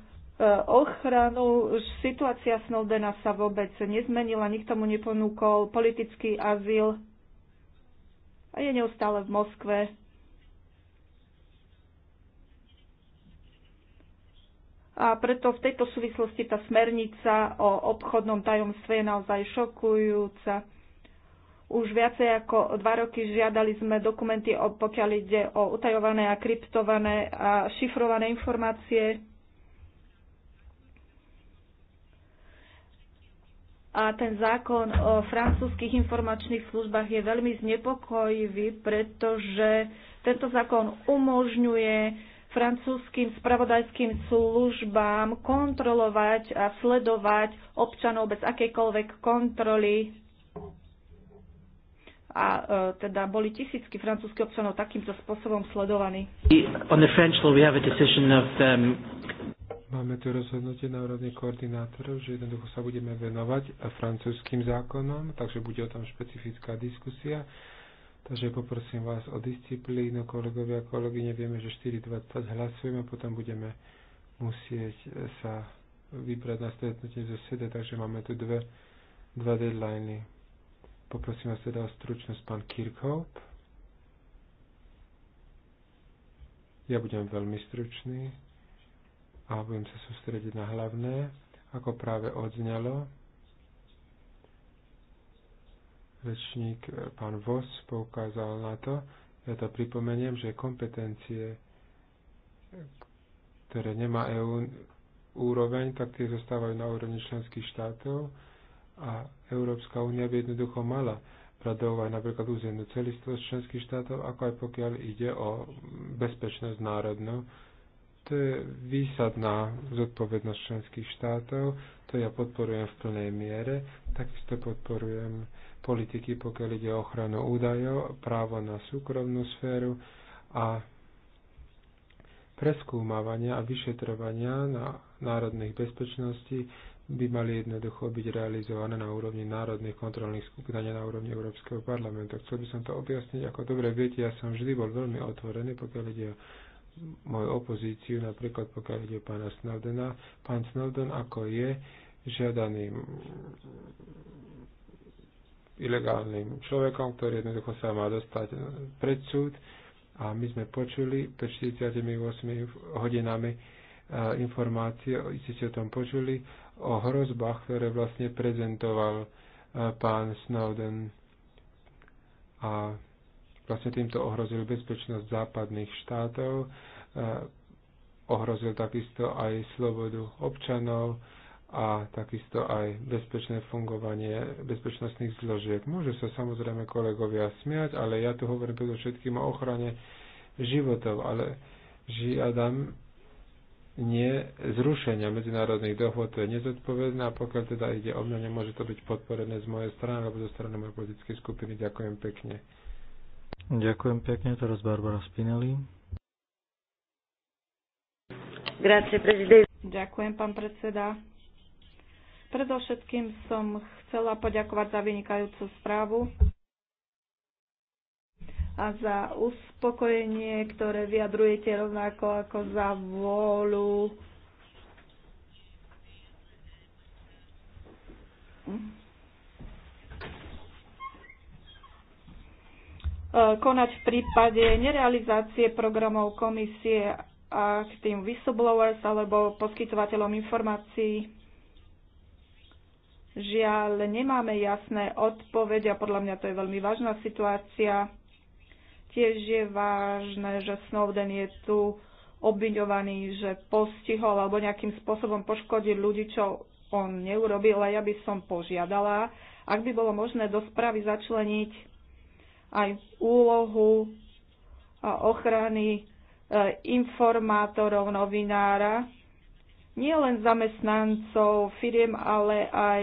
ochranu. Situácia Snowdena sa vôbec nezmenila, nikto mu neponúkol politický azyl a je neustále v Moskve. A preto v tejto súvislosti tá smernica o obchodnom tajomstve je naozaj šokujúca. Už viacej ako dva roky žiadali sme dokumenty, o, pokiaľ ide o utajované a kryptované a šifrované informácie. A ten zákon o francúzských informačných službách je veľmi znepokojivý, pretože tento zákon umožňuje francúzským spravodajským službám kontrolovať a sledovať občanov bez akejkoľvek kontroly a uh, teda boli tisícky francúzských občanov takýmto spôsobom sledovaní. Um, máme tu rozhodnutie na úrovni koordinátorov, že jednoducho sa budeme venovať francúzským zákonom, takže bude o tom špecifická diskusia. Takže poprosím vás o disciplínu, kolegovia a kolegyne, vieme, že 4.20 hlasujeme, potom budeme musieť sa vybrať na stretnutie zo sede, takže máme tu dve, dva deadliny. Poprosím vás teda o stručnosť, pán Kirchhoff. Ja budem veľmi stručný a budem sa sústrediť na hlavné, ako práve odznelo. Rečník eh, pán Vos poukázal na to, ja to pripomeniem, že kompetencie, ktoré nemá EU úroveň, tak tie zostávajú na úrovni členských štátov a Európska únia by jednoducho mala radovať napríklad územnú celistvosť členských štátov, ako aj pokiaľ ide o bezpečnosť národnú. To je výsadná zodpovednosť členských štátov, to ja podporujem v plnej miere, takisto podporujem politiky, pokiaľ ide o ochranu údajov, právo na súkromnú sféru a preskúmavania a vyšetrovania na národných bezpečnosti by mali jednoducho byť realizované na úrovni národných kontrolných skupín, a na úrovni Európskeho parlamentu. Chcel by som to objasniť, ako dobre viete, ja som vždy bol veľmi otvorený, pokiaľ ide o moju opozíciu, napríklad pokiaľ ide o pána Snowdena. Pán Snowden ako je žiadaným ilegálnym človekom, ktorý jednoducho sa má dostať pred súd a my sme počuli pred 48 hodinami eh, informácie, iste ste o tom počuli, o hrozbách, ktoré vlastne prezentoval e, pán Snowden a vlastne týmto ohrozil bezpečnosť západných štátov, e, ohrozil takisto aj slobodu občanov a takisto aj bezpečné fungovanie bezpečnostných zložiek. Môžu sa samozrejme kolegovia smiať, ale ja tu hovorím predovšetkým o ochrane životov, ale žiadam nie zrušenia medzinárodných dohôd, to je nezodpovedné a pokiaľ teda ide o mňa, nemôže to byť podporené z mojej strany alebo zo strany mojej politickej skupiny. Ďakujem pekne. Ďakujem pekne, teraz Barbara Spinelli. Grazie, prezident. Ďakujem, pán predseda. Predovšetkým som chcela poďakovať za vynikajúcu správu a za uspokojenie, ktoré vyjadrujete rovnako ako za vôľu. E, konať v prípade nerealizácie programov komisie a k tým whistleblowers alebo poskytovateľom informácií. Žiaľ, nemáme jasné odpovede a podľa mňa to je veľmi vážna situácia. Tiež je vážne, že Snowden je tu obviňovaný, že postihol alebo nejakým spôsobom poškodil ľudí, čo on neurobil, ale ja by som požiadala, ak by bolo možné do správy začleniť aj úlohu ochrany e, informátorov, novinára, nie len zamestnancov firiem, ale aj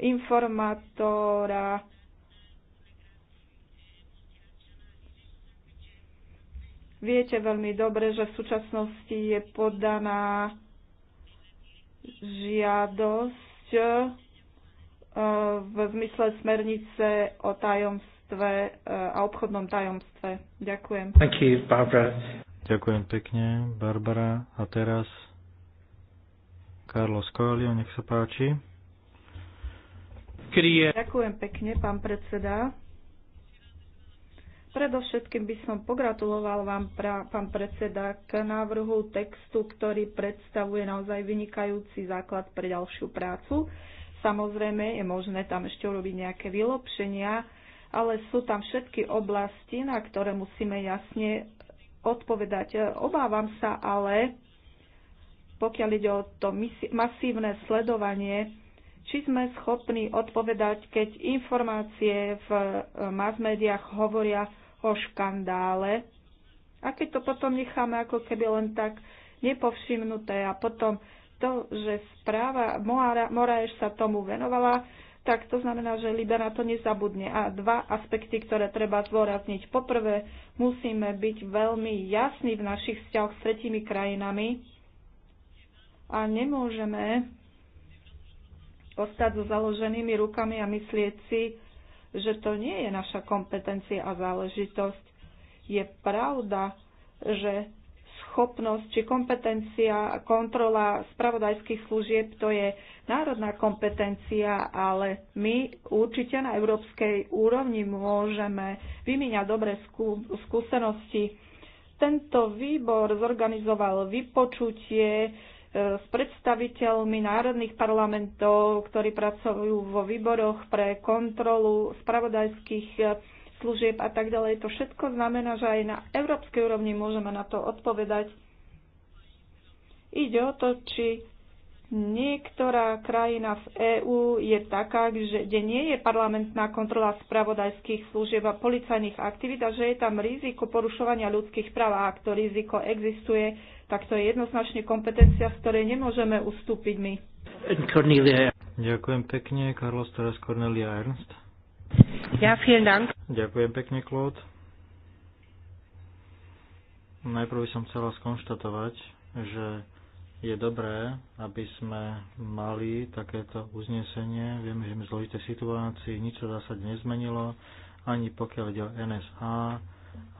informátora, Viete veľmi dobre, že v súčasnosti je podaná žiadosť e, v zmysle smernice o tajomstve e, a obchodnom tajomstve. Ďakujem. Thank you, Barbara. Ďakujem pekne, Barbara. A teraz Carlos Coelho, nech sa páči. Ďakujem pekne, pán predseda. Predovšetkým by som pogratuloval vám, pra, pán predseda, k návrhu textu, ktorý predstavuje naozaj vynikajúci základ pre ďalšiu prácu. Samozrejme, je možné tam ešte urobiť nejaké vylepšenia, ale sú tam všetky oblasti, na ktoré musíme jasne odpovedať. Obávam sa ale, pokiaľ ide o to masívne sledovanie, či sme schopní odpovedať, keď informácie v eh, mass médiách hovoria o škandále a keď to potom necháme ako keby len tak nepovšimnuté a potom to, že správa Moraeš sa tomu venovala, tak to znamená, že Libera na to nezabudne. A dva aspekty, ktoré treba zdôrazniť. Poprvé, musíme byť veľmi jasní v našich vzťahoch s tretimi krajinami a nemôžeme ostať so založenými rukami a myslieť si, že to nie je naša kompetencia a záležitosť. Je pravda, že schopnosť či kompetencia, kontrola spravodajských služieb, to je národná kompetencia, ale my určite na európskej úrovni môžeme vymieňať dobré skú, skúsenosti. Tento výbor zorganizoval vypočutie s predstaviteľmi národných parlamentov, ktorí pracujú vo výboroch pre kontrolu spravodajských služieb a tak ďalej. To všetko znamená, že aj na európskej úrovni môžeme na to odpovedať. Ide o to, či niektorá krajina v EÚ je taká, že, kde nie je parlamentná kontrola spravodajských služieb a policajných aktivít a že je tam riziko porušovania ľudských práv a ak to riziko existuje, tak to je jednoznačne kompetencia, z ktorej nemôžeme ustúpiť my. Cornelia. Ďakujem pekne, Carlos, teraz Cornelia Ernst. Ja, vielen Dank. Ďakujem pekne, Claude. Najprv by som chcela skonštatovať, že je dobré, aby sme mali takéto uznesenie. Vieme, že sme v zložitej situácii, nič sa zásade nezmenilo, ani pokiaľ ide o NSA,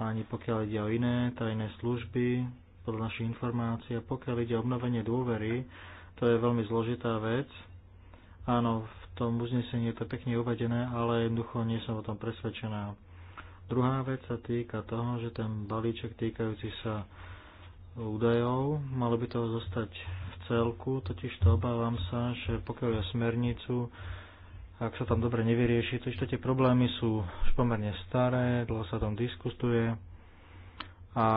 ani pokiaľ ide o iné tajné služby, podľa našich informácií. A pokiaľ ide o obnovenie dôvery, to je veľmi zložitá vec. Áno, v tom uznesení je to pekne uvedené, ale jednoducho nie som o tom presvedčená. Druhá vec sa týka toho, že ten balíček týkajúci sa údajov, malo by to zostať v celku, totiž to obávam sa, že pokiaľ je smernicu, ak sa tam dobre nevyrieši, totiž to tie problémy sú už pomerne staré, dlho sa tam diskutuje a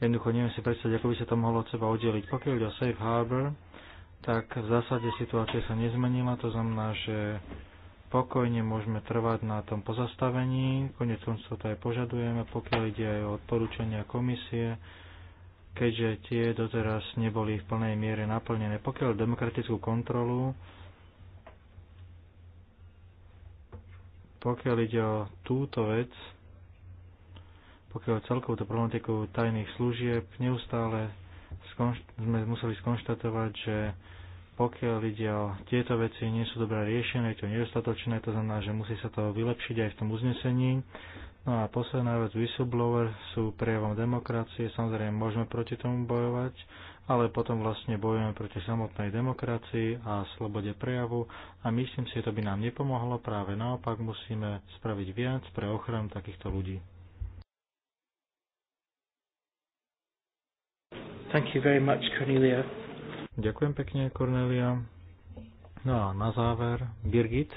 Jednoducho neviem si predstaviť, ako by sa to mohlo od seba oddeliť. Pokiaľ ide o Safe Harbor, tak v zásade situácia sa nezmenila, to znamená, že pokojne môžeme trvať na tom pozastavení, konec koncov to aj požadujeme, pokiaľ ide aj o odporúčania komisie, keďže tie doteraz neboli v plnej miere naplnené. Pokiaľ demokratickú kontrolu, pokiaľ ide o túto vec, pokiaľ celkovú tú problematiku tajných služieb, neustále sme museli skonštatovať, že pokiaľ ide o tieto veci, nie sú dobre riešené, je to nedostatočné, to znamená, že musí sa to vylepšiť aj v tom uznesení. No a posledná vec, whistleblower sú prejavom demokracie, samozrejme môžeme proti tomu bojovať, ale potom vlastne bojujeme proti samotnej demokracii a slobode prejavu a myslím si, že to by nám nepomohlo, práve naopak musíme spraviť viac pre ochranu takýchto ľudí. Thank you very much, Cornelia. Ďakujem pekne, Cornelia. No a na záver, Birgit.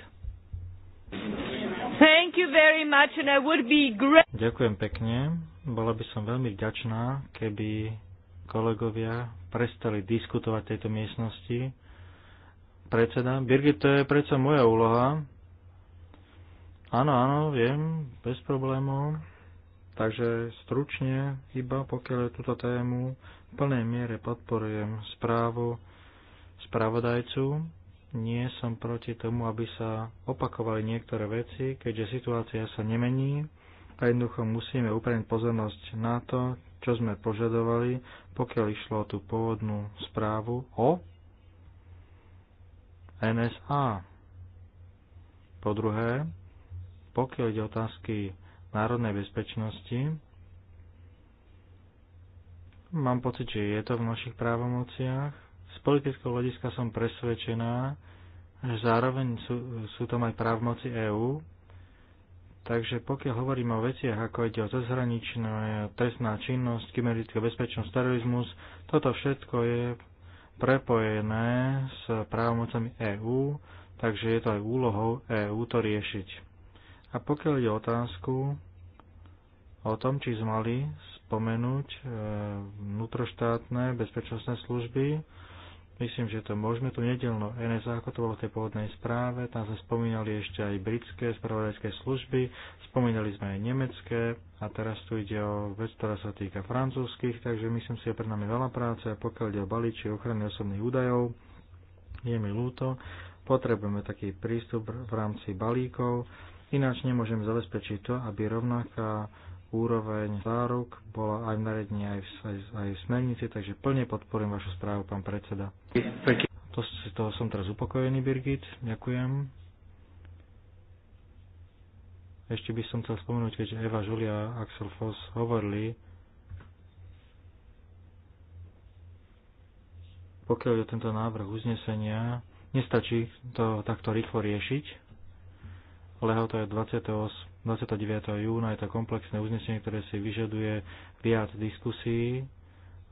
Thank you very much and I would be great. Ďakujem pekne. Bola by som veľmi vďačná, keby kolegovia prestali diskutovať v tejto miestnosti. Predseda, Birgit, to je predsa moja úloha. Áno, áno, viem, bez problémov. Takže stručne, iba pokiaľ je túto tému, v plnej miere podporujem správu spravodajcu. Nie som proti tomu, aby sa opakovali niektoré veci, keďže situácia sa nemení a jednoducho musíme upriamiť pozornosť na to, čo sme požadovali, pokiaľ išlo o tú pôvodnú správu o NSA. Po druhé, pokiaľ ide otázky národnej bezpečnosti, Mám pocit, že je to v našich právomociach. Z politického hľadiska som presvedčená, že zároveň sú, sú tam aj právomoci EÚ. Takže pokiaľ hovoríme o veciach, ako ide o cezhraničná trestná činnosť, kymerická bezpečnosť, terorizmus, toto všetko je prepojené s právomocami EÚ, takže je to aj úlohou EÚ to riešiť. A pokiaľ ide o otázku o tom, či sme mali spomenúť e, vnútroštátne bezpečnostné služby. Myslím, že to môžeme. Tu nedelno NSA, ako to bolo v tej pôvodnej správe, tam sme spomínali ešte aj britské spravodajské služby, spomínali sme aj nemecké a teraz tu ide o vec, ktorá sa týka francúzskych, takže myslím si, že pre nami veľa práce a pokiaľ ide o balíči ochrany osobných údajov, je mi ľúto, potrebujeme taký prístup v rámci balíkov, ináč nemôžeme zabezpečiť to, aby rovnaká úroveň záruk bola aj v nariadení, aj v, aj, aj v smernici, takže plne podporím vašu správu, pán predseda. To, toho som teraz upokojený, Birgit. Ďakujem. Ešte by som chcel spomenúť, keďže Eva, Julia a Axel Foss hovorili, pokiaľ je tento návrh uznesenia, nestačí to takto rýchlo riešiť. Lehoto je 28 29. júna je to komplexné uznesenie, ktoré si vyžaduje viac diskusí,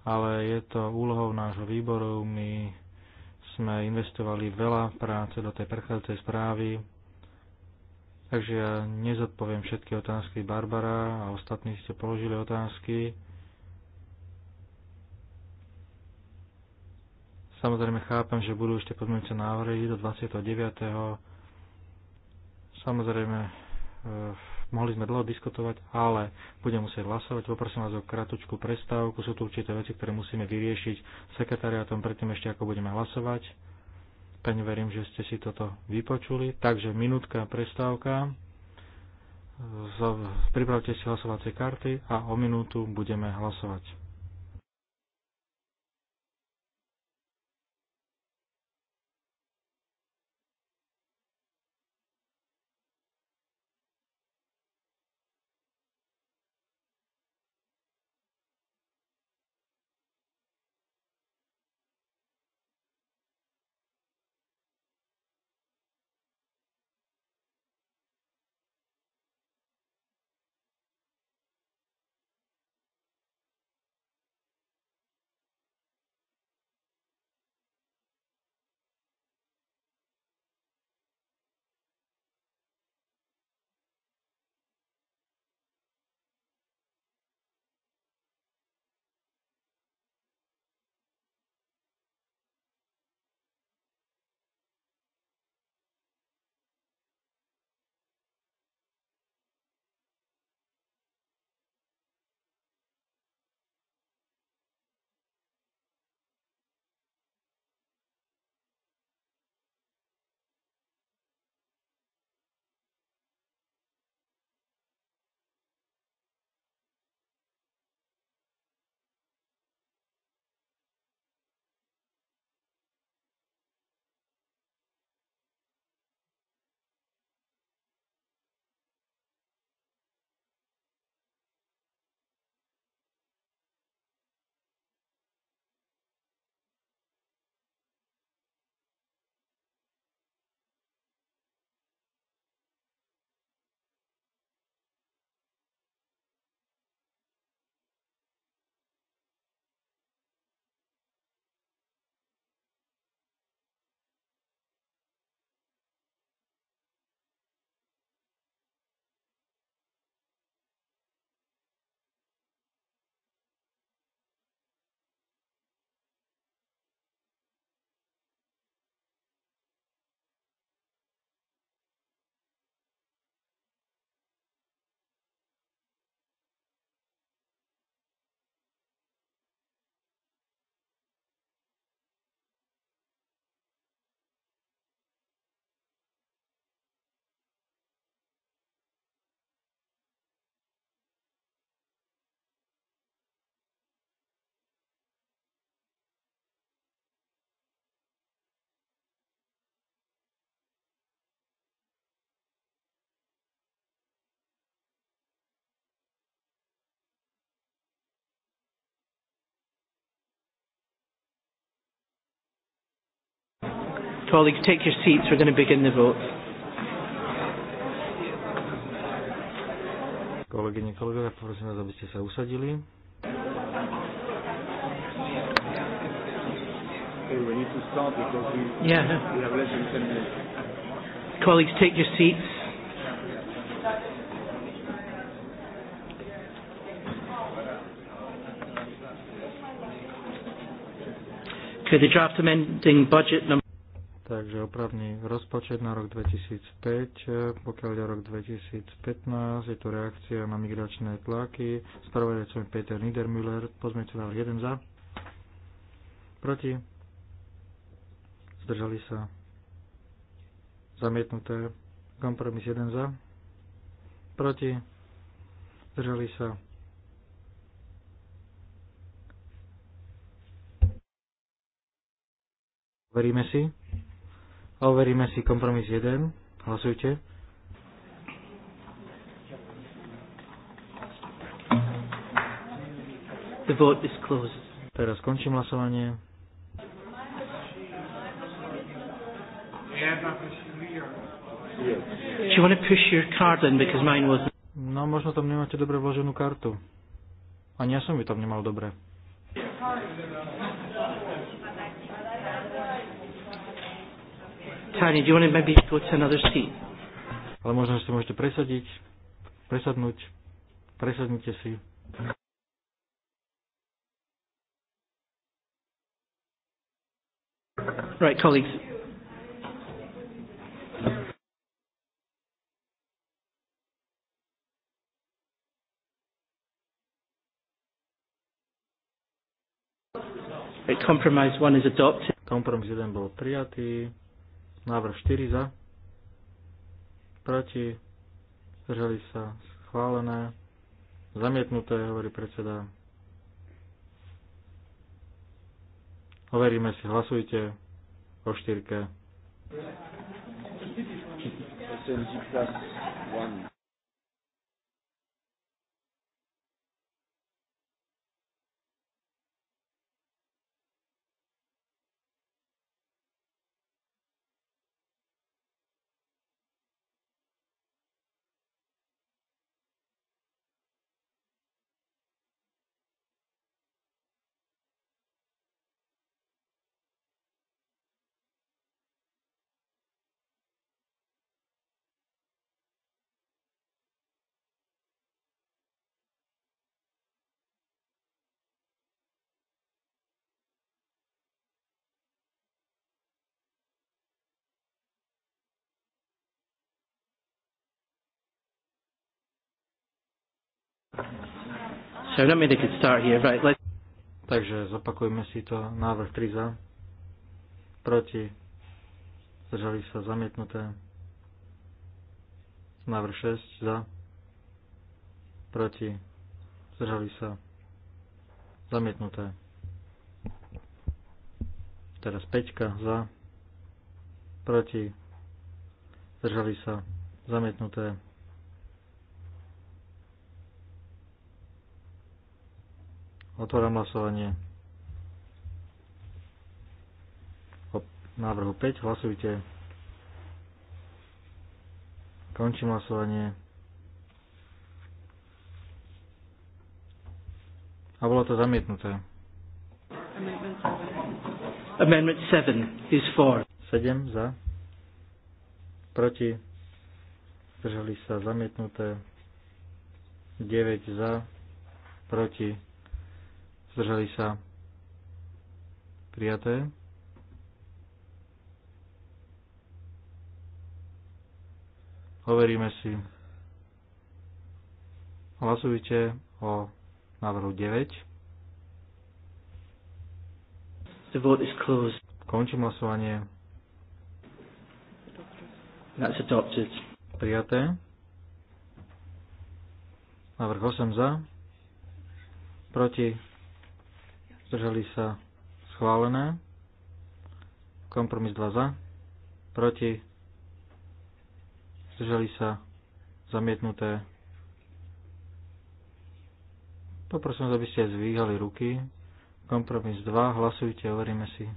ale je to úlohou nášho výboru. My sme investovali veľa práce do tej prechádzajúcej správy, takže ja nezodpoviem všetky otázky Barbara a ostatní ste položili otázky. Samozrejme chápem, že budú ešte pozmeňujúce návrhy do 29. Samozrejme Eh, mohli sme dlho diskutovať, ale budem musieť hlasovať. Poprosím vás o kratučku prestávku. Sú tu určité veci, ktoré musíme vyriešiť sekretariátom predtým ešte, ako budeme hlasovať. Pevne verím, že ste si toto vypočuli. Takže minútka prestávka. Eh, pripravte si hlasovacie karty a o minútu budeme hlasovať. Colleagues, take your seats. We're going to begin the vote. Kolegyne, kolegovia, poprosím vás, aby ste sa usadili. Yeah. Colleagues, take your seats. Okay, the draft amending budget number Takže opravný rozpočet na rok 2005, e, pokiaľ je rok 2015, je to reakcia na migračné tlaky. Spravodajcom Peter Niedermüller, pozmeňte návrh 1 za. Proti. Zdržali sa. Zamietnuté. Kompromis 1 za. Proti. Zdržali sa. Veríme si. Overíme si kompromis 1. Hlasujte. The vote is closed. Teraz skončím hlasovanie. Do you want to push your card in because mine was No, možno tam nemáte dobre vloženú kartu. Ani ja som ju tam nemal dobre. Tanya, do you want to maybe go to another seat? Ale možno, že sa môžete presadiť, presadnúť, presadnite si. Right, colleagues, Compromise is adopted. Compromise 1 bol prijatý. Návrh 4 za. Proti. Zdržali sa. Schválené. Zamietnuté, hovorí predseda. Overíme si, hlasujte o štyrke. So let me get start here. Right, let's... Takže zopakujme si to. Návrh 3 za. Proti. Zdržali sa zamietnuté. Návrh 6 za. Proti. Zdržali sa zamietnuté. Teraz 5 za. Proti. Zdržali sa zamietnuté. Otváram hlasovanie. O návrhu 5 hlasujte. Končím hlasovanie. A bolo to zamietnuté. Amendment 7 is for. 7 za. Proti. Zdržali sa zamietnuté. 9 za. Proti zdržali sa prijaté. Overíme si. Hlasujte o návrhu 9. The vote is closed. Končím hlasovanie. That's adopted. Prijaté. Návrh 8 za. Proti zdržali sa schválené. Kompromis 2 za, proti, zdržali sa zamietnuté. Poprosím, aby ste zvíhali ruky. Kompromis 2, hlasujte, overíme si.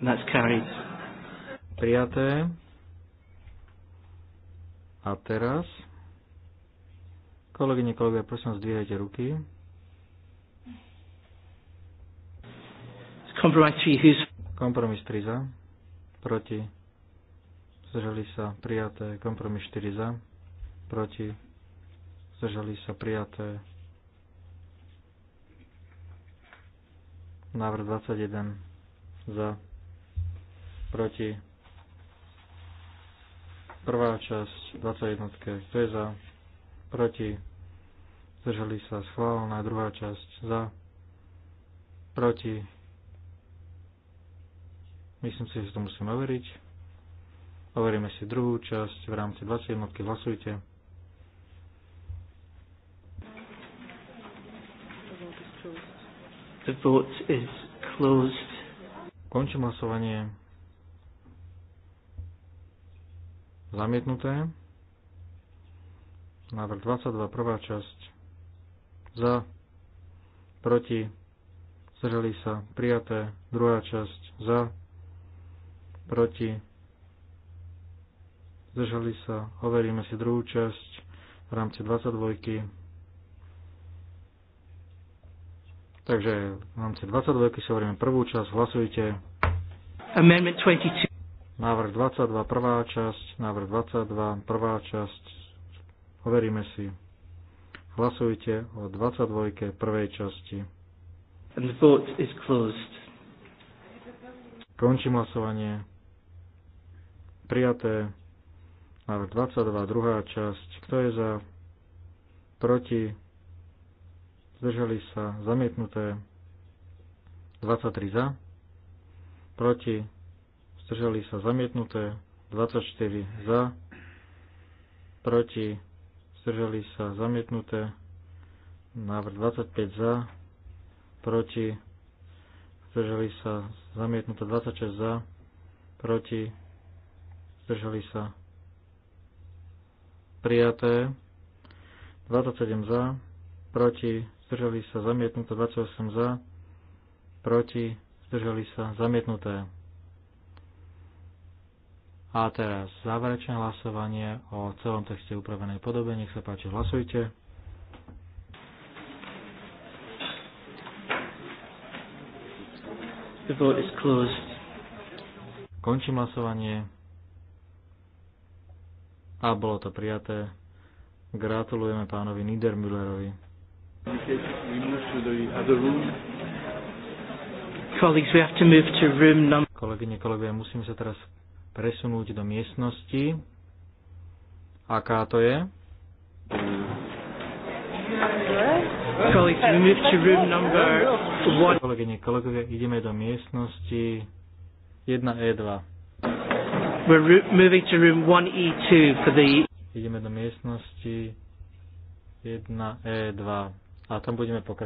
That's carried. Prijaté. A teraz, kolegyne, kolegovia, prosím, zdvíhajte ruky. Kompromis 3 za, proti, zdržali sa, prijaté, kompromis 4 za, proti, zdržali sa, prijaté. Návrh 21 za, proti. Prvá časť 21. To je za? Proti. Zdržali sa schválená druhá časť za. Proti. Myslím si, že to musíme overiť. Overíme si druhú časť v rámci 21. Hlasujte. The vote is closed. Končím hlasovanie. Zamietnuté. Návrh 22, prvá časť. Za. Proti. Zdržali sa. Prijaté. Druhá časť. Za. Proti. Zdržali sa. Overíme si druhú časť v rámci 22. Takže v rámci 22 si overíme prvú časť. Hlasujte. Amendment 22. Návrh 22, prvá časť, návrh 22, prvá časť. Overíme si. Hlasujte o 22. prvej časti. And the vote is closed. Končím hlasovanie. Prijaté. Návrh 22, druhá časť. Kto je za? Proti? Zdržali sa? Zamietnuté? 23 za? Proti? zdržali sa zamietnuté, 24 za, proti, zdržali sa zamietnuté, návrh 25 za, proti, zdržali sa zamietnuté, 26 za, proti, zdržali sa prijaté, 27 za, proti, zdržali sa zamietnuté, 28 za, proti, zdržali sa zamietnuté. A teraz záverečné hlasovanie o celom texte upravenej podobe. Nech sa páči, hlasujte. The vote is closed. Končím hlasovanie. A bolo to prijaté. Gratulujeme pánovi Niedermüllerovi. Colleagues, Kolegyne, kolegovia, musíme sa teraz presunúť do miestnosti. Aká to je? Kolegyne, kolegyne, ideme do miestnosti 1E2. E We're moving to room 1E2 e for the... Ideme do miestnosti 1E2 e a tam budeme pokračovať.